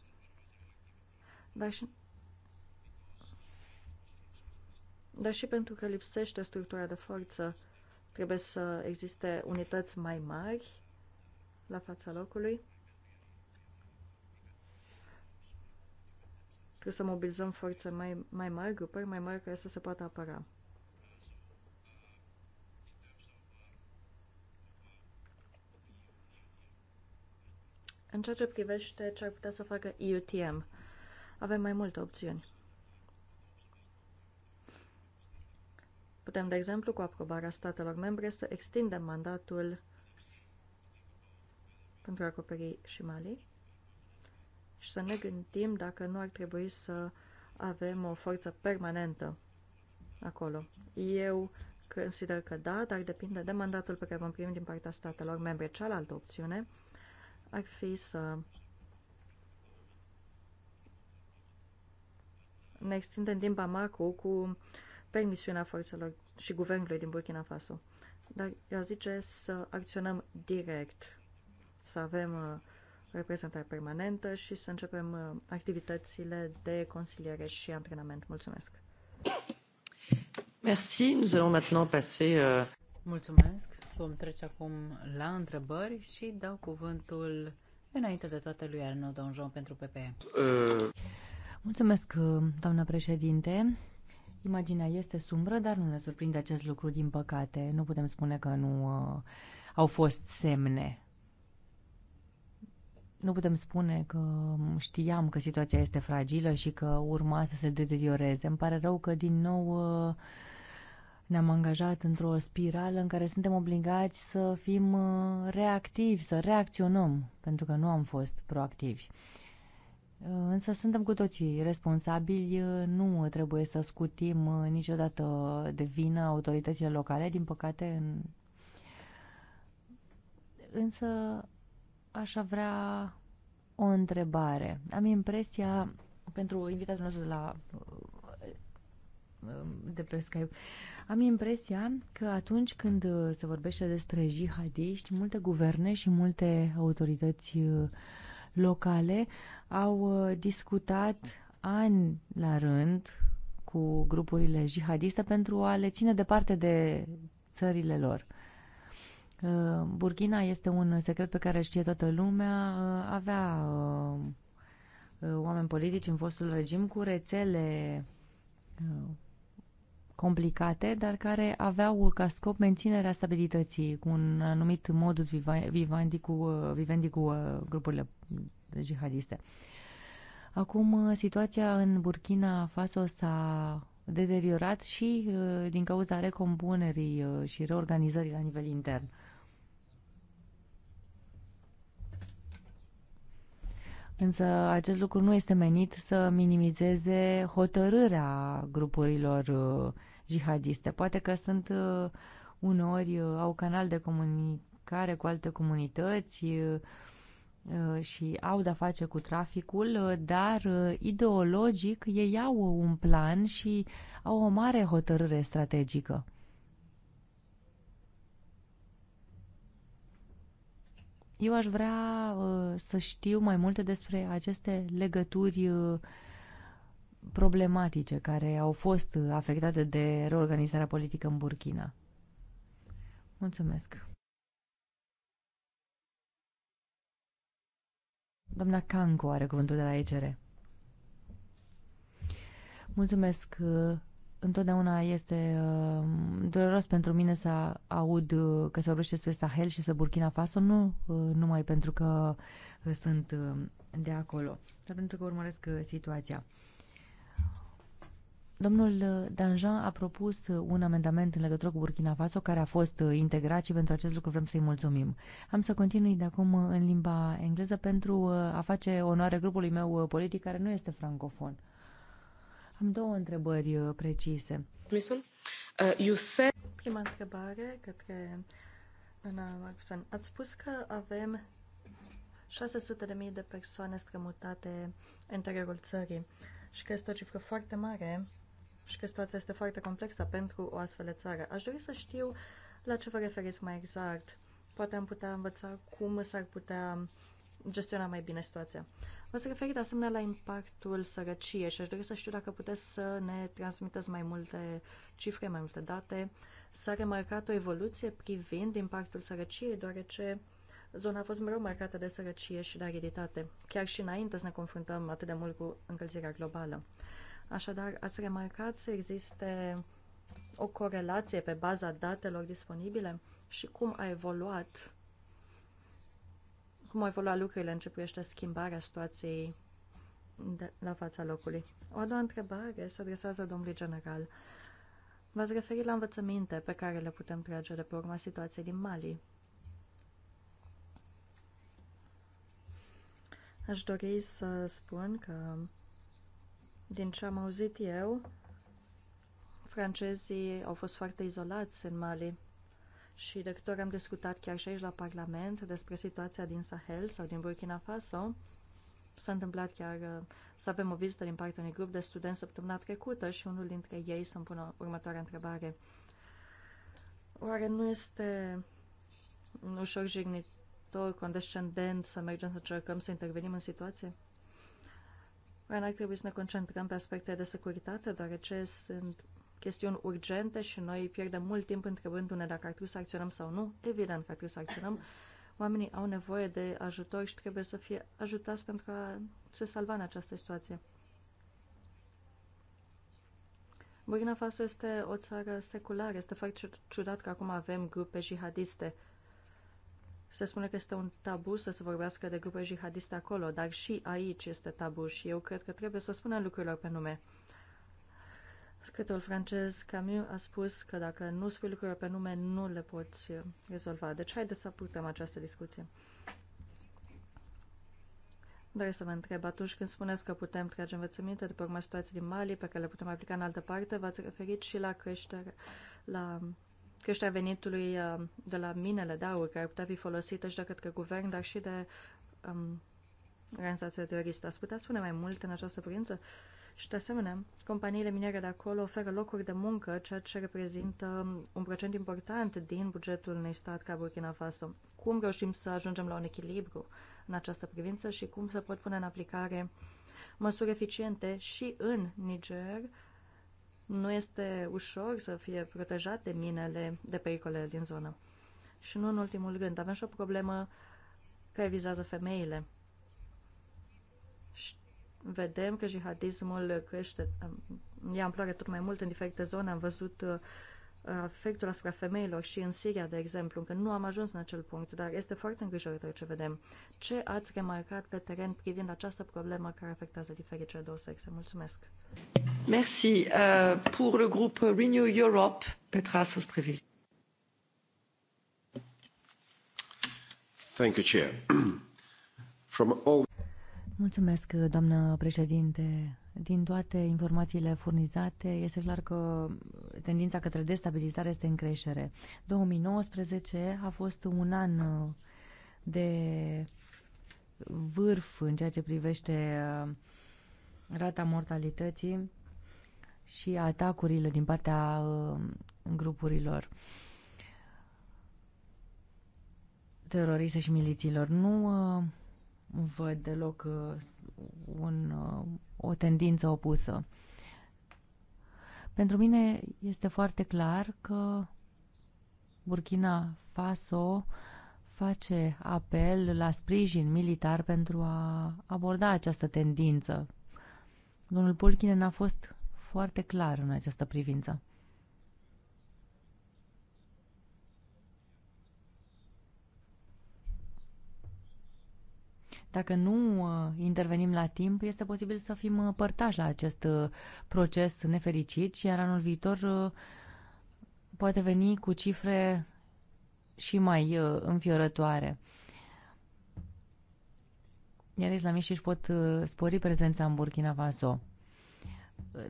Dar și, dar și pentru că lipsește structura de forță, trebuie să existe unități mai mari la fața locului. Trebuie să mobilizăm forțe mai, mai mari, grupări mai mari care să se poată apăra. În ceea ce privește ce ar putea să facă EUTM, avem mai multe opțiuni. Putem, de exemplu, cu aprobarea statelor membre, să extindem mandatul pentru a acoperi și Mali și să ne gândim dacă nu ar trebui să avem o forță permanentă acolo. Eu consider că da, dar depinde de mandatul pe care vom primi din partea statelor membre. Cealaltă opțiune ar fi să ne extindem din Bamako cu permisiunea forțelor și guvernului din Burkina Faso. Dar eu zice să acționăm direct, să avem uh, reprezentare permanentă și să începem uh, activitățile de consiliere și antrenament. Mulțumesc! Merci, nous allons maintenant passer... Uh, Mulțumesc! Vom trece acum la întrebări și dau cuvântul înainte de toate lui Arnaud Donjon pentru PP. Uh... Mulțumesc, uh, doamna președinte. Imaginea este sumbră, dar nu ne surprinde acest lucru, din păcate. Nu putem spune că nu uh, au fost semne nu putem spune că știam că situația este fragilă și că urma să se deterioreze. Îmi pare rău că din nou uh, ne-am angajat într-o spirală în care suntem obligați să fim uh, reactivi, să reacționăm, pentru că nu am fost proactivi. Uh, însă suntem cu toții responsabili, nu trebuie să scutim niciodată de vină autoritățile locale, din păcate. În... Însă aș avea o întrebare. Am impresia, pentru invitatul nostru de la de pe Skype. Am impresia că atunci când se vorbește despre jihadiști, multe guverne și multe autorități uh, locale au uh, discutat ani la rând cu grupurile jihadiste pentru a le ține departe de țările lor. Burkina este un secret pe care îl știe toată lumea. Avea uh, uh, oameni politici în fostul regim cu rețele uh, complicate, dar care aveau ca scop menținerea stabilității cu un anumit modus vivendi cu, vivendi cu grupurile jihadiste. Acum situația în Burkina Faso s-a deteriorat și din cauza recompunerii și reorganizării la nivel intern. Însă acest lucru nu este menit să minimizeze hotărârea grupurilor uh, jihadiste. Poate că sunt uh, uneori uh, au canal de comunicare cu alte comunități și au de-a face cu traficul, dar ideologic ei au un plan și au o mare hotărâre strategică. Eu aș vrea uh, să știu mai multe despre aceste legături uh, problematice care au fost uh, afectate de reorganizarea politică în Burkina. Mulțumesc. Doamna Canco are cuvântul de la ECR. Mulțumesc, întotdeauna este uh, dureros pentru mine să aud uh, că se vorbește despre Sahel și să Burkina Faso, nu uh, numai pentru că uh, sunt uh, de acolo, dar pentru că urmăresc uh, situația. Domnul uh, Danjean a propus uh, un amendament în legătură cu Burkina Faso care a fost uh, integrat și pentru acest lucru vrem să-i mulțumim. Am să continui de acum în limba engleză pentru a face onoare grupului meu politic care nu este francofon. Am două întrebări uh, precise. Uh, Prima întrebare către Ana Marcusan. Ați spus că avem 600.000 de persoane strămutate în interiorul țării și că este o cifră foarte mare și că situația este foarte complexă pentru o astfel de țară. Aș dori să știu la ce vă referiți mai exact. Poate am putea învăța cum s-ar putea gestiona mai bine situația. Vă să referi de asemenea la impactul sărăciei și aș dori să știu dacă puteți să ne transmiteți mai multe cifre, mai multe date. S-a remarcat o evoluție privind impactul sărăciei, deoarece zona a fost mereu marcată de sărăcie și de ariditate, chiar și înainte să ne confruntăm atât de mult cu încălzirea globală. Așadar, ați remarcat să existe o corelație pe baza datelor disponibile și cum a evoluat cum au evoluat lucrurile în ce privește schimbarea situației de la fața locului. O a doua întrebare se adresează domnului general. V-ați referit la învățăminte pe care le putem trage de pe urma situației din Mali. Aș dori să spun că, din ce am auzit eu, francezii au fost foarte izolați în Mali și de câte ori am discutat chiar și aici la Parlament despre situația din Sahel sau din Burkina Faso, s-a întâmplat chiar uh, să avem o vizită din partea unui grup de studenți săptămâna trecută și unul dintre ei să-mi pună următoarea întrebare. Oare nu este ușor jignitor, condescendent să mergem să încercăm să intervenim în situație? Oare n-ar trebui să ne concentrăm pe aspecte de securitate, deoarece sunt chestiuni urgente și noi pierdem mult timp întrebându-ne dacă ar trebui să acționăm sau nu. Evident că ar trebui să acționăm. Oamenii au nevoie de ajutor și trebuie să fie ajutați pentru a se salva în această situație. Burkina Faso este o țară seculară. Este foarte ciudat că acum avem grupe jihadiste. Se spune că este un tabu să se vorbească de grupe jihadiste acolo, dar și aici este tabu și eu cred că trebuie să spunem lucrurilor pe nume. Scritul francez Camus a spus că dacă nu spui lucrurile pe nume, nu le poți rezolva. Deci haideți să purtăm această discuție. Doresc să vă întreb, atunci când spuneți că putem trage învățăminte după urma situații din Mali, pe care le putem aplica în altă parte, v-ați referit și la creștere, la creșterea venitului uh, de la minele de aur, care ar putea fi folosită și de către guvern, dar și de um, organizația teroristă. Ați putea spune mai mult în această privință? Uh, și, de asemenea, companiile miniere de acolo oferă locuri de muncă, ceea ce reprezintă un procent important din bugetul unui stat ca Burkina Faso. Cum reușim să ajungem la un echilibru în această privință și cum se pot pune în aplicare măsuri eficiente și în Niger, nu este ușor să fie protejate minele, de pericole din zonă. Și nu în ultimul rând, avem și o problemă care vizează femeile vedem că jihadismul crește, ia amploare tot mai mult în diferite zone. Am văzut efectul uh, asupra femeilor și în Siria, de exemplu, încă nu am ajuns în acel punct, dar este foarte îngrijorător ce vedem. Ce ați remarcat pe teren privind această problemă care afectează diferite cele două sexe? Mulțumesc! Merci. Uh, pour le groupe Renew Europe, Petra Sostrevis. Thank you, Chair. [CLEARS THROAT] From all Mulțumesc, doamnă președinte. Din toate informațiile furnizate, este clar că tendința către destabilizare este în creștere. 2019 a fost un an uh, de vârf în ceea ce privește uh, rata mortalității și atacurile din partea uh, grupurilor teroriste și milițiilor. Nu văd deloc uh, un, uh, o tendință opusă. Pentru mine este foarte clar că Burkina Faso face apel la sprijin militar pentru a aborda această tendință. Domnul Pulchinen a fost foarte clar în această privință. Dacă nu uh, intervenim la timp, este posibil să fim uh, părtași la acest uh, proces nefericit, iar anul viitor poate veni cu cifre și mai înfiorătoare. Iar islamiștii își pot spori prezența în Burkina Faso.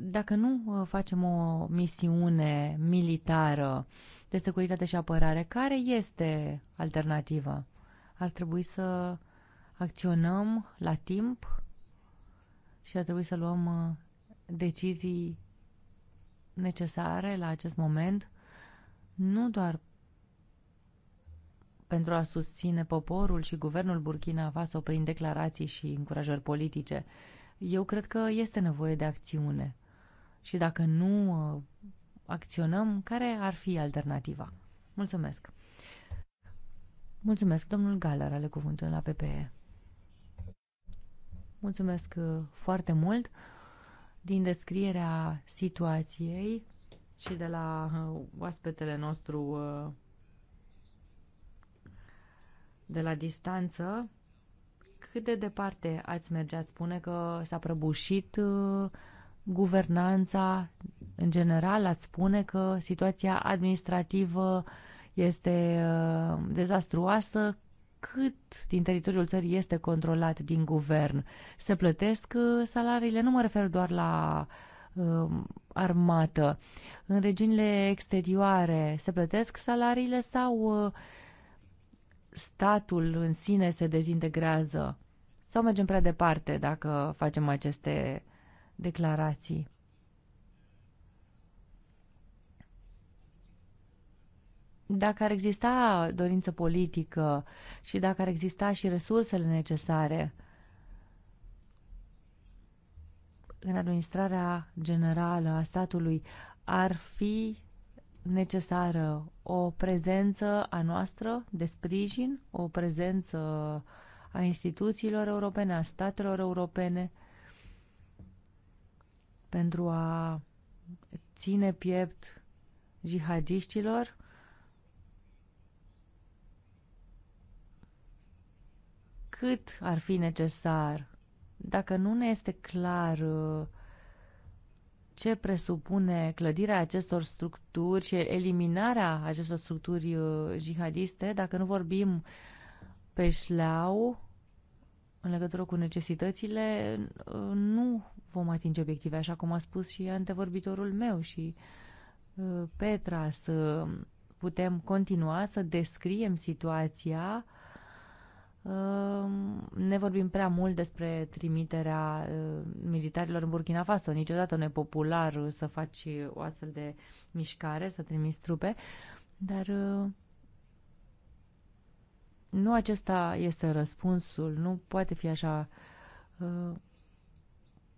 Dacă nu facem o misiune militară de securitate și apărare, care este alternativa? Ar trebui să acționăm la timp și a trebuit să luăm uh, decizii necesare la acest moment, nu doar pentru a susține poporul și guvernul Burkina Faso prin declarații și încurajări politice. Eu cred că este nevoie de acțiune. Și dacă nu uh, acționăm, care ar fi alternativa? Mulțumesc! Mulțumesc, domnul Galar, ale cuvântul la PPE. Mulțumesc uh, foarte mult. Din descrierea situației și de la uh, oaspetele nostru uh, de la distanță, cât de departe ați merge? Ați spune că s-a prăbușit guvernanța în general? Ați spune că situația administrativă este dezastruoasă? cât din teritoriul țării este controlat din guvern. Se plătesc uh, salariile, nu mă refer doar la uh, armată. În regiunile exterioare se plătesc salariile sau uh, statul în sine se dezintegrează? Sau mergem prea departe dacă facem aceste declarații? dacă ar exista dorință politică și dacă ar exista și resursele necesare în administrarea generală a statului, ar fi necesară o prezență a noastră de sprijin, o prezență a instituțiilor europene, a statelor europene, pentru a ține piept jihadiștilor cât ar fi necesar. Dacă nu ne este clar uh, ce presupune clădirea acestor structuri și eliminarea acestor structuri uh, jihadiste, dacă nu vorbim pe șleau în legătură cu necesitățile, uh, nu vom atinge obiective, așa cum a spus și antevorbitorul meu și Petra, să putem continua să descriem situația ne vorbim prea mult despre trimiterea ă, militarilor în Burkina Faso. Niciodată nu e popular să faci o astfel de mișcare, să trimiți trupe, dar ă, nu acesta este răspunsul, nu poate fi așa. Ă,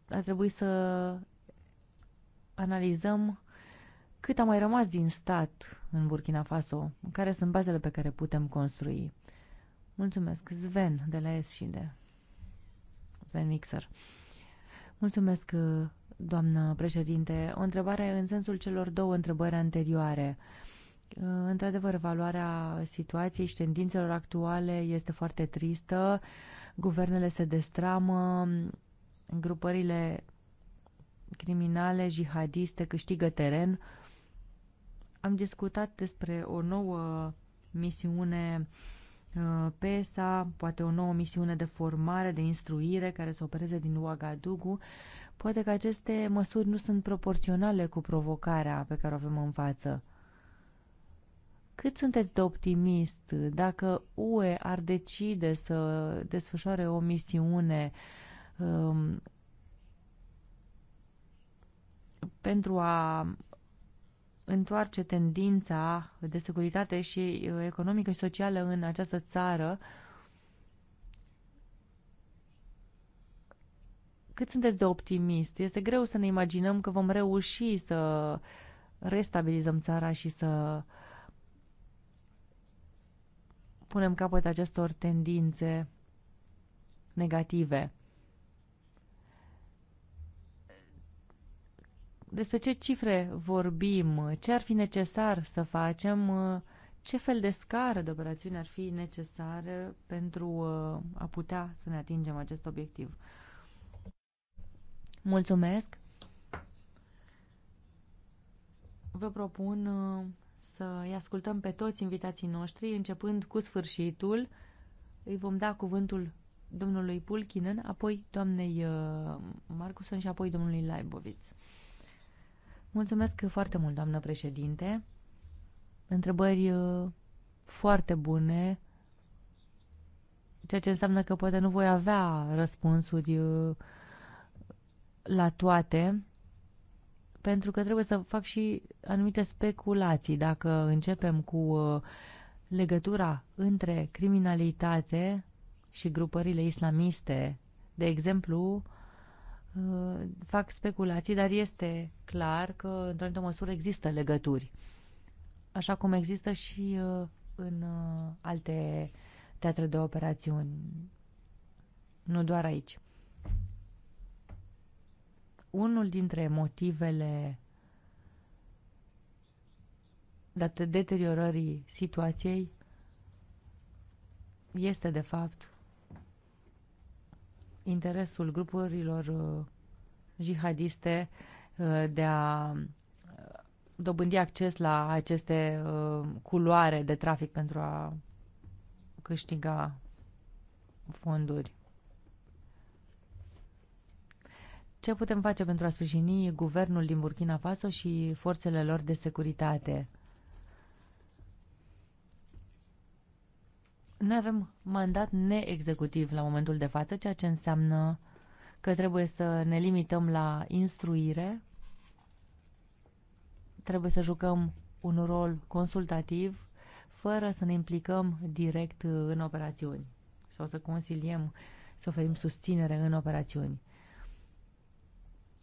ar trebui să analizăm cât a mai rămas din stat în Burkina Faso, care sunt bazele pe care putem construi Mulțumesc, Sven, de la S și de Sven Mixer. Mulțumesc, uh, doamnă președinte. O întrebare în sensul celor două întrebări anterioare. Uh, într-adevăr, valoarea situației și tendințelor actuale este foarte tristă. Guvernele se destramă, grupările criminale, jihadiste câștigă teren. Am discutat despre o nouă misiune uh, Uh, PESA, poate o nouă misiune de formare, de instruire care să opereze din Ouagadougou. Poate că aceste măsuri nu sunt proporționale cu provocarea pe care o avem în față. Cât sunteți de optimist dacă UE ar decide să desfășoare o misiune um, pentru a întoarce tendința de securitate și uh, economică și socială în această țară. Cât sunteți de optimist? Este greu să ne imaginăm că vom reuși să restabilizăm țara și să punem capăt acestor tendințe negative. despre ce cifre vorbim, ce ar fi necesar să facem, ce fel de scară de operațiuni ar fi necesară pentru uh, a putea să ne atingem acest obiectiv. Mulțumesc! Vă propun uh, să-i ascultăm pe toți invitații noștri, începând cu sfârșitul. Îi vom da cuvântul domnului Pulkinen, apoi doamnei uh, Marcuson și apoi domnului Laiboviț. Mulțumesc foarte mult, doamnă președinte. Întrebări uh, foarte bune, ceea ce înseamnă că poate nu voi avea răspunsuri uh, la toate, pentru că trebuie să fac și anumite speculații. Dacă începem cu uh, legătura între criminalitate și grupările islamiste, de exemplu, Uh, fac speculații, dar este clar că, într-o anumită măsură, există legături. Așa cum există și uh, în uh, alte teatre de operațiuni. Nu doar aici. Unul dintre motivele dată deteriorării situației este, de fapt, interesul grupurilor uh, jihadiste uh, de a uh, dobândi acces la aceste culoare de trafic pentru a câștiga fonduri. Ce putem face pentru a sprijini guvernul din Burkina Faso și forțele lor de securitate? Noi avem mandat neexecutiv la momentul de față, ceea ce înseamnă că trebuie să ne limităm la instruire, trebuie să jucăm un rol consultativ fără să ne implicăm direct în operațiuni sau să consiliem, să oferim susținere în operațiuni.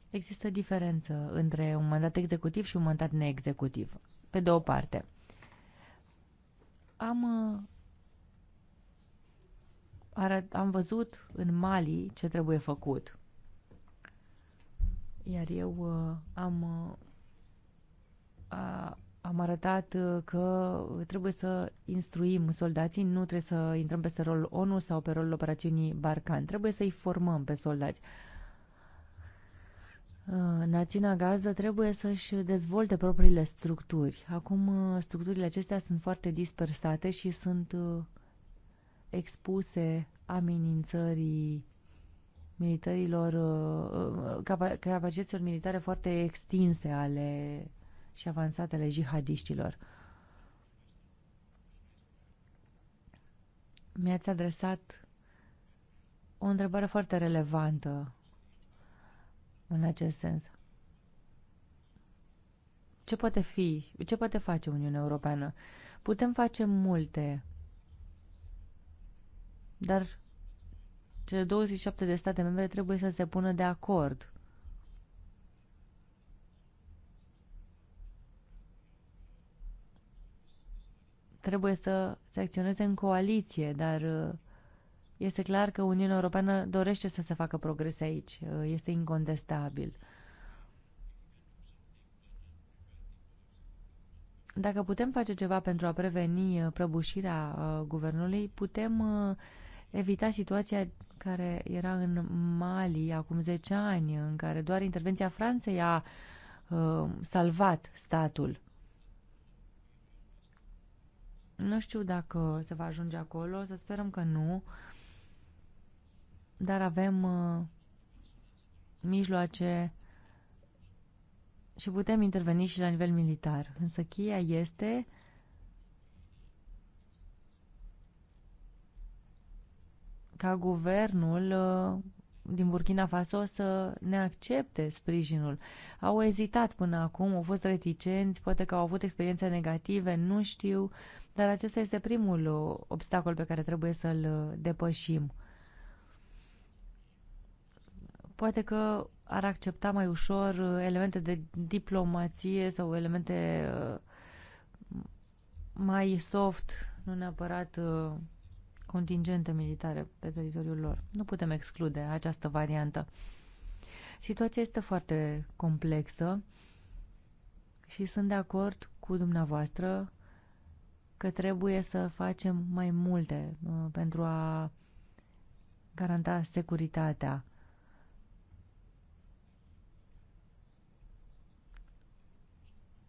Există diferență între un mandat executiv și un mandat neexecutiv. Pe de o parte, am am văzut în Mali ce trebuie făcut. Iar eu uh, am, uh, am arătat uh, că trebuie să instruim soldații, nu trebuie să intrăm pe rolul ONU sau pe rolul operațiunii Barcan. Trebuie să-i formăm pe soldați. Uh, națiunea Gaza trebuie să-și dezvolte propriile structuri. Acum structurile acestea sunt foarte dispersate și sunt uh, expuse amenințării militarilor, uh, capacităților militare foarte extinse ale și avansate ale jihadiștilor. Mi-ați adresat o întrebare foarte relevantă în acest sens. Ce poate fi, ce poate face Uniunea Europeană? Putem face multe dar cele 27 de state membre trebuie să se pună de acord. Trebuie să se acționeze în coaliție, dar uh, este clar că Uniunea Europeană dorește să se facă progrese aici. Uh, este incontestabil. Dacă putem face ceva pentru a preveni uh, prăbușirea guvernului, putem evita situația care era în Mali acum 10 ani, în care doar intervenția Franței a uh, salvat statul. Nu știu dacă se va ajunge acolo, să sperăm că nu, dar avem uh, mijloace și putem interveni și la nivel militar. Însă cheia este ca guvernul uh, din Burkina Faso să ne accepte sprijinul. Au ezitat până acum, au fost reticenți, poate că au avut experiențe negative, nu știu, dar acesta este primul uh, obstacol pe care trebuie să-l uh, depășim. Poate că ar accepta mai ușor elemente de diplomație sau elemente mai soft, nu neapărat contingente militare pe teritoriul lor. Nu putem exclude această variantă. Situația este foarte complexă și sunt de acord cu dumneavoastră că trebuie să facem mai multe uh, pentru a garanta securitatea.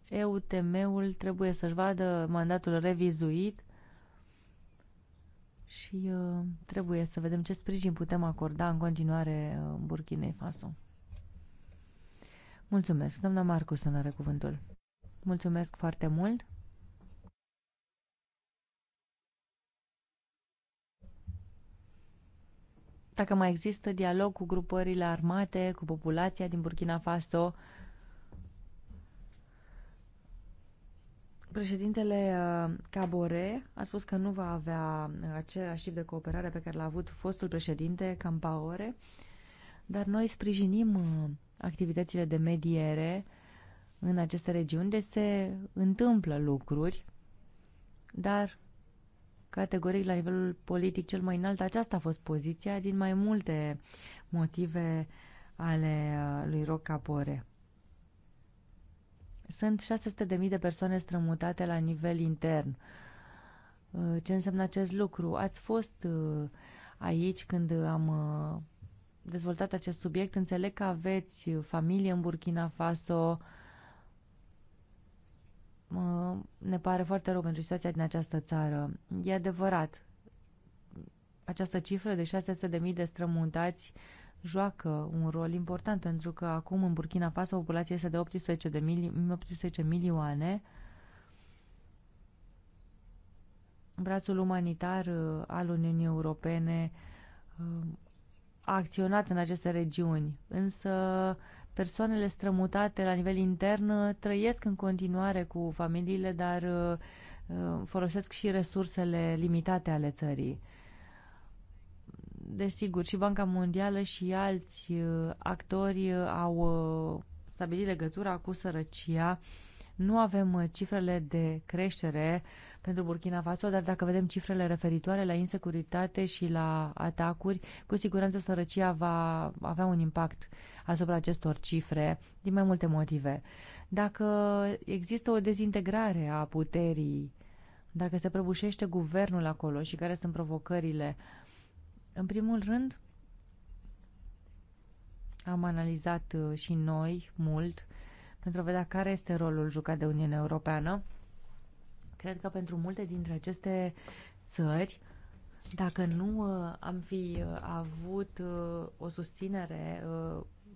EUTM-ul trebuie să-și vadă mandatul revizuit și uh, trebuie să vedem ce sprijin putem acorda în continuare uh, Burkinei Faso. Mulțumesc. Doamna Marcus să are cuvântul. Mulțumesc foarte mult. Dacă mai există dialog cu grupările armate, cu populația din Burkina Faso, Președintele uh, Cabore a spus că nu va avea uh, același tip de cooperare pe care l-a avut fostul președinte Campaore, dar noi sprijinim uh, activitățile de mediere în aceste regiuni, de deci se întâmplă lucruri, dar categoric la nivelul politic cel mai înalt, aceasta a fost poziția din mai multe motive ale lui Roc Capore. Sunt 600.000 de persoane strămutate la nivel intern. Uh, ce înseamnă acest lucru? Ați fost uh, aici când am uh, dezvoltat acest subiect. Înțeleg că aveți familie în Burkina Faso. Ne pare foarte rău pentru situația din această țară. E adevărat. Această cifră de 600.000 de strămutați joacă un rol important pentru că acum în Burkina Faso populația este de 18, de mili 18 milioane. Brațul umanitar uh, al Uniunii Europene uh, a acționat în aceste regiuni, însă persoanele strămutate la nivel intern uh, trăiesc în continuare cu familiile, dar folosesc și resursele limitate ale țării. Desigur, și Banca Mondială și alți uh, actori uh, au uh, stabilit legătura cu sărăcia. Nu avem cifrele de creștere pentru Burkina Faso, dar dacă vedem cifrele referitoare la insecuritate și la atacuri, cu siguranță sărăcia va avea un impact asupra acestor cifre din mai multe motive. Dacă există o dezintegrare a puterii, dacă se prăbușește guvernul acolo și care sunt provocările uh, în primul rând, am analizat uh, și noi mult pentru a vedea care este rolul jucat de Uniunea Europeană. Cred că pentru multe dintre aceste țări, dacă nu uh, am fi uh, avut o susținere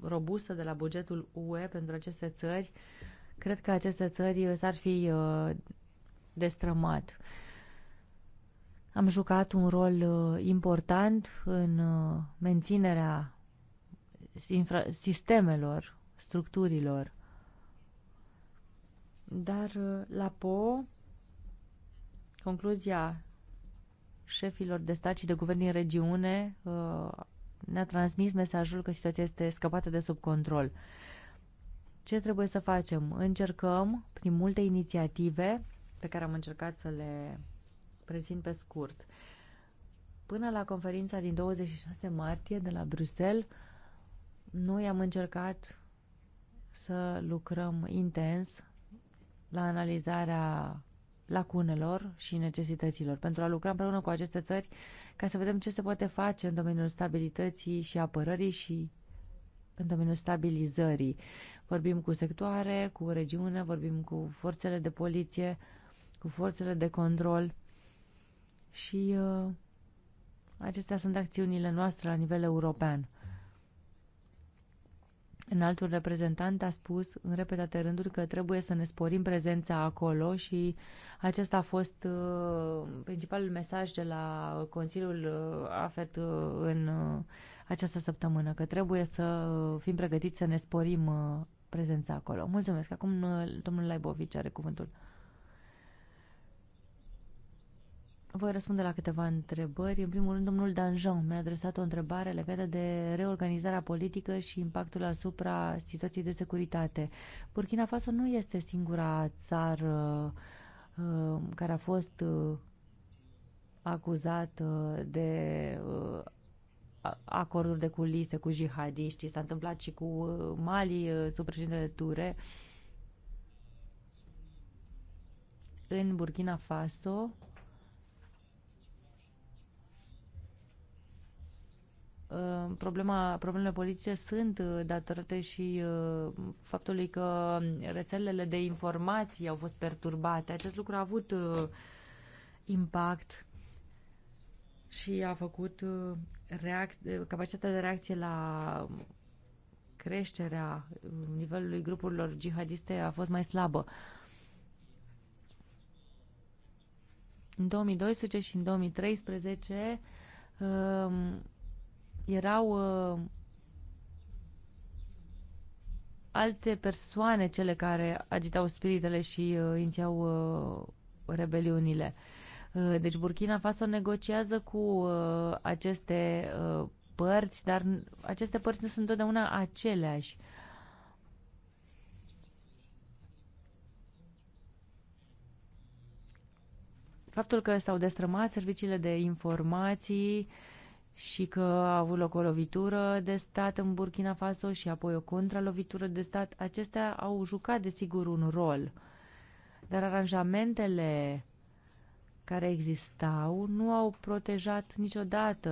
robustă de la bugetul UE pentru aceste țări, cred că aceste țări s-ar fi destrămat. Am jucat un rol uh, important în uh, menținerea sistemelor, structurilor. Dar uh, la PO, concluzia șefilor de stat și de guvern din regiune ne-a transmis mesajul că situația este scăpată de sub control. Ce trebuie să facem? Încercăm, prin multe inițiative pe care am încercat să le prezint pe scurt. Până la conferința din 26 martie de la Bruxelles, noi am încercat să lucrăm intens la analizarea lacunelor și necesităților, pentru a lucra împreună cu aceste țări ca să vedem ce se poate face în domeniul stabilității și apărării și în domeniul stabilizării. Vorbim cu sectoare, cu regiune, vorbim cu forțele de poliție, cu forțele de control și uh, acestea sunt acțiunile noastre la nivel european. În altul reprezentant a spus în repetate rânduri că trebuie să ne sporim prezența acolo și acesta a fost uh, principalul mesaj de la Consiliul uh, AFET uh, în uh, această săptămână, că trebuie să fim pregătiți să ne sporim uh, prezența acolo. Mulțumesc. Acum uh, domnul Laibovici are cuvântul. Voi răspunde la câteva întrebări. În primul rând, domnul Danjon mi-a adresat o întrebare legată de reorganizarea politică și impactul asupra situației de securitate. Burkina Faso nu este singura țară uh, care a fost uh, acuzată de uh, acorduri de culise cu jihadiști. S-a întâmplat și cu uh, Mali, uh, sub președintele Ture. În Burkina Faso, problema, problemele politice sunt uh, datorate și uh, faptului că um, rețelele de informații au fost perturbate. Acest lucru a avut uh, impact și a făcut reac- capacitatea de reacție la creșterea nivelului grupurilor jihadiste a fost mai slabă. În 2012 și în 2013 erau uh, alte persoane cele care agitau spiritele și uh, intiau uh, rebeliunile. Uh, deci Burkina Faso negociază cu uh, aceste uh, părți, dar aceste părți nu sunt întotdeauna aceleași. Faptul că s-au destrămat serviciile de informații uh, și că a avut loc o lovitură de stat în Burkina Faso și apoi o contralovitură de stat, acestea au jucat, desigur, un rol. Dar aranjamentele care existau nu au protejat niciodată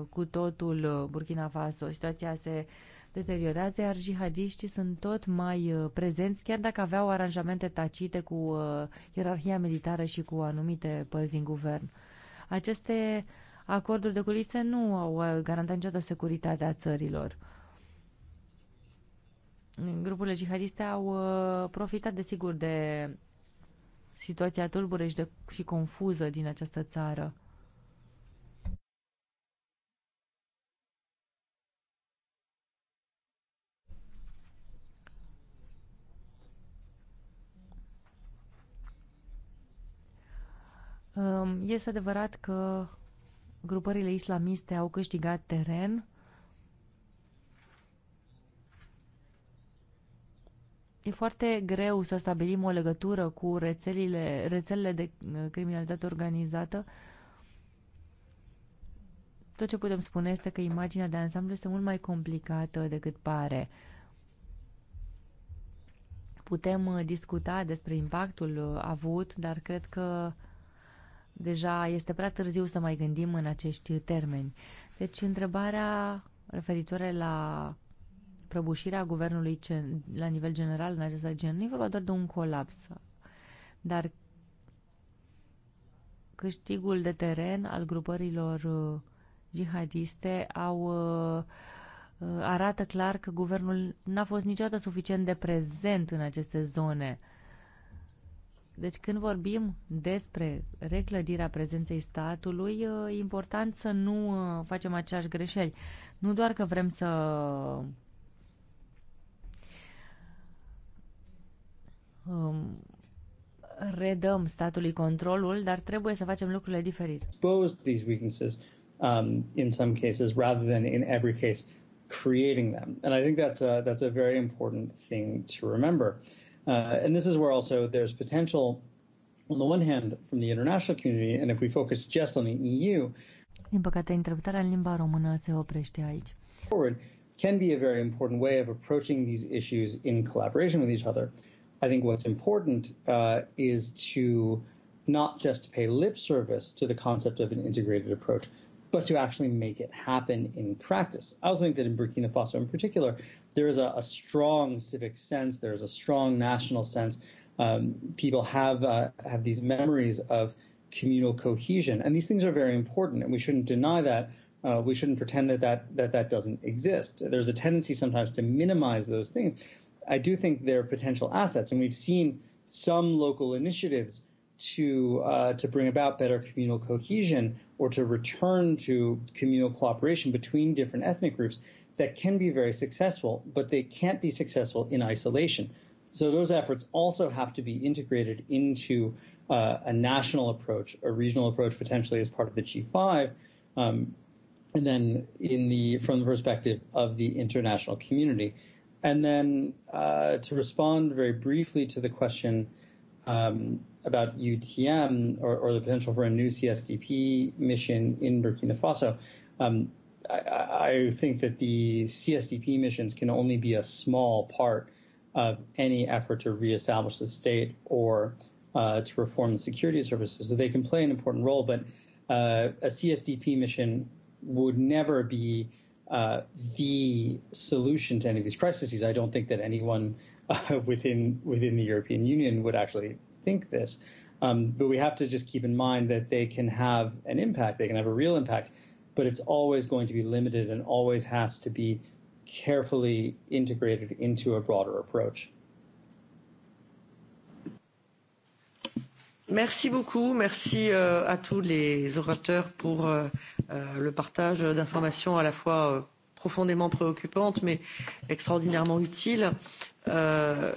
uh, cu totul uh, Burkina Faso. Situația se deteriorează, iar jihadiștii sunt tot mai uh, prezenți, chiar dacă aveau aranjamente tacite cu ierarhia militară și cu anumite părți din guvern. Aceste Acorduri de culise nu au uh, garantat niciodată securitatea țărilor. Grupurile jihadiste au uh, profitat, desigur, de situația tulbure și, de, și confuză din această țară. Um, este adevărat că grupările islamiste au câștigat teren. E foarte greu să stabilim o legătură cu rețelele, rețelele de uh, criminalitate organizată. Tot ce putem spune este că imaginea de ansamblu este mult mai complicată decât pare. Putem uh, discuta despre impactul uh, avut, dar cred că uh, deja este prea târziu să mai gândim în acești termeni. Deci întrebarea referitoare la prăbușirea guvernului la nivel general în această regiune nu e vorba doar de un colaps, dar câștigul de teren al grupărilor uh, jihadiste au uh, uh, arată clar că guvernul n-a fost niciodată suficient de prezent în aceste zone deci când vorbim despre reclădirea prezenței statului, e important să nu uh, facem aceeași greșeli. Nu doar că vrem să um, redăm statului controlul, dar trebuie să facem lucrurile diferit. Expose these weaknesses um, in some cases rather than in every case creating them. And I think that's a, that's a very important thing to remember. Uh, Uh, and this is where also there's potential, on the one hand, from the international community, and if we focus just on the EU. Din păcate, interpretarea în limba română se oprește aici. Forward can be a very important way of approaching these issues in collaboration with each other. I think what's important uh, is to not just pay lip service to the concept of an integrated approach, but to actually make it happen in practice. I also think that in Burkina Faso in particular, there is a, a strong civic sense. There is a strong national sense. Um, people have uh, have these memories of communal cohesion, and these things are very important, and we shouldn't deny that. Uh, we shouldn't pretend that that, that that doesn't exist. There's a tendency sometimes to minimize those things. I do think they're potential assets, and we've seen some local initiatives to uh, to bring about better communal cohesion or to return to communal cooperation between different ethnic groups that can be very successful, but they can't be successful in isolation. So those efforts also have to be integrated into uh, a national approach, a regional approach, potentially as part of the G5, um, and then in the from the perspective of the international community. And then uh, to respond very briefly to the question um, about UTM or, or, the potential for a new CSDP mission in Burkina Faso, um, I, I think that the CSDP missions can only be a small part of any effort to reestablish the state or uh, to reform the security services. So they can play an important role, but uh, a CSDP mission would never be uh, the solution to any of these crises. I don't think that anyone uh, [LAUGHS] within within the European Union would actually think this. Um, but we have to just keep in mind that they can have an impact. They can have a real impact but it's always going to be limited and always has to be carefully integrated into a broader approach. Merci beaucoup, merci euh, à tous les orateurs pour euh, euh, le partage d'informations à la fois euh, profondément préoccupantes mais extraordinairement utiles. Euh,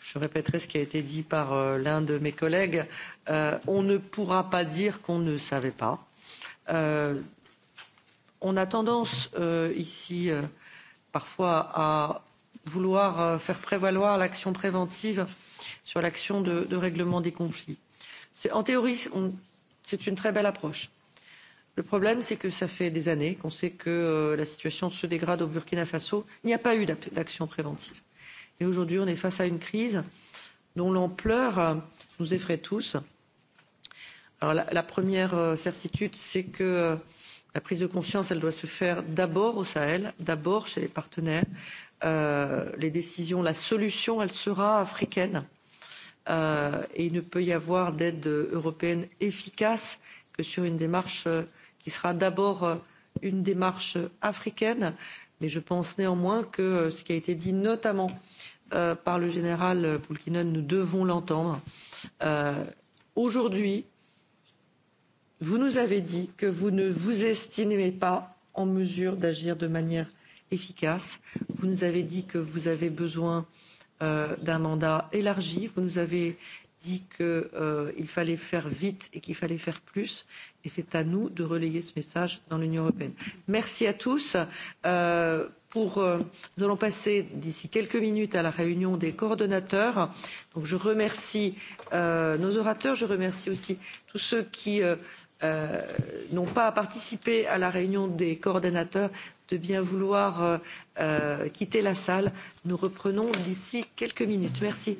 je répéterai ce qui a été dit par euh, l'un de mes collègues. Euh, on ne pourra pas dire qu'on ne savait pas. Euh, on a tendance euh, ici euh, parfois à vouloir euh, faire prévaloir l'action préventive sur l'action de, de règlement des conflits. En théorie, c'est une très belle approche. Le problème, c'est que ça fait des années qu'on sait que euh, la situation se dégrade au Burkina Faso. Il n'y a pas eu d'action préventive. Et aujourd'hui, on est face à une crise dont l'ampleur euh, nous effraie tous. Alors la, la première euh, certitude, c'est que euh, la prise de conscience, elle doit se faire d'abord au Sahel, d'abord chez les partenaires. Euh, les décisions, la solution, elle sera africaine. Euh, et il ne peut y avoir d'aide européenne efficace que sur une démarche euh, qui sera d'abord euh, une démarche africaine. Mais je pense néanmoins que euh, ce qui a été dit notamment euh, par le général Poulkinen, nous devons l'entendre. Euh, Aujourd'hui, Vous nous avez dit que vous ne vous estimez pas en mesure d'agir de manière efficace. Vous nous avez dit que vous avez besoin euh, d'un mandat élargi. Vous nous avez dit qu'il euh, fallait faire vite et qu'il fallait faire plus. Et c'est à nous de relayer ce message dans l'Union européenne. Merci à tous. Euh, pour, euh, nous allons passer d'ici quelques minutes à la réunion des coordonnateurs. Donc je remercie euh, nos orateurs. Je remercie aussi tous ceux qui. Euh, euh, n'ont pas participé à la réunion des coordonnateurs de bien vouloir euh, euh, quitter la salle. Nous reprenons d'ici quelques minutes. Merci.